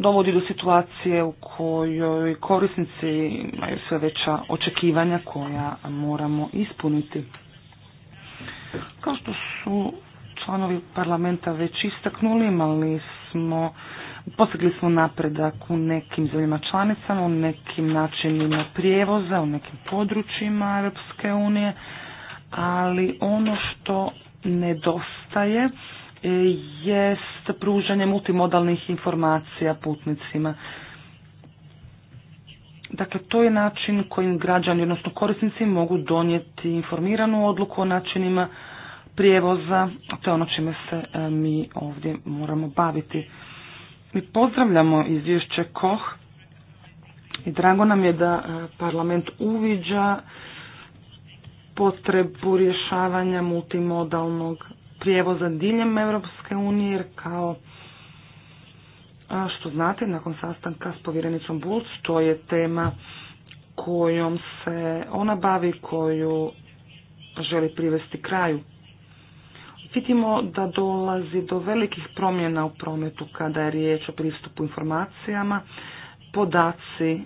dovodi do situacije u kojoj korisnici imaju sve veća očekivanja koja moramo ispuniti. Kao što su članovi parlamenta već istaknuli, imali smo, postigli smo napredak u nekim zemljama članicama, u nekim načinima prijevoza, u nekim područjima Europske unije, ali ono što nedostaje e, jest pružanje multimodalnih informacija putnicima. Dakle, to je način kojim građani, odnosno korisnici, mogu donijeti informiranu odluku o načinima prijevoza. To je ono čime se e, mi ovdje moramo baviti. Mi pozdravljamo izvješće KOH i drago nam je da e, parlament uviđa potrebu rješavanja multimodalnog prijevoza diljem Europske unije, jer kao a što znate, nakon sastanka s povjerenicom Bulc, to je tema kojom se ona bavi, koju želi privesti kraju. Vidimo da dolazi do velikih promjena u prometu kada je riječ o pristupu informacijama. Podaci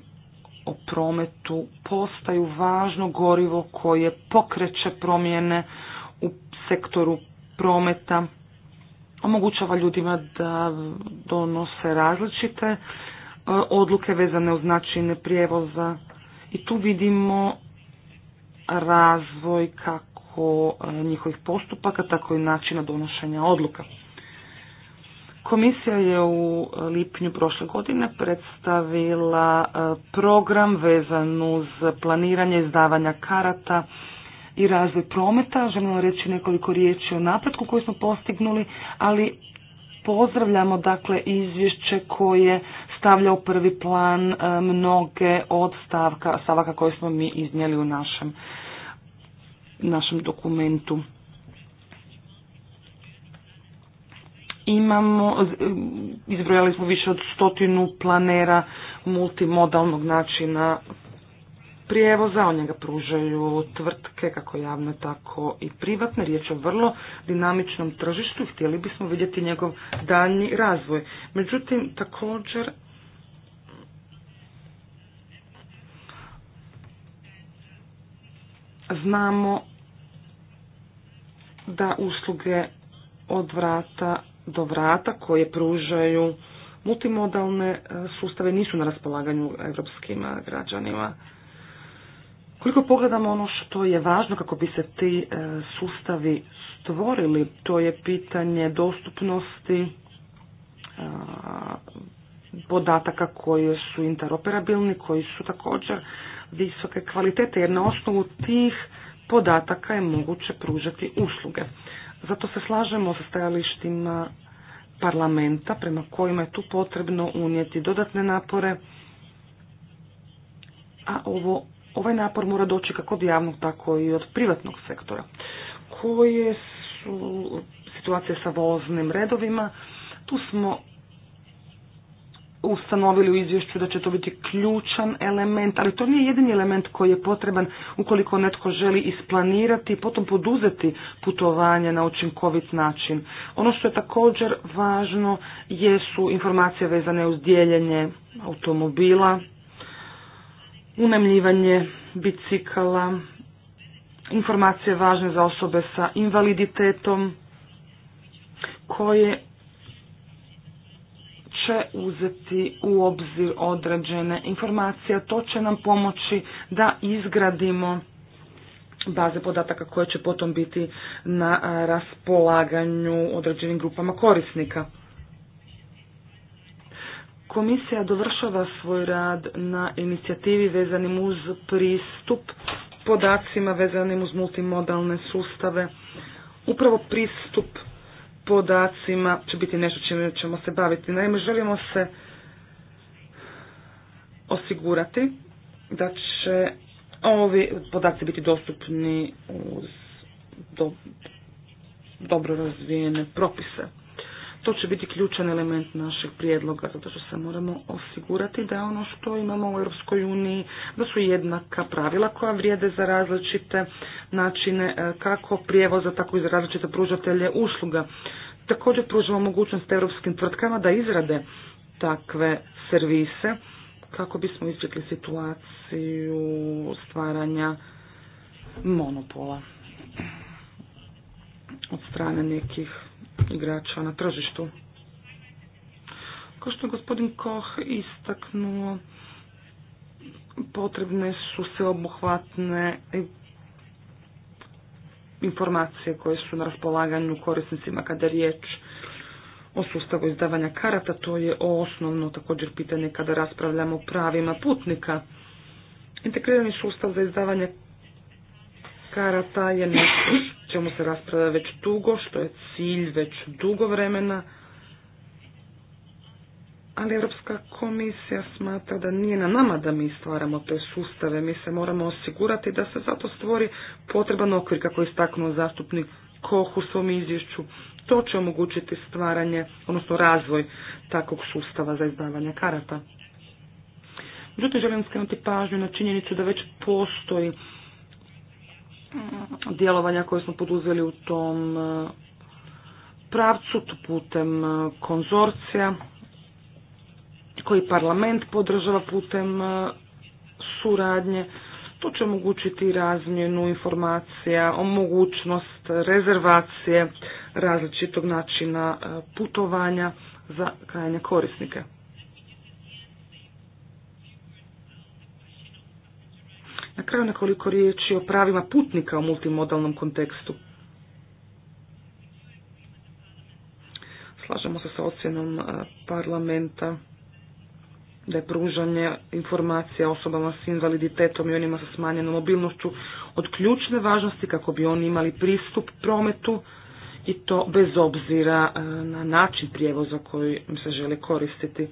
o prometu postaju važno gorivo koje pokreće promjene u sektoru prometa omogućava ljudima da donose različite e, odluke vezane uz načine prijevoza i tu vidimo razvoj kako e, njihovih postupaka, tako i načina donošenja odluka. Komisija je u lipnju prošle godine predstavila e, program vezan uz planiranje izdavanja karata i razvoj prometa. Želimo reći nekoliko riječi o napretku koji smo postignuli, ali pozdravljamo dakle izvješće koje stavlja u prvi plan e, mnoge od stavka, stavaka koje smo mi iznijeli u našem, našem dokumentu. Imamo, izbrojali smo više od stotinu planera multimodalnog načina prijevoza, on njega pružaju tvrtke kako javne tako i privatne, riječ o vrlo dinamičnom tržištu i htjeli bismo vidjeti njegov daljnji razvoj. Međutim, također znamo da usluge od vrata do vrata koje pružaju multimodalne sustave nisu na raspolaganju europskim građanima. Koliko pogledamo ono što je važno kako bi se ti e, sustavi stvorili, to je pitanje dostupnosti e, podataka koji su interoperabilni, koji su također visoke kvalitete, jer na osnovu tih podataka je moguće pružati usluge. Zato se slažemo sa stajalištima parlamenta prema kojima je tu potrebno unijeti dodatne napore, a ovo Ovaj napor mora doći kako od javnog, tako i od privatnog sektora. Koje su situacije sa voznim redovima? Tu smo ustanovili u izvješću da će to biti ključan element, ali to nije jedini element koji je potreban ukoliko netko želi isplanirati i potom poduzeti putovanje na učinkovit način. Ono što je također važno jesu informacije vezane uz dijeljenje automobila, unemljivanje bicikala, informacije važne za osobe sa invaliditetom koje će uzeti u obzir određene informacije. To će nam pomoći da izgradimo baze podataka koje će potom biti na raspolaganju određenim grupama korisnika. Komisija dovršava svoj rad na inicijativi vezanim uz pristup podacima vezanim uz multimodalne sustave. Upravo pristup podacima će biti nešto čime ćemo se baviti. Naime, želimo se osigurati da će ovi podaci biti dostupni uz do, dobro razvijene propise. To će biti ključan element našeg prijedloga, zato što se moramo osigurati da ono što imamo u Europskoj uniji, da su jednaka pravila koja vrijede za različite načine e, kako prijevoza, tako i za različite pružatelje usluga. Također pružamo mogućnost europskim tvrtkama da izrade takve servise kako bismo izbjegli situaciju stvaranja monopola od strane nekih igrača na tržištu. Kao što je gospodin Koh istaknuo, potrebne su sveobuhvatne informacije koje su na raspolaganju korisnicima kada je riječ o sustavu izdavanja karata. To je osnovno također pitanje kada raspravljamo o pravima putnika. Integrirani sustav za izdavanje karata je nešto čemu se raspravlja već dugo, što je cilj već dugo vremena. Ali Europska komisija smatra da nije na nama da mi stvaramo te sustave, mi se moramo osigurati da se zato stvori potreban okvir, kako je istaknuo zastupnik Koh u svom izvješću. To će omogućiti stvaranje, odnosno razvoj takvog sustava za izdavanje karata. Međutim, želim skrenuti pažnju na činjenicu da već postoji djelovanja koje smo poduzeli u tom e, pravcu putem e, konzorcija koji parlament podržava putem e, suradnje. To će omogućiti razmjenu informacija, mogućnost rezervacije različitog načina putovanja za krajnje korisnike. Na kraju nekoliko riječi o pravima putnika u multimodalnom kontekstu. Slažemo se sa ocjenom e, parlamenta da je pružanje informacija osobama s invaliditetom i onima sa smanjenom mobilnošću od ključne važnosti kako bi oni imali pristup prometu i to bez obzira e, na način prijevoza koji se želi koristiti.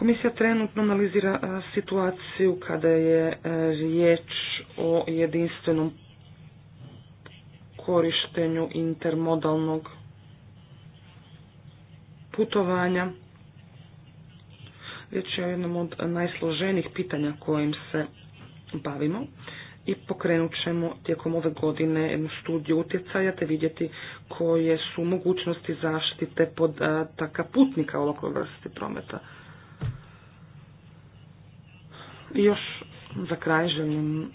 Komisija trenutno analizira e, situaciju kada je e, riječ o jedinstvenom korištenju intermodalnog putovanja. Riječ je o jednom od najsloženijih pitanja kojim se bavimo i pokrenut ćemo tijekom ove godine studiju utjecaja te vidjeti koje su mogućnosti zaštite podataka putnika ovakve vrsti prometa još za kraj želim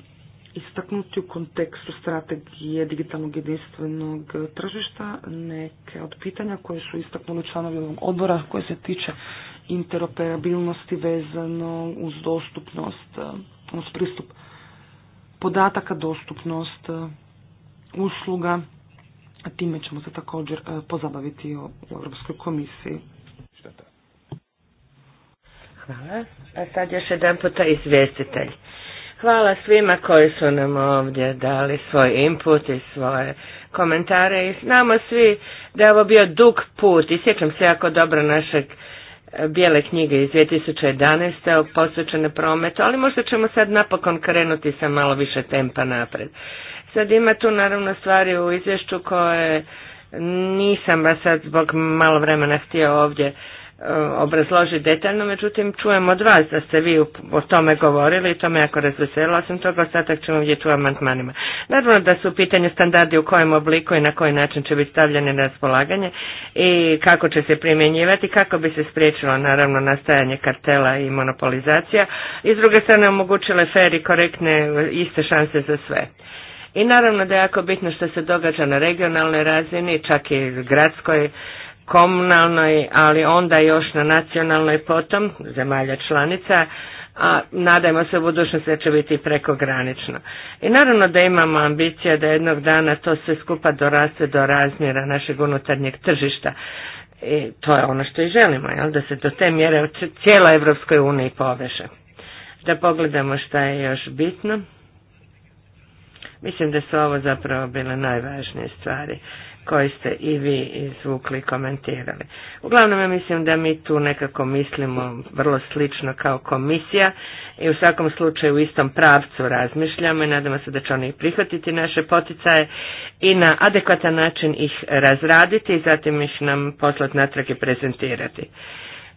istaknuti u kontekstu strategije digitalnog jedinstvenog tržišta neke od pitanja koje su istaknuli članovi ovog odbora koje se tiče interoperabilnosti vezano uz dostupnost, uz pristup podataka, dostupnost e, usluga, a time ćemo se također e, pozabaviti u Europskoj komisiji. Hvala. A sad još jedan puta izvjestitelj. Hvala svima koji su nam ovdje dali svoj input i svoje komentare i znamo svi da je ovo bio dug put i sjećam se jako dobro našeg e, bijele knjige iz 2011. posvećene prometu, ali možda ćemo sad napokon krenuti sa malo više tempa napred. Sad ima tu naravno stvari u izvješću koje nisam vas sad zbog malo vremena htio ovdje obrazložiti detaljno, međutim čujem od vas da ste vi o tome govorili i to me jako razveselila sam toga, ostatak ćemo vidjeti u amantmanima. Naravno da su pitanje standardi u kojem obliku i na koji način će biti stavljeni na raspolaganje i kako će se primjenjivati, kako bi se spriječilo naravno nastajanje kartela i monopolizacija i s druge strane omogućile fer i korektne iste šanse za sve. I naravno da je jako bitno što se događa na regionalnoj razini, čak i gradskoj komunalnoj, ali onda još na nacionalnoj potom, zemalja članica, a nadajmo se u budućnosti da će biti prekogranično. I naravno da imamo ambicija da jednog dana to sve skupa doraste do razmjera našeg unutarnjeg tržišta. I to je ono što i želimo, jel? da se do te mjere u cijela Evropskoj uniji poveže. Da pogledamo šta je još bitno. Mislim da su ovo zapravo bile najvažnije stvari koji ste i vi izvukli i komentirali. Uglavnom ja mislim da mi tu nekako mislimo vrlo slično kao komisija i u svakom slučaju u istom pravcu razmišljamo i nadamo se da će oni prihvatiti naše poticaje i na adekvatan način ih razraditi i zatim ih nam poslati natrag i prezentirati.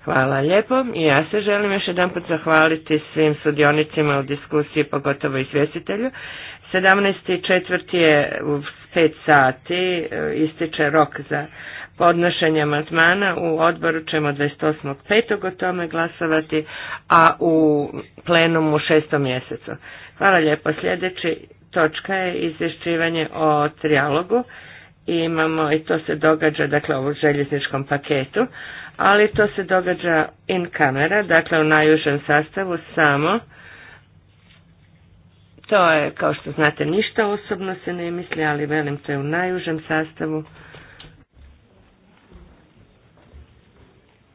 Hvala lijepo i ja se želim još jedanput zahvaliti svim sudionicima u diskusiji, pogotovo izvjestitelju. 17.4. je u 5 sati e, ističe rok za podnošenje amandmana. U odboru ćemo 28.5. o tome glasovati, a u plenumu u 6. mjesecu. Hvala lijepo. Sljedeći točka je izvješćivanje o trijalogu. Imamo i to se događa dakle u željezničkom paketu, ali to se događa in kamera, dakle u najužem sastavu samo to je, kao što znate, ništa osobno se ne misli, ali velim to je u najužem sastavu